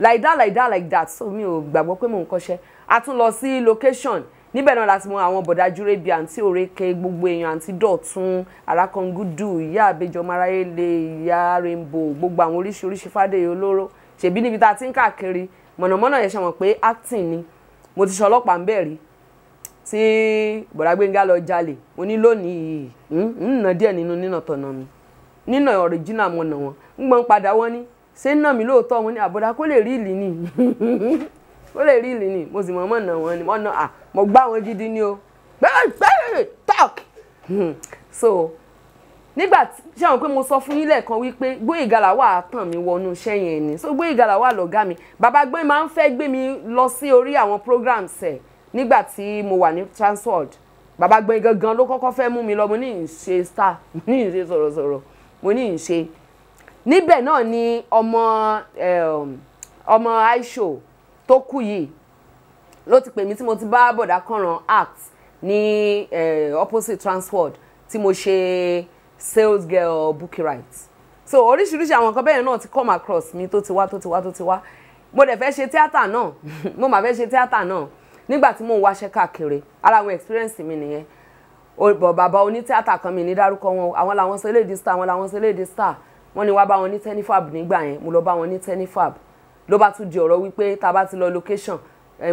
S1: like that like that like that so mi ò gbàgbọ́ pé mò ń kọ́ṣẹ́ a tún lọ sí location níbẹ̀ náà láti mọ àwọn bọ̀dá júrẹ́bí àǹtí òrékè gbogbo èèyàn àǹtí dọ̀tún arákangúdù ìyá àbẹjọ márayéle ìyá rainbow gbogbo àwọn oríṣiríṣi fàdéyé olóró ṣèbí níbi tá a ti ń káàkiri mọ̀nàmọ́ná yẹn ṣe mọ̀ pé acting ni mo ti ṣe ọlọ́pàá ń bẹ̀ rí tí bọ̀dá gbẹ̀ngà lọ jalè mo ní lónìí nínà hmm, díẹ̀ nínú nínà tọ̀nà mi nínà original mọ̀nà wọn ń gbọ́n padà wọ́n ní ṣé ń nà mí lóòótọ́ wọn ní àbọ̀dá kó lè rí ìlì ni ó lè rí ìlì ni mo sì mọ̀ọ́mọ̀ nà wọ́n ni wọ́n na à mo gbá wọn gidi ni o talk hmm. so nígbà tí ṣé àwọn pé mo sọ fún yín lẹ́ẹ̀kan wípé Gboyega Lawal tàn mí wọnú iṣẹ́ yẹn ni so Gboyega Lawal lọ̀gá mi bàbá Gbóyè máa ń fẹ́ gbé mi lọ sí orí àwọn programs ẹ̀ nígbà tí mo wà ní transworld bàbá Gbóyè gangan ló kọ́kọ́ fẹ́ mú mi lọ mo ní ìṣe star mo ní ìṣe sọ̀rọ̀sọ̀rọ̀ mo ní ìṣe níbẹ̀ náà ni ọmọ ọmọ aisho tó kù yìí ló ti pè mí tí mo ti bá bọ̀dá kànràn act ní eh, opposite transworld tí mo ṣe sales girl bookie right so oríṣiríṣi àwọn nǹkan bẹ́ẹ̀ náà ti come across mi tó ti wá tó ti wá tó ti wá mo dẹ̀ fẹ́ ṣe tíátà náà mo mà fẹ́ ṣe tíátà náà nígbà tí mò ń wáṣẹ́ káàkiri ara àwọn experience mi nìyẹn bàbá onítíátà kan mi ní dárúkọ wọn àwọn làwọn ṣe léèdì star àwọn làwọn ṣe léèdì star wọn ni wá bá wọn ní tenifab nígbà yẹn mo lọ bá wọn ní tenifab ló bá tún di ọ̀rọ̀ wípé tá a bá ti lọ location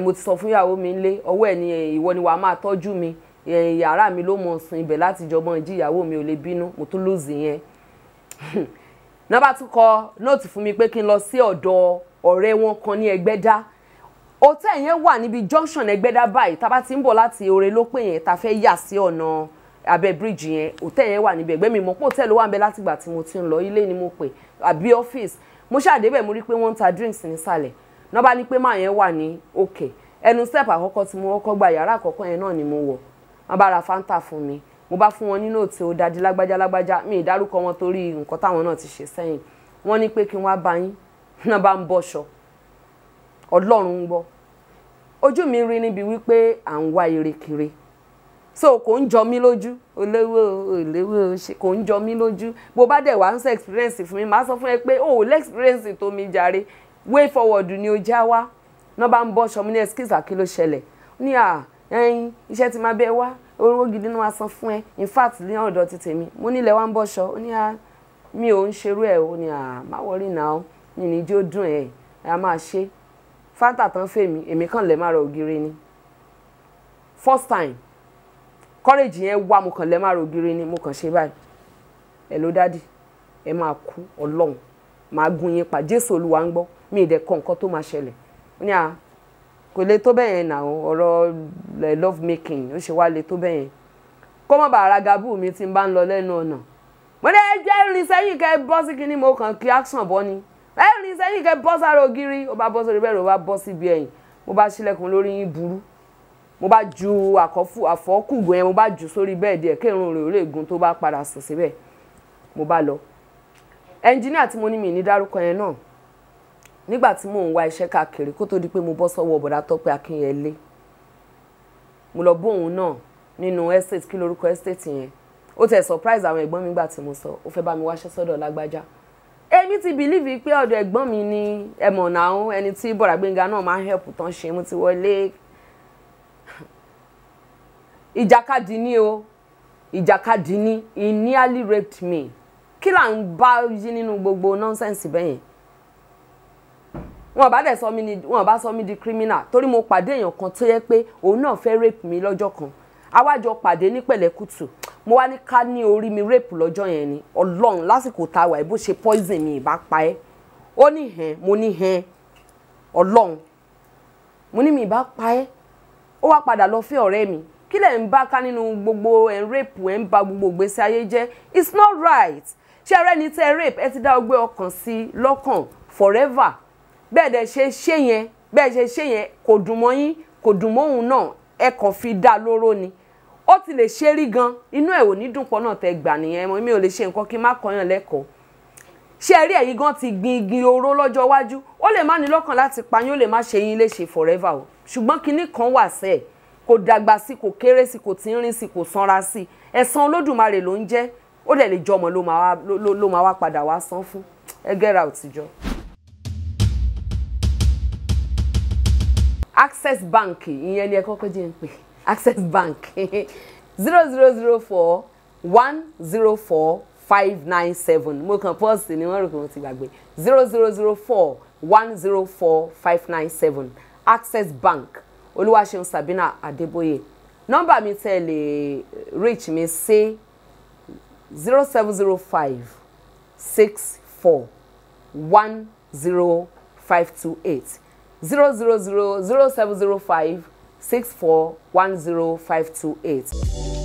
S1: mo ti sọ fún ìyàwó mi ńlé ọwọ́ ẹ̀ ni ìwọ ni wàá máa tọ́jú mi yàrá mi ló mọ̀ sùn ibẹ̀ láti jọmọ ìjì ìyàwó mi ò lè bínú mo tún lóòzì yẹn nọ́bà tún kọ nóòtù fún mi pé kí n lọ sí ọ̀dọ̀ ọ̀rẹ́ wọn kan ní ẹgbẹ́dá hotel yẹn wà níbi junction ẹgbẹ́dá báyìí tá a bá ti ń bọ̀ láti oore lópè yẹn tá a fẹ́ yà sí ọ̀nà abẹ́ bíríìjì yẹn hotel yẹn wà níbi ẹgbẹ́ mi mọ̀ pé hotel ló wà ń bẹ látìgbà tí mo ti ń lọ ilé ni mo pè àbí ọ́fíìsì mo ṣàdébẹ̀ mo rí pé wọ́n ń ta drinks nísàlẹ̀ náà bá ní pé máa yẹn wà ní òkè ẹnu step àkọ́kọ́ tí mo kọ́kọ́ gba yàrá àkọ́kọ́ yẹn náà ni mo wọ̀ wọ́n bá ra fanta fún mi mo bá fún wọn ní nóòtì ó dadi lágbájá lágbájá mi ì dárúkọ wọn torí nǹkan táwọn náà ti ṣe sẹ́yìn wọ́n ní pé kí wọ́n á bá yín náà bá ń bọ̀ṣọ ọlọ́run ń gbọ́ ojú mi rí níbi wípé à ń wá ire kiri so kò ń jọ mí lójú olówó olówó kò ń jọ mí lójú bó bá dẹ̀ wá ń sọ experience fún mi màá sọ fún ẹ pé o ò lẹ́ experience tó mi jàre way forward ni o já wá náà bá ń bọ́ ṣọmí ní excuse àkí ló ṣẹlẹ̀ ní à ẹyin iṣẹ́ ti máa bẹ wá orówó gidi ni wọ́n á san fún ẹ in fact ní ọ̀dọ̀ ti mi. mo nílẹ̀ wá ń bọ́ ṣọ ó ní à mi ò ń ṣerú ẹ̀ ó ní à má wọrí náà ní ìníjó dùn ẹ̀ ẹ̀ á máa ṣe fanta tán fèmí èmi kàn lè má rọ ògiri ni first time courage yẹn wá mo kàn lẹ́ máa rògiri ni mo kàn ṣe báyìí ẹ ló dádì ẹ máa kú ọlọ́run máa gun yín pa jésù olúwa ń gbọ́ mi ì dẹ̀ kọ́ nǹkan tó máa ṣẹlẹ̀ ó ní à kò lè tó bẹ́ẹ̀ yẹn nà ó ọ̀rọ̀ eh, love making ó ṣe wá lè tó bẹ́ẹ̀ yẹn kó mọ̀ bá ara gabu mi ti bá ń lọ lẹ́nu ọ̀nà mo ní ẹ jẹ́ rìn sẹ́yìn kẹ́ ẹ bọ́ sí kinní mo kàn kí action bọ́ ni ẹ rìn sẹ́yìn kẹ́ bọ́ sára ògiri ó bá bọ́ sórí bẹ́ẹ̀ ló bá bọ́ síbi ẹ̀yìn mo bá ṣílẹ̀kùn lórí yín burú mo bá ju àkọ́fù àfọ́kùgùn yẹn mo bá jù sórí bẹ́ẹ̀dì ẹ̀ kéèrún rè ó lè gun tó bá padà sùn síbẹ̀ mo bá lọ ẹnjíníà tí mo ní mi ní dárúkọ yẹn náà nígbà tí mò ń wá iṣẹ́ káàkiri kó tó di pé mo bọ́ sọ́wọ́ bọ̀dá Tọ́pẹ́ Akínyẹlé mo lọ bóun náà nínú estate kí lorúkọ estate yẹn ó tẹ surprise àwọn ẹ̀gbọ́n mi gbà tí mo sọ ó fẹ́ bá mi wáṣẹ́ sọ́dọ̀ lágbájá èmi ti bìlíìfì pé ọ̀dọ̀ ẹ̀gbọ́n mi ni ẹ̀mọ̀nà ẹni tí bọ̀dà Gbénga náà máa ń help tán ṣe mo ti wọlé ìjàkadì ni o ìjàkadì ni he nearly raped me kí là ń bá yí nínú gbogbo nọ́nsẹ̀nsì bẹ́yẹn wọn bá dẹ̀ sọ mí ni wọn bá sọ mí di criminal torí mo pàdé èèyàn kan tó yẹ pé òun náà fẹ́ rape mi lọ́jọ́ kan awájọ pàdé ní pẹ̀lẹ́kùtù mo wá ní ká ní orí mi rape lọ́jọ́ yẹn ni ọlọ́run lásìkò tá a wà bó ṣe poison mi ìbá pa ẹ́ ó ní hẹ́n mo ní hẹ́n ọlọ́run mo ní mi ìbá pa ẹ́ ó wá padà lọ fẹ́ ọ̀rẹ́ mi kí lẹ̀ ń bá ká nínú gbogbo ẹ̀ ń rape ẹ̀ ń ba gbogbo ìgbésí ayé jẹ́ it's not right ṣé ẹrẹ́ ni tẹ́ rape ẹ ti dá ọgbẹ́ ọkàn sí lọ́kàn forever bẹ́ẹ̀ dẹ̀ ṣe ṣe yẹn bẹ́ẹ̀ ṣe ṣe yẹn kò dùn mọ́ yín kò dùn mọ́ òun náà ẹ kàn fi dá lóró ni ó ti lè ṣe rí gan inú ẹ̀ ò ní dùn pọ̀ náà tẹ́ gbà nìyẹn mo mi ò lè ṣe nǹkan kí n má kọyàn lẹ́kọ̀ọ́ ṣé ẹ rí ẹ̀yin gan ti gbin igi oró lọ́jọ́ iwájú ó lè má ní lọ́kàn láti pa yín ó lè má ṣe yín léṣe forever o ṣùgbọ́n kinní kan wà sẹ́ẹ̀ kò dàgbà sí kò kéré sí kò tínrín sí kò sanra sí ẹ̀san olódùmarè ló ń jẹ́ ó dẹ̀ lè jọmọ ló máa wá padà wá san fún ẹ get access bank ìyẹn ni ẹ kọ́kọ́ jẹ́ ń pè access bank zero zero zero four one zero four five nine seven mo kàn pọ́ọ̀sì ni wọ́n rò pé mo ti gbàgbé zero zero zero four one zero four five nine seven access bank olúwaṣeun sabina adébóyè nọ́mbà mi tẹ́ lè reach mi sí zero seven zero five six four one zero five two eight zero zero zero zero seven zero five six four one zero five two eight.